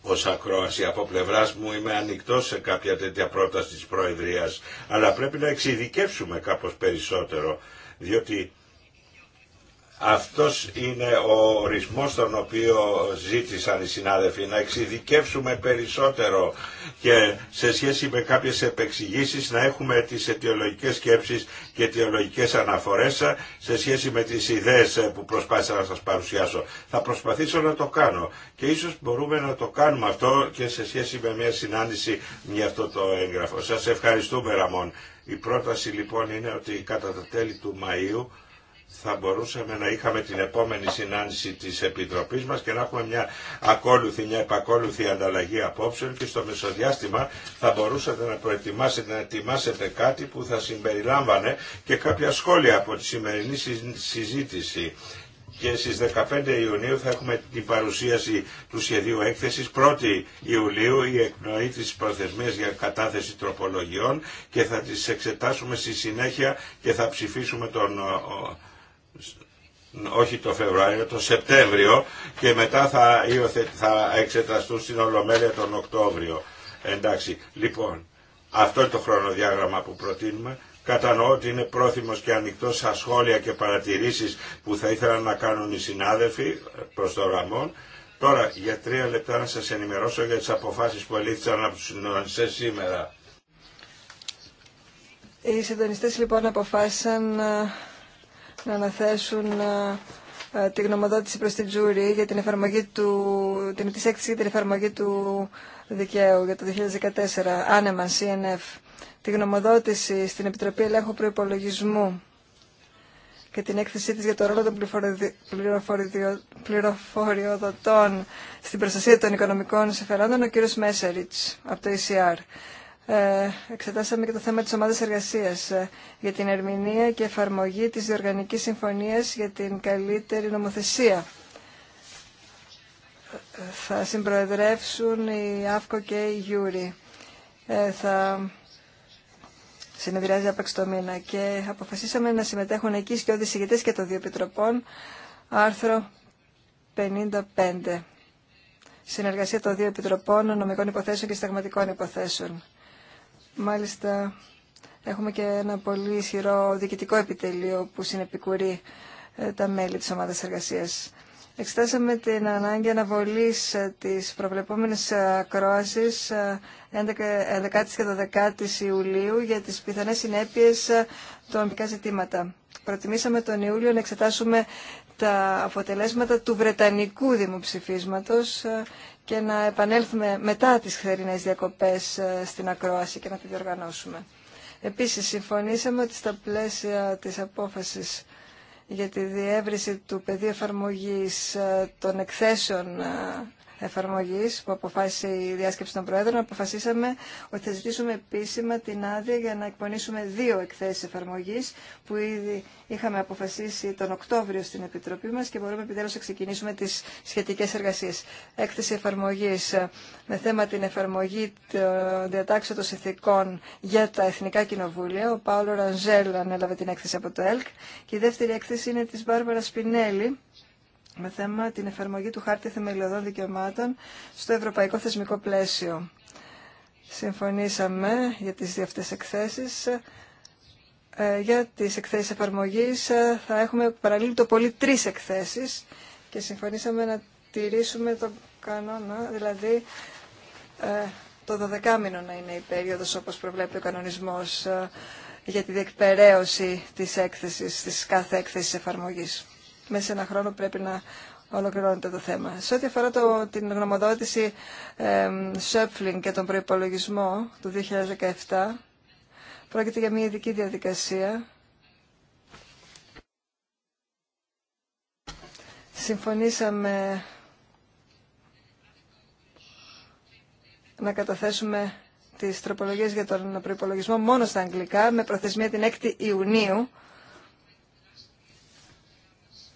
ως ακρόαση από πλευράς μου είμαι ανοιχτό σε κάποια τέτοια πρόταση της Προεδρίας αλλά πρέπει να εξειδικεύσουμε κάπως περισσότερο διότι αυτός είναι ο ορισμός τον οποίο ζήτησαν οι συνάδελφοι, να εξειδικεύσουμε περισσότερο και σε σχέση με κάποιες επεξηγήσεις να έχουμε τις αιτιολογικές σκέψεις και αιτιολογικές αναφορές σε σχέση με τις ιδέες που προσπάθησα να σας παρουσιάσω. Θα προσπαθήσω να το κάνω και ίσως μπορούμε να το κάνουμε αυτό και σε σχέση με μια συνάντηση με αυτό το έγγραφο. Σας ευχαριστούμε Ραμόν. Η πρόταση λοιπόν είναι ότι κατά τα τέλη του Μαΐου θα μπορούσαμε να είχαμε την επόμενη συνάντηση της Επιτροπής μας και να έχουμε μια ακόλουθη, μια επακόλουθη ανταλλαγή απόψεων και στο μεσοδιάστημα θα μπορούσατε να προετοιμάσετε, να ετοιμάσετε κάτι που θα συμπεριλάμβανε και κάποια σχόλια από τη σημερινή συζήτηση και στις 15 Ιουνίου θα έχουμε την παρουσίαση του σχεδίου έκθεσης 1η Ιουλίου η ιουλιου η εκνοη της προθεσμίας για κατάθεση τροπολογιών και θα τις εξετάσουμε στη συνέχεια και θα ψηφίσουμε τον όχι το Φεβρουάριο, το Σεπτέμβριο και μετά θα, θα εξεταστούν στην Ολομέλεια τον Οκτώβριο. Εντάξει, λοιπόν, αυτό είναι το χρονοδιάγραμμα που προτείνουμε. Κατανοώ ότι είναι πρόθυμος και ανοιχτός στα σχόλια και παρατηρήσεις που θα ήθελαν να κάνουν οι συνάδελφοι προς το Ραμόν. Τώρα, για τρία λεπτά να σας ενημερώσω για τις αποφάσεις που ελήφθησαν από τους συντονιστές σήμερα. Οι συντονιστές λοιπόν αποφάσισαν να αναθέσουν τη γνωμοδότηση προς την Τζούρι για την εφαρμογή του, την για την εφαρμογή του δικαίου για το 2014, άνεμα, CNF, τη γνωμοδότηση στην Επιτροπή Ελέγχου Προϋπολογισμού και την έκθεσή της για το ρόλο των πληροφοριοδοτών στην προστασία των οικονομικών συμφερόντων, ο κύριος Μέσεριτς από το ECR. Ε, εξετάσαμε και το θέμα της ομάδας εργασίας ε, για την ερμηνεία και εφαρμογή της Διοργανικής Συμφωνίας για την καλύτερη νομοθεσία. Ε, θα συμπροεδρεύσουν η ΑΦΚΟ και η Ε, θα συνεδριάζει απαξ το μήνα και αποφασίσαμε να συμμετέχουν εκεί και ηγητές και των δύο επιτροπών άρθρο 55 συνεργασία των δύο επιτροπών νομικών υποθέσεων και σταγματικών υποθέσεων. Μάλιστα, έχουμε και ένα πολύ ισχυρό διοικητικό επιτελείο που συνεπικουρεί ε, τα μέλη της ομάδας εργασίας. Εξετάσαμε την ανάγκη αναβολής ε, της προβλεπόμενης ε, ακρόασης 11 και 12 Ιουλίου για τις πιθανές συνέπειες των ποινικά ζητήματα. Προτιμήσαμε τον Ιούλιο να εξετάσουμε τα αποτελέσματα του Βρετανικού δημοψηφίσματος και να επανέλθουμε μετά τις χθερινές διακοπές ε, στην ακρόαση και να τη διοργανώσουμε. Επίσης, συμφωνήσαμε ότι στα πλαίσια της απόφασης για τη διεύρυνση του πεδίου εφαρμογής ε, των εκθέσεων ε, εφαρμογής που αποφάσισε η διάσκεψη των Προέδρων, αποφασίσαμε ότι θα ζητήσουμε επίσημα την άδεια για να εκπονήσουμε δύο εκθέσει εφαρμογή που ήδη είχαμε αποφασίσει τον Οκτώβριο στην Επιτροπή μα και μπορούμε επιτέλου να ξεκινήσουμε τι σχετικέ εργασίε. Έκθεση εφαρμογή ε, με θέμα την εφαρμογή των διατάξεων των συνθηκών για τα Εθνικά Κοινοβούλια. Ο Πάολο Ρανζέλ ανέλαβε την έκθεση από το ΕΛΚ και η δεύτερη έκθεση είναι τη Μπάρμπαρα Σπινέλη με θέμα την εφαρμογή του Χάρτη Θεμελιωδών Δικαιωμάτων στο Ευρωπαϊκό Θεσμικό Πλαίσιο. Συμφωνήσαμε για τις αυτές εκθέσεις. Ε, για τις εκθέσεις εφαρμογής ε, θα έχουμε παραλίλει το πολύ τρεις εκθέσεις και συμφωνήσαμε να τηρήσουμε τον κανόνα, δηλαδή ε, το 12 να είναι η περίοδος όπως προβλέπει ο κανονισμός για τη διεκπαιρέωση της έκθεσης, της κάθε έκθεσης εφαρμογής μέσα σε ένα χρόνο πρέπει να ολοκληρώνεται το θέμα. Σε ό,τι αφορά το, την γνωμοδότηση ε, και τον προϋπολογισμό του 2017, πρόκειται για μια ειδική διαδικασία. Συμφωνήσαμε να καταθέσουμε τις τροπολογίες για τον προϋπολογισμό μόνο στα αγγλικά, με προθεσμία την 6η Ιουνίου,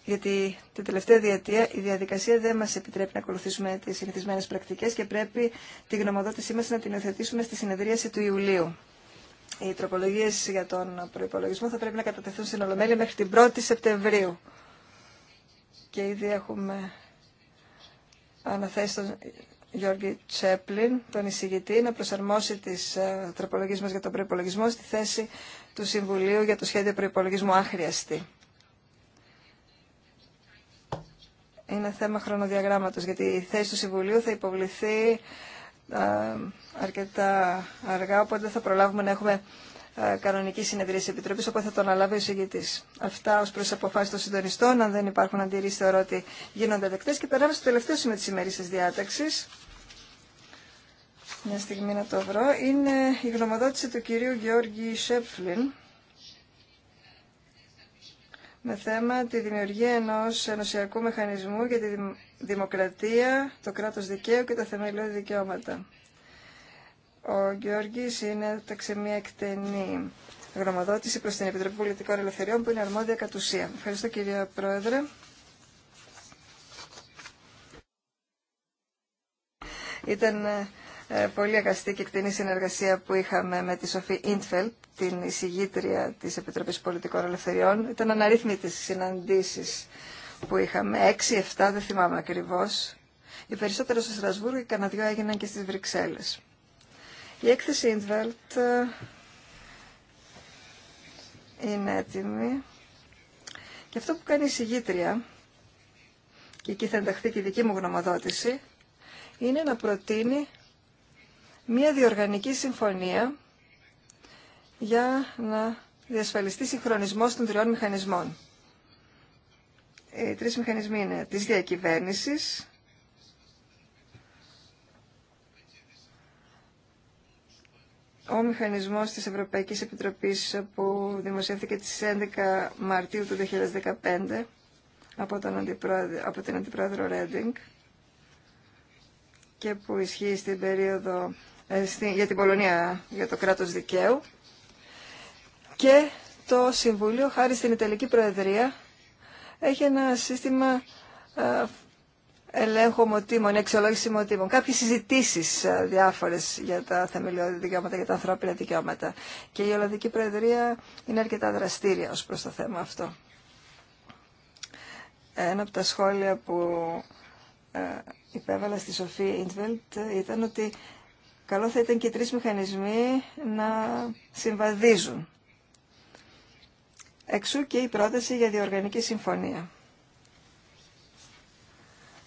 γιατί την τελευταία διετία η διαδικασία δεν μας επιτρέπει να ακολουθήσουμε τις συνηθισμένες πρακτικές και πρέπει τη γνωμοδότησή μας να την υιοθετήσουμε στη συνεδρίαση του Ιουλίου. Οι τροπολογίες για τον προϋπολογισμό θα πρέπει να κατατεθούν στην Ολομέλεια μέχρι την 1η Σεπτεμβρίου. Και ήδη έχουμε αναθέσει τον Γιώργη Τσέπλιν, τον εισηγητή, να προσαρμόσει τις ε, τροπολογίες μας για τον προϋπολογισμό στη θέση του Συμβουλίου για το σχέδιο προϋπολογισμού αν είναι θέμα χρονοδιαγράμματος, γιατί η θέση του Συμβουλίου θα υποβληθεί ε, αρκετά αργά, οπότε θα προλάβουμε να έχουμε ε, κανονική συνεδρία της Επιτροπή, οπότε θα τον αναλάβει ο συγγητής. Αυτά ως προς αποφάσει των συντονιστών. Αν δεν υπάρχουν αντιρρήσεις, θεωρώ ότι γίνονται δεκτές. Και περάμε στο τελευταίο σημείο τη της διάταξη. Μια στιγμή να το βρω. Είναι η γνωμοδότηση του κυρίου Γεώργη Σέπφλιν με θέμα τη δημιουργία ενός ενωσιακού μηχανισμού για τη δημοκρατία, το κράτος δικαίου και τα θεμελιώδη δικαιώματα. Ο Γιώργης είναι σε μια εκτενή γνωμοδότηση προς την Επιτροπή Πολιτικών Ελευθεριών που είναι αρμόδια κατ' ουσία. Ευχαριστώ κυρία Πρόεδρε. Ήταν ε, ε, πολύ αγαστή και εκτενή συνεργασία που είχαμε με τη Σοφή Ίντφελτ, την εισηγήτρια της Επιτροπής Πολιτικών Ελευθεριών. Ήταν αναρρύθμιτες συναντήσεις που είχαμε, 6-7, δεν θυμάμαι ακριβώς. Οι περισσότερο στο Στρασβούργο και κανένα δυο έγιναν και στις Βρυξέλλες. Η έκθεση Ίντβελτ ε, είναι έτοιμη. Και αυτό που κάνει η συγγήτρια, και εκεί θα ενταχθεί και η δική μου γνωμοδότηση, είναι να προτείνει μια διοργανική συμφωνία για να διασφαλιστεί συγχρονισμός των τριών μηχανισμών. Οι τρεις μηχανισμοί είναι της διακυβέρνησης, ο μηχανισμός της Ευρωπαϊκής Επιτροπής που δημοσιεύθηκε τις 11 Μαρτίου του 2015 από, τον από την Αντιπρόεδρο Ρέντινγκ και που ισχύει στην περίοδο ε, για την Πολωνία, για το κράτος δικαίου. Και το Συμβούλιο, χάρη στην Ιταλική Προεδρία, έχει ένα σύστημα ε, ελέγχου μοτίμων, εξολόγηση μοτίμων, κάποιες συζητήσεις ε, διάφορες για τα θεμελιώδη δικαιώματα, για τα ανθρώπινα δικαιώματα. Και η Ολλανδική Προεδρία είναι αρκετά δραστήρια ως προς το θέμα αυτό. Ένα από τα σχόλια που υπέβαλα στη Σοφία Ιντβελτ ήταν ότι καλό θα ήταν και οι τρεις μηχανισμοί να συμβαδίζουν. Εξού και η πρόταση για διοργανική συμφωνία.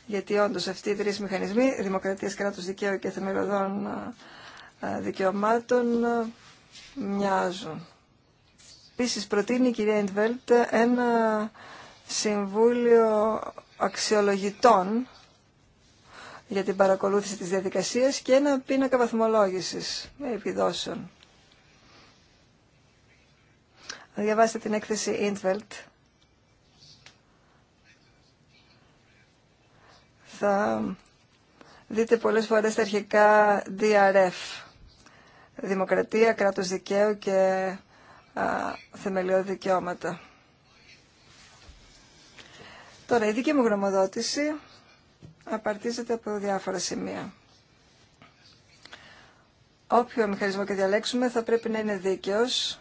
Γιατί όντως αυτοί οι τρεις μηχανισμοί, δημοκρατίας, κράτους δικαίου και θεμελιωδών δικαιωμάτων, μοιάζουν. Επίση προτείνει η κυρία Ιντβέλτ ένα συμβούλιο αξιολογητών για την παρακολούθηση της διαδικασίας και ένα πίνακα βαθμολόγησης επιδόσεων. Διαβάστε την έκθεση Intveld, θα δείτε πολλές φορές τα αρχικά DRF, Δημοκρατία, Κράτος Δικαίου και Θεμελιώδη Δικαιώματα. Τώρα, η δική μου γνωμοδότηση απαρτίζεται από διάφορα σημεία. Όποιο μηχανισμό και διαλέξουμε θα πρέπει να είναι δίκαιος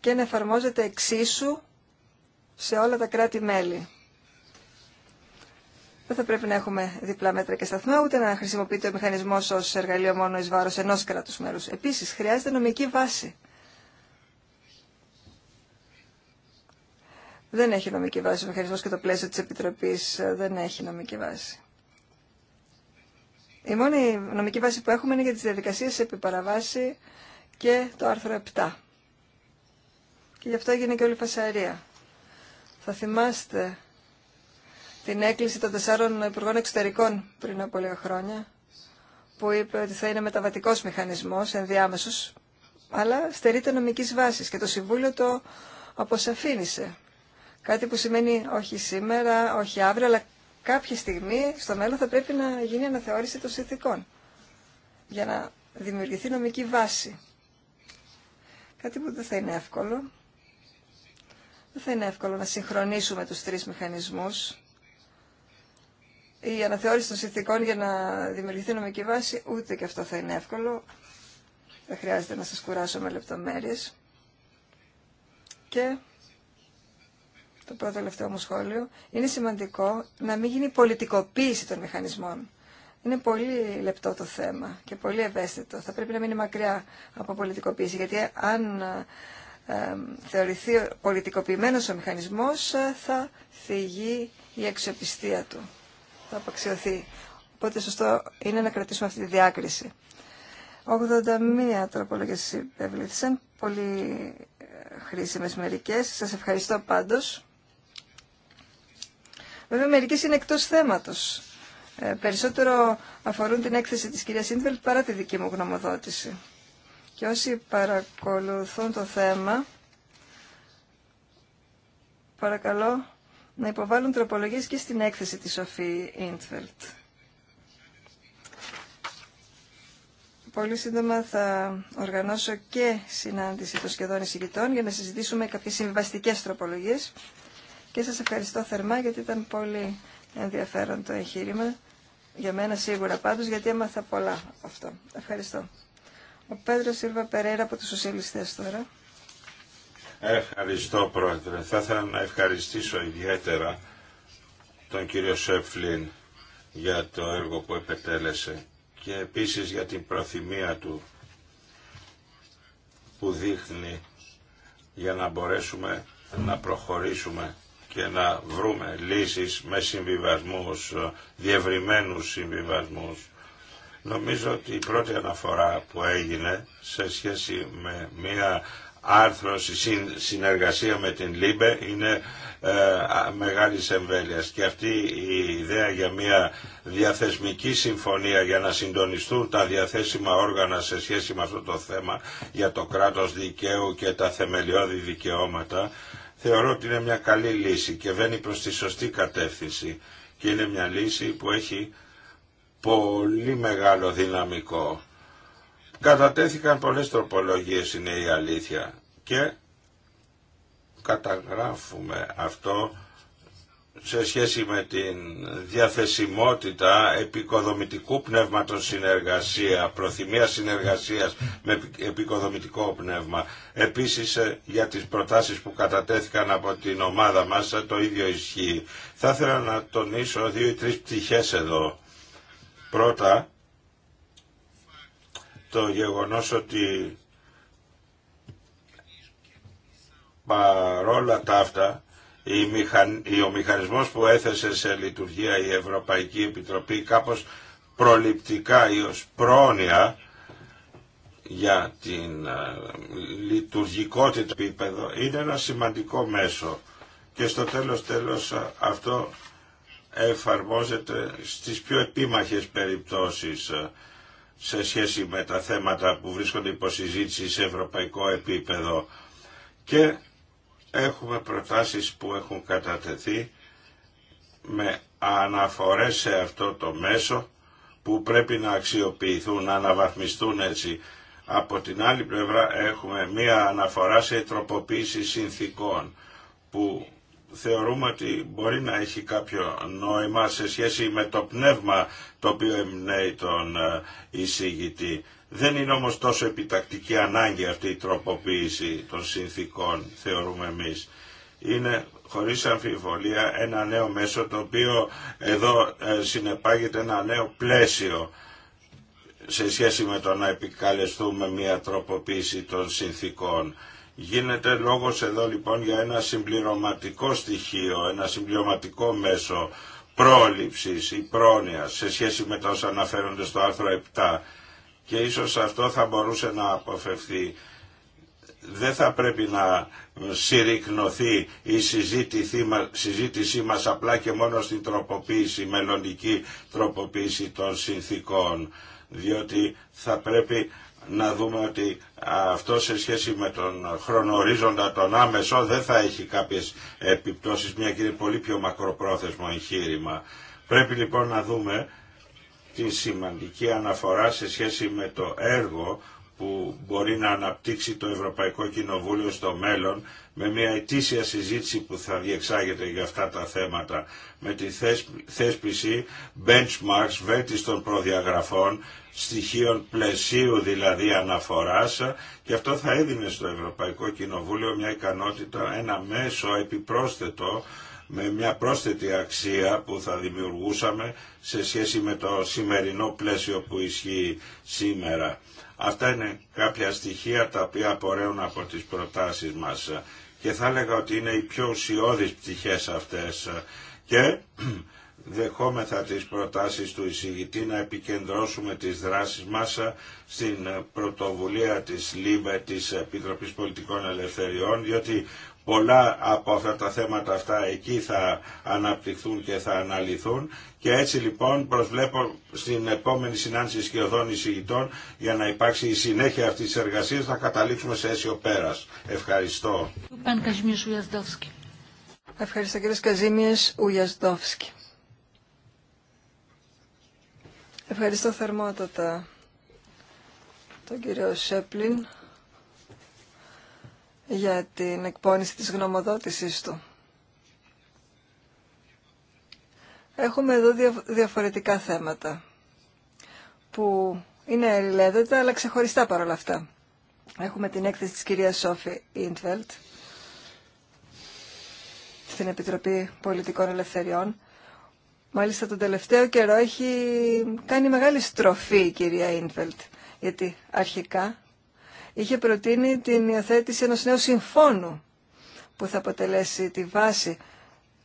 και να εφαρμόζεται εξίσου σε όλα τα κράτη-μέλη. Δεν θα πρέπει να έχουμε διπλά μέτρα και σταθμά, ούτε να χρησιμοποιείται ο μηχανισμό ω εργαλείο μόνο ει βάρο ενό κράτου μέρου. Επίση, χρειάζεται νομική βάση. Δεν έχει νομική βάση ο μηχανισμό και το πλαίσιο τη Επιτροπή ε, δεν έχει νομική βάση. Η μόνη νομική βάση που έχουμε είναι για τις διαδικασίες επί παραβάση και το άρθρο 7. Και γι' αυτό έγινε και όλη η φασαρία. Θα θυμάστε την έκκληση των τεσσάρων υπουργών εξωτερικών πριν από λίγα χρόνια, που είπε ότι θα είναι μεταβατικός μηχανισμός, ενδιάμεσος, αλλά στερείται νομικής βάσης και το Συμβούλιο το αποσαφήνισε. Κάτι που σημαίνει όχι σήμερα, όχι αύριο, αλλά κάποια στιγμή στο μέλλον θα πρέπει να γίνει αναθεώρηση των συνθηκών για να δημιουργηθεί νομική βάση. Κάτι που δεν θα είναι εύκολο. Δεν θα είναι εύκολο να συγχρονίσουμε τους τρεις μηχανισμούς. Η αναθεώρηση των συνθηκών για να δημιουργηθεί νομική βάση, ούτε και αυτό θα είναι εύκολο. Δεν χρειάζεται να σας κουράσω με λεπτομέρειες. Και το πρώτο τελευταίο μου σχόλιο, είναι σημαντικό να μην γίνει πολιτικοποίηση των μηχανισμών. Είναι πολύ λεπτό το θέμα και πολύ ευαίσθητο. Θα πρέπει να μείνει μακριά από πολιτικοποίηση, γιατί αν θεωρηθεί πολιτικοποιημένος ο μηχανισμός, θα θυγεί η αξιοπιστία του. Θα απαξιωθεί. Οπότε σωστό είναι να κρατήσουμε αυτή τη διάκριση. 81 τροπολογίες υπευλήθησαν, πολύ ε, χρήσιμες μερικές. Σας ευχαριστώ πάντως Βέβαια, μερικές είναι εκτός θέματος. Ε, περισσότερο αφορούν την έκθεση της κυρίας Σίντβελτ παρά τη δική μου γνωμοδότηση. Και όσοι παρακολουθούν το θέμα, παρακαλώ να υποβάλουν τροπολογίες και στην έκθεση της Σοφή Ίντβελτ. Πολύ σύντομα θα οργανώσω και συνάντηση των σχεδόν εισηγητών για να συζητήσουμε κάποιες συμβαστικές τροπολογίες και σας ευχαριστώ θερμά γιατί ήταν πολύ ενδιαφέρον το εγχείρημα. Για μένα σίγουρα πάντως γιατί έμαθα πολλά αυτό. Ευχαριστώ. Ο Πέτρο Σίλβα Περέρα από τους Σοσιαλιστές τώρα. Ευχαριστώ πρόεδρε. Θα ήθελα να ευχαριστήσω ιδιαίτερα τον κύριο Σεφλίν για το έργο που επετέλεσε και επίσης για την προθυμία του που δείχνει για να μπορέσουμε να προχωρήσουμε και να βρούμε λύσεις με συμβιβασμούς, διευρυμένους συμβιβασμούς. Νομίζω ότι η πρώτη αναφορά που έγινε σε σχέση με μία άρθρωση, συνεργασία με την ΛΥΜΠΕ είναι μεγάλη μεγάλης και αυτή η ιδέα για μια διαθεσμική συμφωνία για να συντονιστούν τα διαθέσιμα όργανα σε σχέση με αυτό το θέμα για το κράτος δικαίου και τα θεμελιώδη δικαιώματα θεωρώ ότι είναι μια καλή λύση και βαίνει προς τη σωστή κατεύθυνση και είναι μια λύση που έχει πολύ μεγάλο δυναμικό. Κατατέθηκαν πολλές τροπολογίες είναι η αλήθεια και καταγράφουμε αυτό σε σχέση με την διαθεσιμότητα επικοδομητικού πνεύματος συνεργασία, προθυμία συνεργασίας με επικοδομητικό πνεύμα. Επίσης ε, για τις προτάσεις που κατατέθηκαν από την ομάδα μας ε, το ίδιο ισχύει. Θα ήθελα να τονίσω δύο ή τρεις πτυχές εδώ. Πρώτα, το γεγονός ότι παρόλα τα αυτά ο μηχανισμός που έθεσε σε λειτουργία η Ευρωπαϊκή Επιτροπή κάπως προληπτικά ή ως πρόνοια για την ε, λειτουργικότητα επίπεδο είναι ένα σημαντικό μέσο και στο τέλος τέλος ε, αυτό εφαρμόζεται στις πιο επίμαχες περιπτώσεις ε, σε σχέση με τα θέματα που βρίσκονται υποσυζήτηση σε ευρωπαϊκό επίπεδο και Έχουμε προτάσεις που έχουν κατατεθεί με αναφορές σε αυτό το μέσο που πρέπει να αξιοποιηθούν, να αναβαθμιστούν έτσι. Από την άλλη πλευρά έχουμε μία αναφορά σε τροποποίηση συνθήκων που θεωρούμε ότι μπορεί να έχει κάποιο νόημα σε σχέση με το πνεύμα το οποίο εμπνέει τον ε, εισηγητή. Δεν είναι όμως τόσο επιτακτική ανάγκη αυτή η τροποποίηση των συνθήκων, θεωρούμε εμείς. Είναι χωρίς αμφιβολία ένα νέο μέσο το οποίο εδώ ε, συνεπάγεται ένα νέο πλαίσιο σε σχέση με το να επικαλεστούμε μια τροποποίηση των συνθήκων. Γίνεται λόγος εδώ λοιπόν για ένα συμπληρωματικό στοιχείο, ένα συμπληρωματικό μέσο πρόληψης ή πρόνοιας σε σχέση με τα όσα αναφέρονται στο άρθρο 7 και ίσως αυτό θα μπορούσε να αποφευθεί. Δεν θα πρέπει να συρρυκνωθεί η συζήτησή μας απλά και μόνο στην τροποποίηση, μελλοντική τροποποίηση των συνθήκων, διότι θα πρέπει να δούμε ότι αυτό σε σχέση με τον χρονορίζοντα τον άμεσο δεν θα έχει κάποιες επιπτώσεις, μια και είναι πολύ πιο μακροπρόθεσμο εγχείρημα. Πρέπει λοιπόν να δούμε τη σημαντική αναφορά σε σχέση με το έργο που μπορεί να αναπτύξει το Ευρωπαϊκό Κοινοβούλιο στο μέλλον με μια ετήσια συζήτηση που θα διεξάγεται για αυτά τα θέματα με τη θέσπιση benchmarks βέλτιστων προδιαγραφών στοιχείων πλαισίου δηλαδή αναφοράς και αυτό θα έδινε στο Ευρωπαϊκό Κοινοβούλιο μια ικανότητα, ένα μέσο επιπρόσθετο με μια πρόσθετη αξία που θα δημιουργούσαμε σε σχέση με το σημερινό πλαίσιο που ισχύει σήμερα. Αυτά είναι κάποια στοιχεία τα οποία απορρέουν από τις προτάσεις μας και θα έλεγα ότι είναι οι πιο ουσιώδεις πτυχές αυτές και [clears throat] δεχόμεθα τις προτάσεις του εισηγητή να επικεντρώσουμε τις δράσεις μας στην πρωτοβουλία της ΛΥΜΕ, της Επιτροπής Πολιτικών Ελευθεριών, διότι πολλά από αυτά τα θέματα αυτά εκεί θα αναπτυχθούν και θα αναλυθούν και έτσι λοιπόν προσβλέπω στην επόμενη συνάντηση σχεδόν εισηγητών για να υπάρξει η συνέχεια αυτής της εργασίας να καταλήξουμε σε αίσιο πέρας. Ευχαριστώ. Ευχαριστώ κύριε Καζίμιες Ουγιασδόφσκι. Ευχαριστώ θερμότατα τον κύριο Σέπλιν για την εκπόνηση της γνωμοδότησής του. Έχουμε εδώ διαφορετικά θέματα που είναι ελεύθερα αλλά ξεχωριστά παρόλα αυτά. Έχουμε την έκθεση της κυρίας Σόφη Ιντβελτ στην Επιτροπή Πολιτικών Ελευθεριών. Μάλιστα τον τελευταίο καιρό έχει κάνει μεγάλη στροφή η κυρία Ιντβελτ γιατί αρχικά είχε προτείνει την υιοθέτηση ενός νέου συμφώνου που θα αποτελέσει τη βάση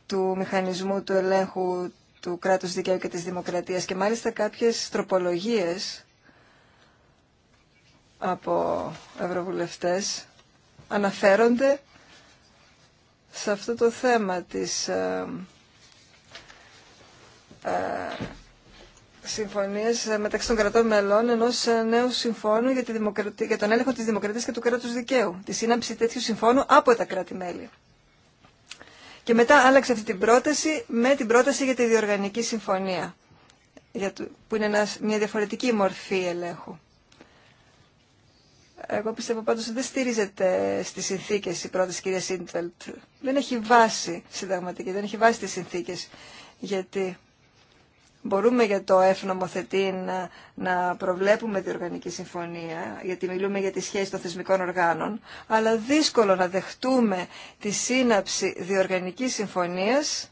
του μηχανισμού του ελέγχου του κράτους δικαίου και της δημοκρατίας και μάλιστα κάποιες τροπολογίες από ευρωβουλευτές αναφέρονται σε αυτό το θέμα της ε, ε, συμφωνίες μεταξύ των κρατών μελών ενό νέου συμφώνου για, τη για τον έλεγχο τη Δημοκρατία και του Κράτου δικαίου. Τη σύναψη τέτοιου συμφώνου από τα κράτη-μέλη. Και μετά άλλαξε αυτή την πρόταση με την πρόταση για τη διοργανική συμφωνία, που είναι μια διαφορετική μορφή ελέγχου. Εγώ πιστεύω πάντως ότι δεν στηρίζεται στις συνθήκες η πρόταση κυρία Σίντελτ. Δεν έχει βάση συνταγματική, δεν έχει βάση τις συνθήκε Γιατί μπορούμε για το εφνομοθετή να, να προβλέπουμε οργανική συμφωνία, γιατί μιλούμε για τη σχέση των θεσμικών οργάνων, αλλά δύσκολο να δεχτούμε τη σύναψη διοργανικής συμφωνίας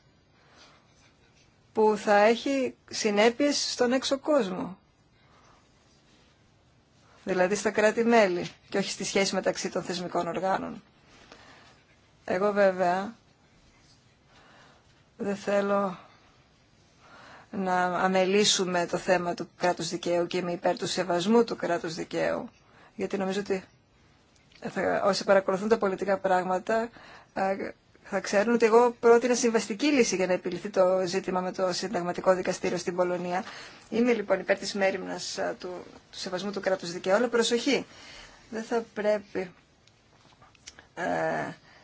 που θα έχει συνέπειες στον έξω κόσμο. Δηλαδή στα κράτη-μέλη και όχι στη σχέση μεταξύ των θεσμικών οργάνων. Εγώ βέβαια δεν θέλω να αμελήσουμε το θέμα του κράτους δικαίου και είμαι υπέρ του σεβασμού του κράτους δικαίου. Γιατί νομίζω ότι θα, όσοι παρακολουθούν τα πολιτικά πράγματα θα ξέρουν ότι εγώ πρότεινα συμβαστική λύση για να επιληθεί το ζήτημα με το συνταγματικό δικαστήριο στην Πολωνία. Είμαι λοιπόν υπέρ της μέρημνας του, του σεβασμού του κράτους δικαίου, αλλά προσοχή. Δεν θα πρέπει ε,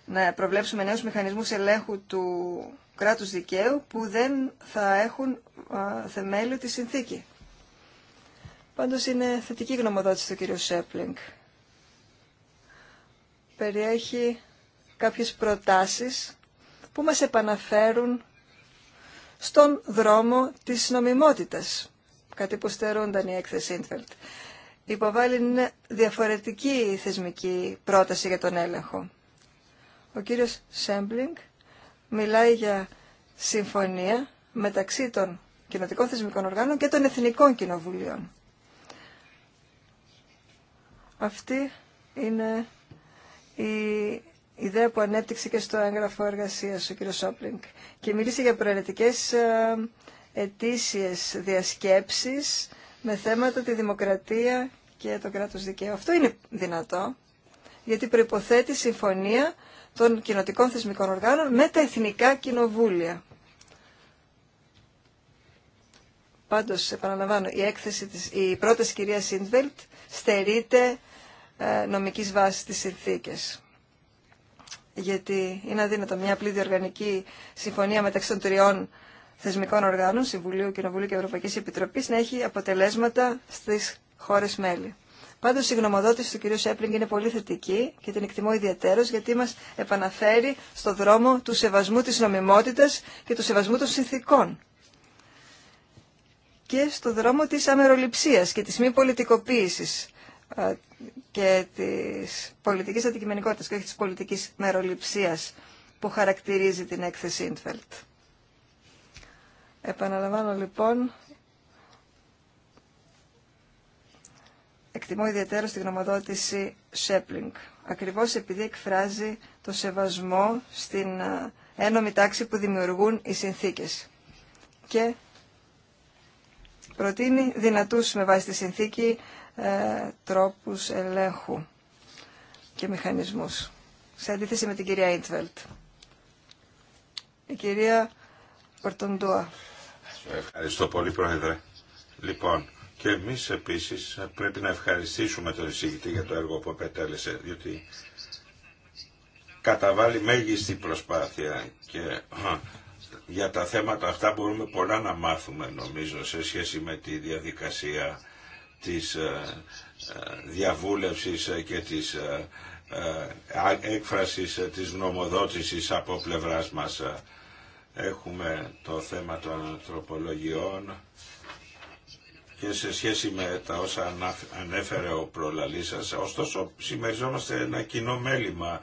να προβλέψουμε νέους μηχανισμούς ελέγχου του κράτους δικαίου που δεν θα έχουν θεμέλιο τη συνθήκη. Πάντως είναι θετική γνωμοδότηση του κυρίου Σέπλινγκ. Περιέχει κάποιες προτάσεις που μας επαναφέρουν στον δρόμο της νομιμότητας. Κάτι που στερούνταν η έκθεση Υποβάλλει διαφορετική θεσμική πρόταση για τον έλεγχο. Ο κύριος Σέμπλινγκ μιλάει για συμφωνία μεταξύ των κοινοτικών θεσμικών οργάνων και των εθνικών κοινοβουλίων. Αυτή είναι η ιδέα που ανέπτυξε και στο έγγραφο εργασίας ο κ. Σόπλινγκ και μίλησε για προαιρετικές ετήσιες διασκέψεις με θέματα τη δημοκρατία και το κράτος δικαίου. Αυτό είναι δυνατό, γιατί προϋποθέτει συμφωνία των κοινοτικών θεσμικών οργάνων με τα εθνικά κοινοβούλια. Πάντως, επαναλαμβάνω, η, έκθεση της, η πρόταση κυρία Σίντβελτ στερείται ε, νομικής βάσης της συνθήκες. Γιατί είναι αδύνατο μια απλή διοργανική συμφωνία μεταξύ των τριών θεσμικών οργάνων, Συμβουλίου, Κοινοβουλίου και Ευρωπαϊκής Επιτροπής, να έχει αποτελέσματα στις χώρες μέλη. Πάντω η γνωμοδότηση του κ. Σέπλινγκ είναι πολύ θετική και την εκτιμώ ιδιαίτερω γιατί μα επαναφέρει στο δρόμο του σεβασμού τη νομιμότητα και του σεβασμού των συνθηκών. Και στο δρόμο τη αμεροληψία και τη μη πολιτικοποίηση ε, και τη πολιτική αντικειμενικότητα και όχι τη πολιτική μεροληψία που χαρακτηρίζει την έκθεση Ιντφελτ. Επαναλαμβάνω λοιπόν εκτιμώ ιδιαίτερα στη γνωμοδότηση Σέπλινγκ, ακριβώς επειδή εκφράζει το σεβασμό στην ε, ένομη τάξη που δημιουργούν οι συνθήκες. Και προτείνει δυνατούς με βάση τη συνθήκη ε, τρόπους ελέγχου και μηχανισμούς. Σε αντίθεση με την κυρία Ιντβελτ. Η κυρία Πορτοντούα. Ευχαριστώ πολύ, Πρόεδρε. Λοιπόν, και εμείς επίσης πρέπει να ευχαριστήσουμε τον εισηγητή για το έργο που επετέλεσε, διότι καταβάλει μέγιστη προσπάθεια και για τα θέματα αυτά μπορούμε πολλά να μάθουμε νομίζω σε σχέση με τη διαδικασία της ε, ε, διαβούλευσης και της ε, έκφρασης της νομοδότησης από πλευράς μας. Έχουμε το θέμα των τροπολογιών και σε σχέση με τα όσα ανέφερε ο προλαλής σας. Ωστόσο, συμμεριζόμαστε ένα κοινό μέλημα,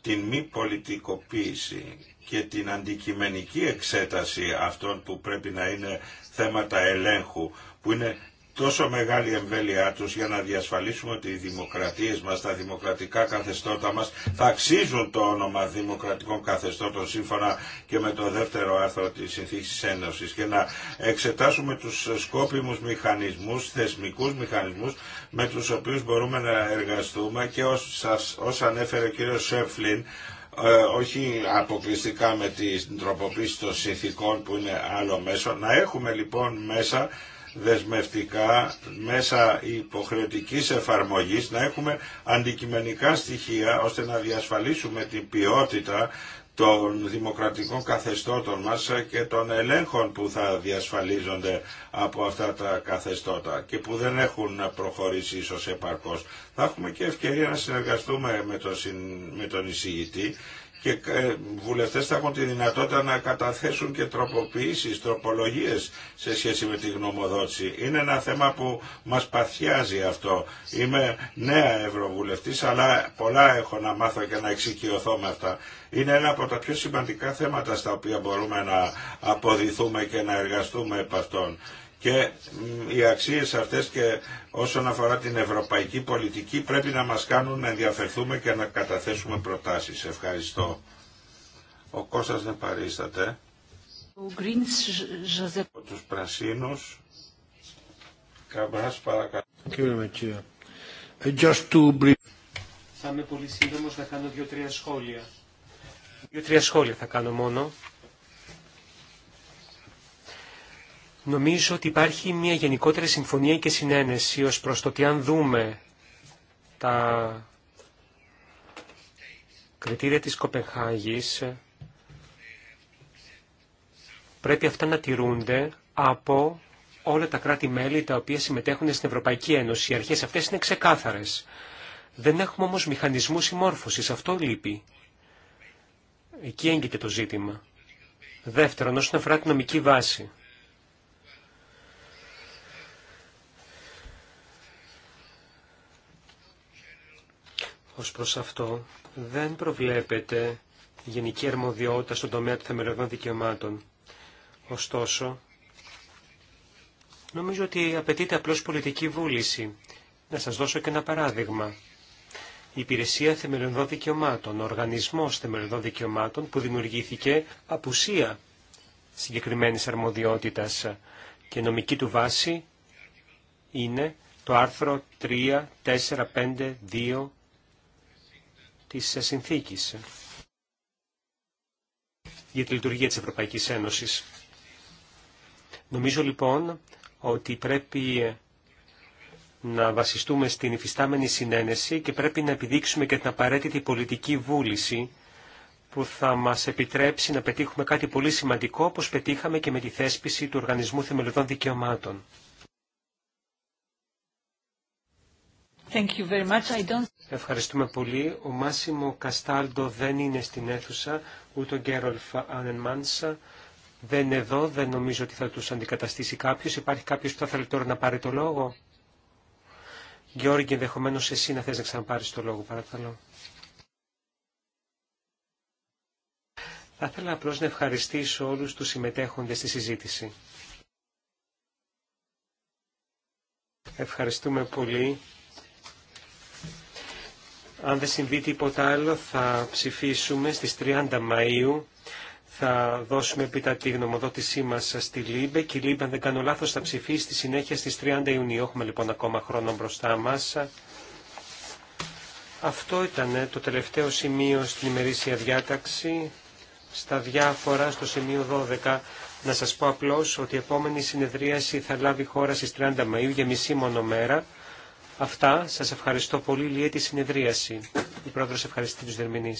την μη πολιτικοποίηση και την αντικειμενική εξέταση αυτών που πρέπει να είναι θέματα ελέγχου, που είναι τόσο μεγάλη εμβέλειά τους για να διασφαλίσουμε ότι οι δημοκρατίες μας, τα δημοκρατικά καθεστώτα μας θα αξίζουν το όνομα δημοκρατικών καθεστώτων σύμφωνα και με το δεύτερο άρθρο της Συνθήκης Ένωσης και να εξετάσουμε τους σκόπιμους μηχανισμούς, θεσμικούς μηχανισμούς με τους οποίους μπορούμε να εργαστούμε και όσα ανέφερε ο κύριος Σέφλιν ε, όχι αποκλειστικά με την τροποποίηση των συνθήκων που είναι άλλο μέσο, να έχουμε λοιπόν μέσα δεσμευτικά μέσα υποχρεωτικής εφαρμογής να έχουμε αντικειμενικά στοιχεία ώστε να διασφαλίσουμε την ποιότητα των δημοκρατικών καθεστώτων μας και των ελέγχων που θα διασφαλίζονται από αυτά τα καθεστώτα και που δεν έχουν προχωρήσει ίσως επαρκώς. Θα έχουμε και ευκαιρία να συνεργαστούμε με τον, με εισηγητή και ε, βουλευτές θα έχουν τη δυνατότητα να καταθέσουν και τροποποιήσεις, τροπολογίες σε σχέση με τη γνωμοδότηση. Είναι ένα θέμα που μας παθιάζει αυτό. Είμαι νέα ευρωβουλευτής, αλλά πολλά έχω να μάθω και να εξοικειωθώ με αυτά. Είναι ένα από τα πιο σημαντικά θέματα στα οποία μπορούμε να αποδηθούμε και να εργαστούμε επ' αυτών και οι αξίες αυτές και όσον αφορά την ευρωπαϊκή πολιτική πρέπει να μας κάνουν να ενδιαφερθούμε και να καταθέσουμε προτάσεις. Ευχαριστώ. Ο Κώστας δεν παρίσταται. Ο Greens, Από τους πρασίνους. Καμπράς παρακαλώ. Κύριε Μετσία. Uh, just to... Θα είμαι πολύ σύντομος να κάνω δύο-τρία σχόλια. Δύο-τρία σχόλια θα κάνω μόνο. Νομίζω ότι υπάρχει μια γενικότερη συμφωνία και συνένεση ως προς το ότι αν δούμε τα κριτήρια της Κοπεχάγης πρέπει αυτά να τηρούνται από όλα τα κράτη-μέλη τα οποία συμμετέχουν στην Ευρωπαϊκή Ένωση. Οι αρχές αυτές είναι ξεκάθαρες. Δεν έχουμε όμως μηχανισμούς συμμόρφωσης. Αυτό λείπει. Εκεί έγκυται το ζήτημα. Δεύτερον, όσον αφορά την νομική βάση. Ως προς αυτό δεν προβλέπεται γενική αρμοδιότητα στον τομέα των θεμελιωδών δικαιωμάτων. Ωστόσο, νομίζω ότι απαιτείται απλώς πολιτική βούληση. Να σας δώσω και ένα παράδειγμα. Η Υπηρεσία Θεμελιωδών Δικαιωμάτων, ο Οργανισμός Θεμελιωδών Δικαιωμάτων που δημιουργήθηκε απουσία συγκεκριμένης αρμοδιότητας και νομική του βάση είναι το άρθρο 3, 4, 5, 2 της συνθήκης για τη λειτουργία της Ευρωπαϊκής Ένωσης. Νομίζω λοιπόν ότι πρέπει να βασιστούμε στην υφιστάμενη συνένεση και πρέπει να επιδείξουμε και την απαραίτητη πολιτική βούληση που θα μας επιτρέψει να πετύχουμε κάτι πολύ σημαντικό όπως πετύχαμε και με τη θέσπιση του Οργανισμού Θεμελιωδών Δικαιωμάτων. Ευχαριστούμε πολύ. Ο Μάσιμο Καστάλντο δεν είναι στην αίθουσα, ούτε ο Γκέρολφ Ανενμάνσα δεν είναι εδώ, δεν νομίζω ότι θα τους αντικαταστήσει κάποιος. Υπάρχει κάποιος που θα θέλει τώρα να πάρει το λόγο. Γιώργη, ενδεχομένω εσύ να θες να ξαναπάρεις το λόγο, παρακαλώ. Θα ήθελα απλώς να ευχαριστήσω όλους τους συμμετέχοντες στη συζήτηση. Ευχαριστούμε πολύ αν δεν συμβεί τίποτα άλλο θα ψηφίσουμε στις 30 Μαΐου. Θα δώσουμε επίτα τη γνωμοδότησή μας στη ΛΥΜΠΕ και η ΛΥΜΠΕ αν δεν κάνω λάθος θα ψηφίσει στη συνέχεια στις 30 Ιουνίου. Έχουμε λοιπόν ακόμα χρόνο μπροστά μας. Αυτό ήταν ε, το τελευταίο σημείο στην ημερήσια διάταξη. Στα διάφορα, στο σημείο 12, να σας πω απλώς ότι η επόμενη συνεδρίαση θα λάβει χώρα στις 30 Μαΐου για μισή μέρα. Αυτά. Σας ευχαριστώ πολύ. Λίγη τη συνεδρίαση. Η πρόεδρο ευχαριστεί τους δερμηνεί.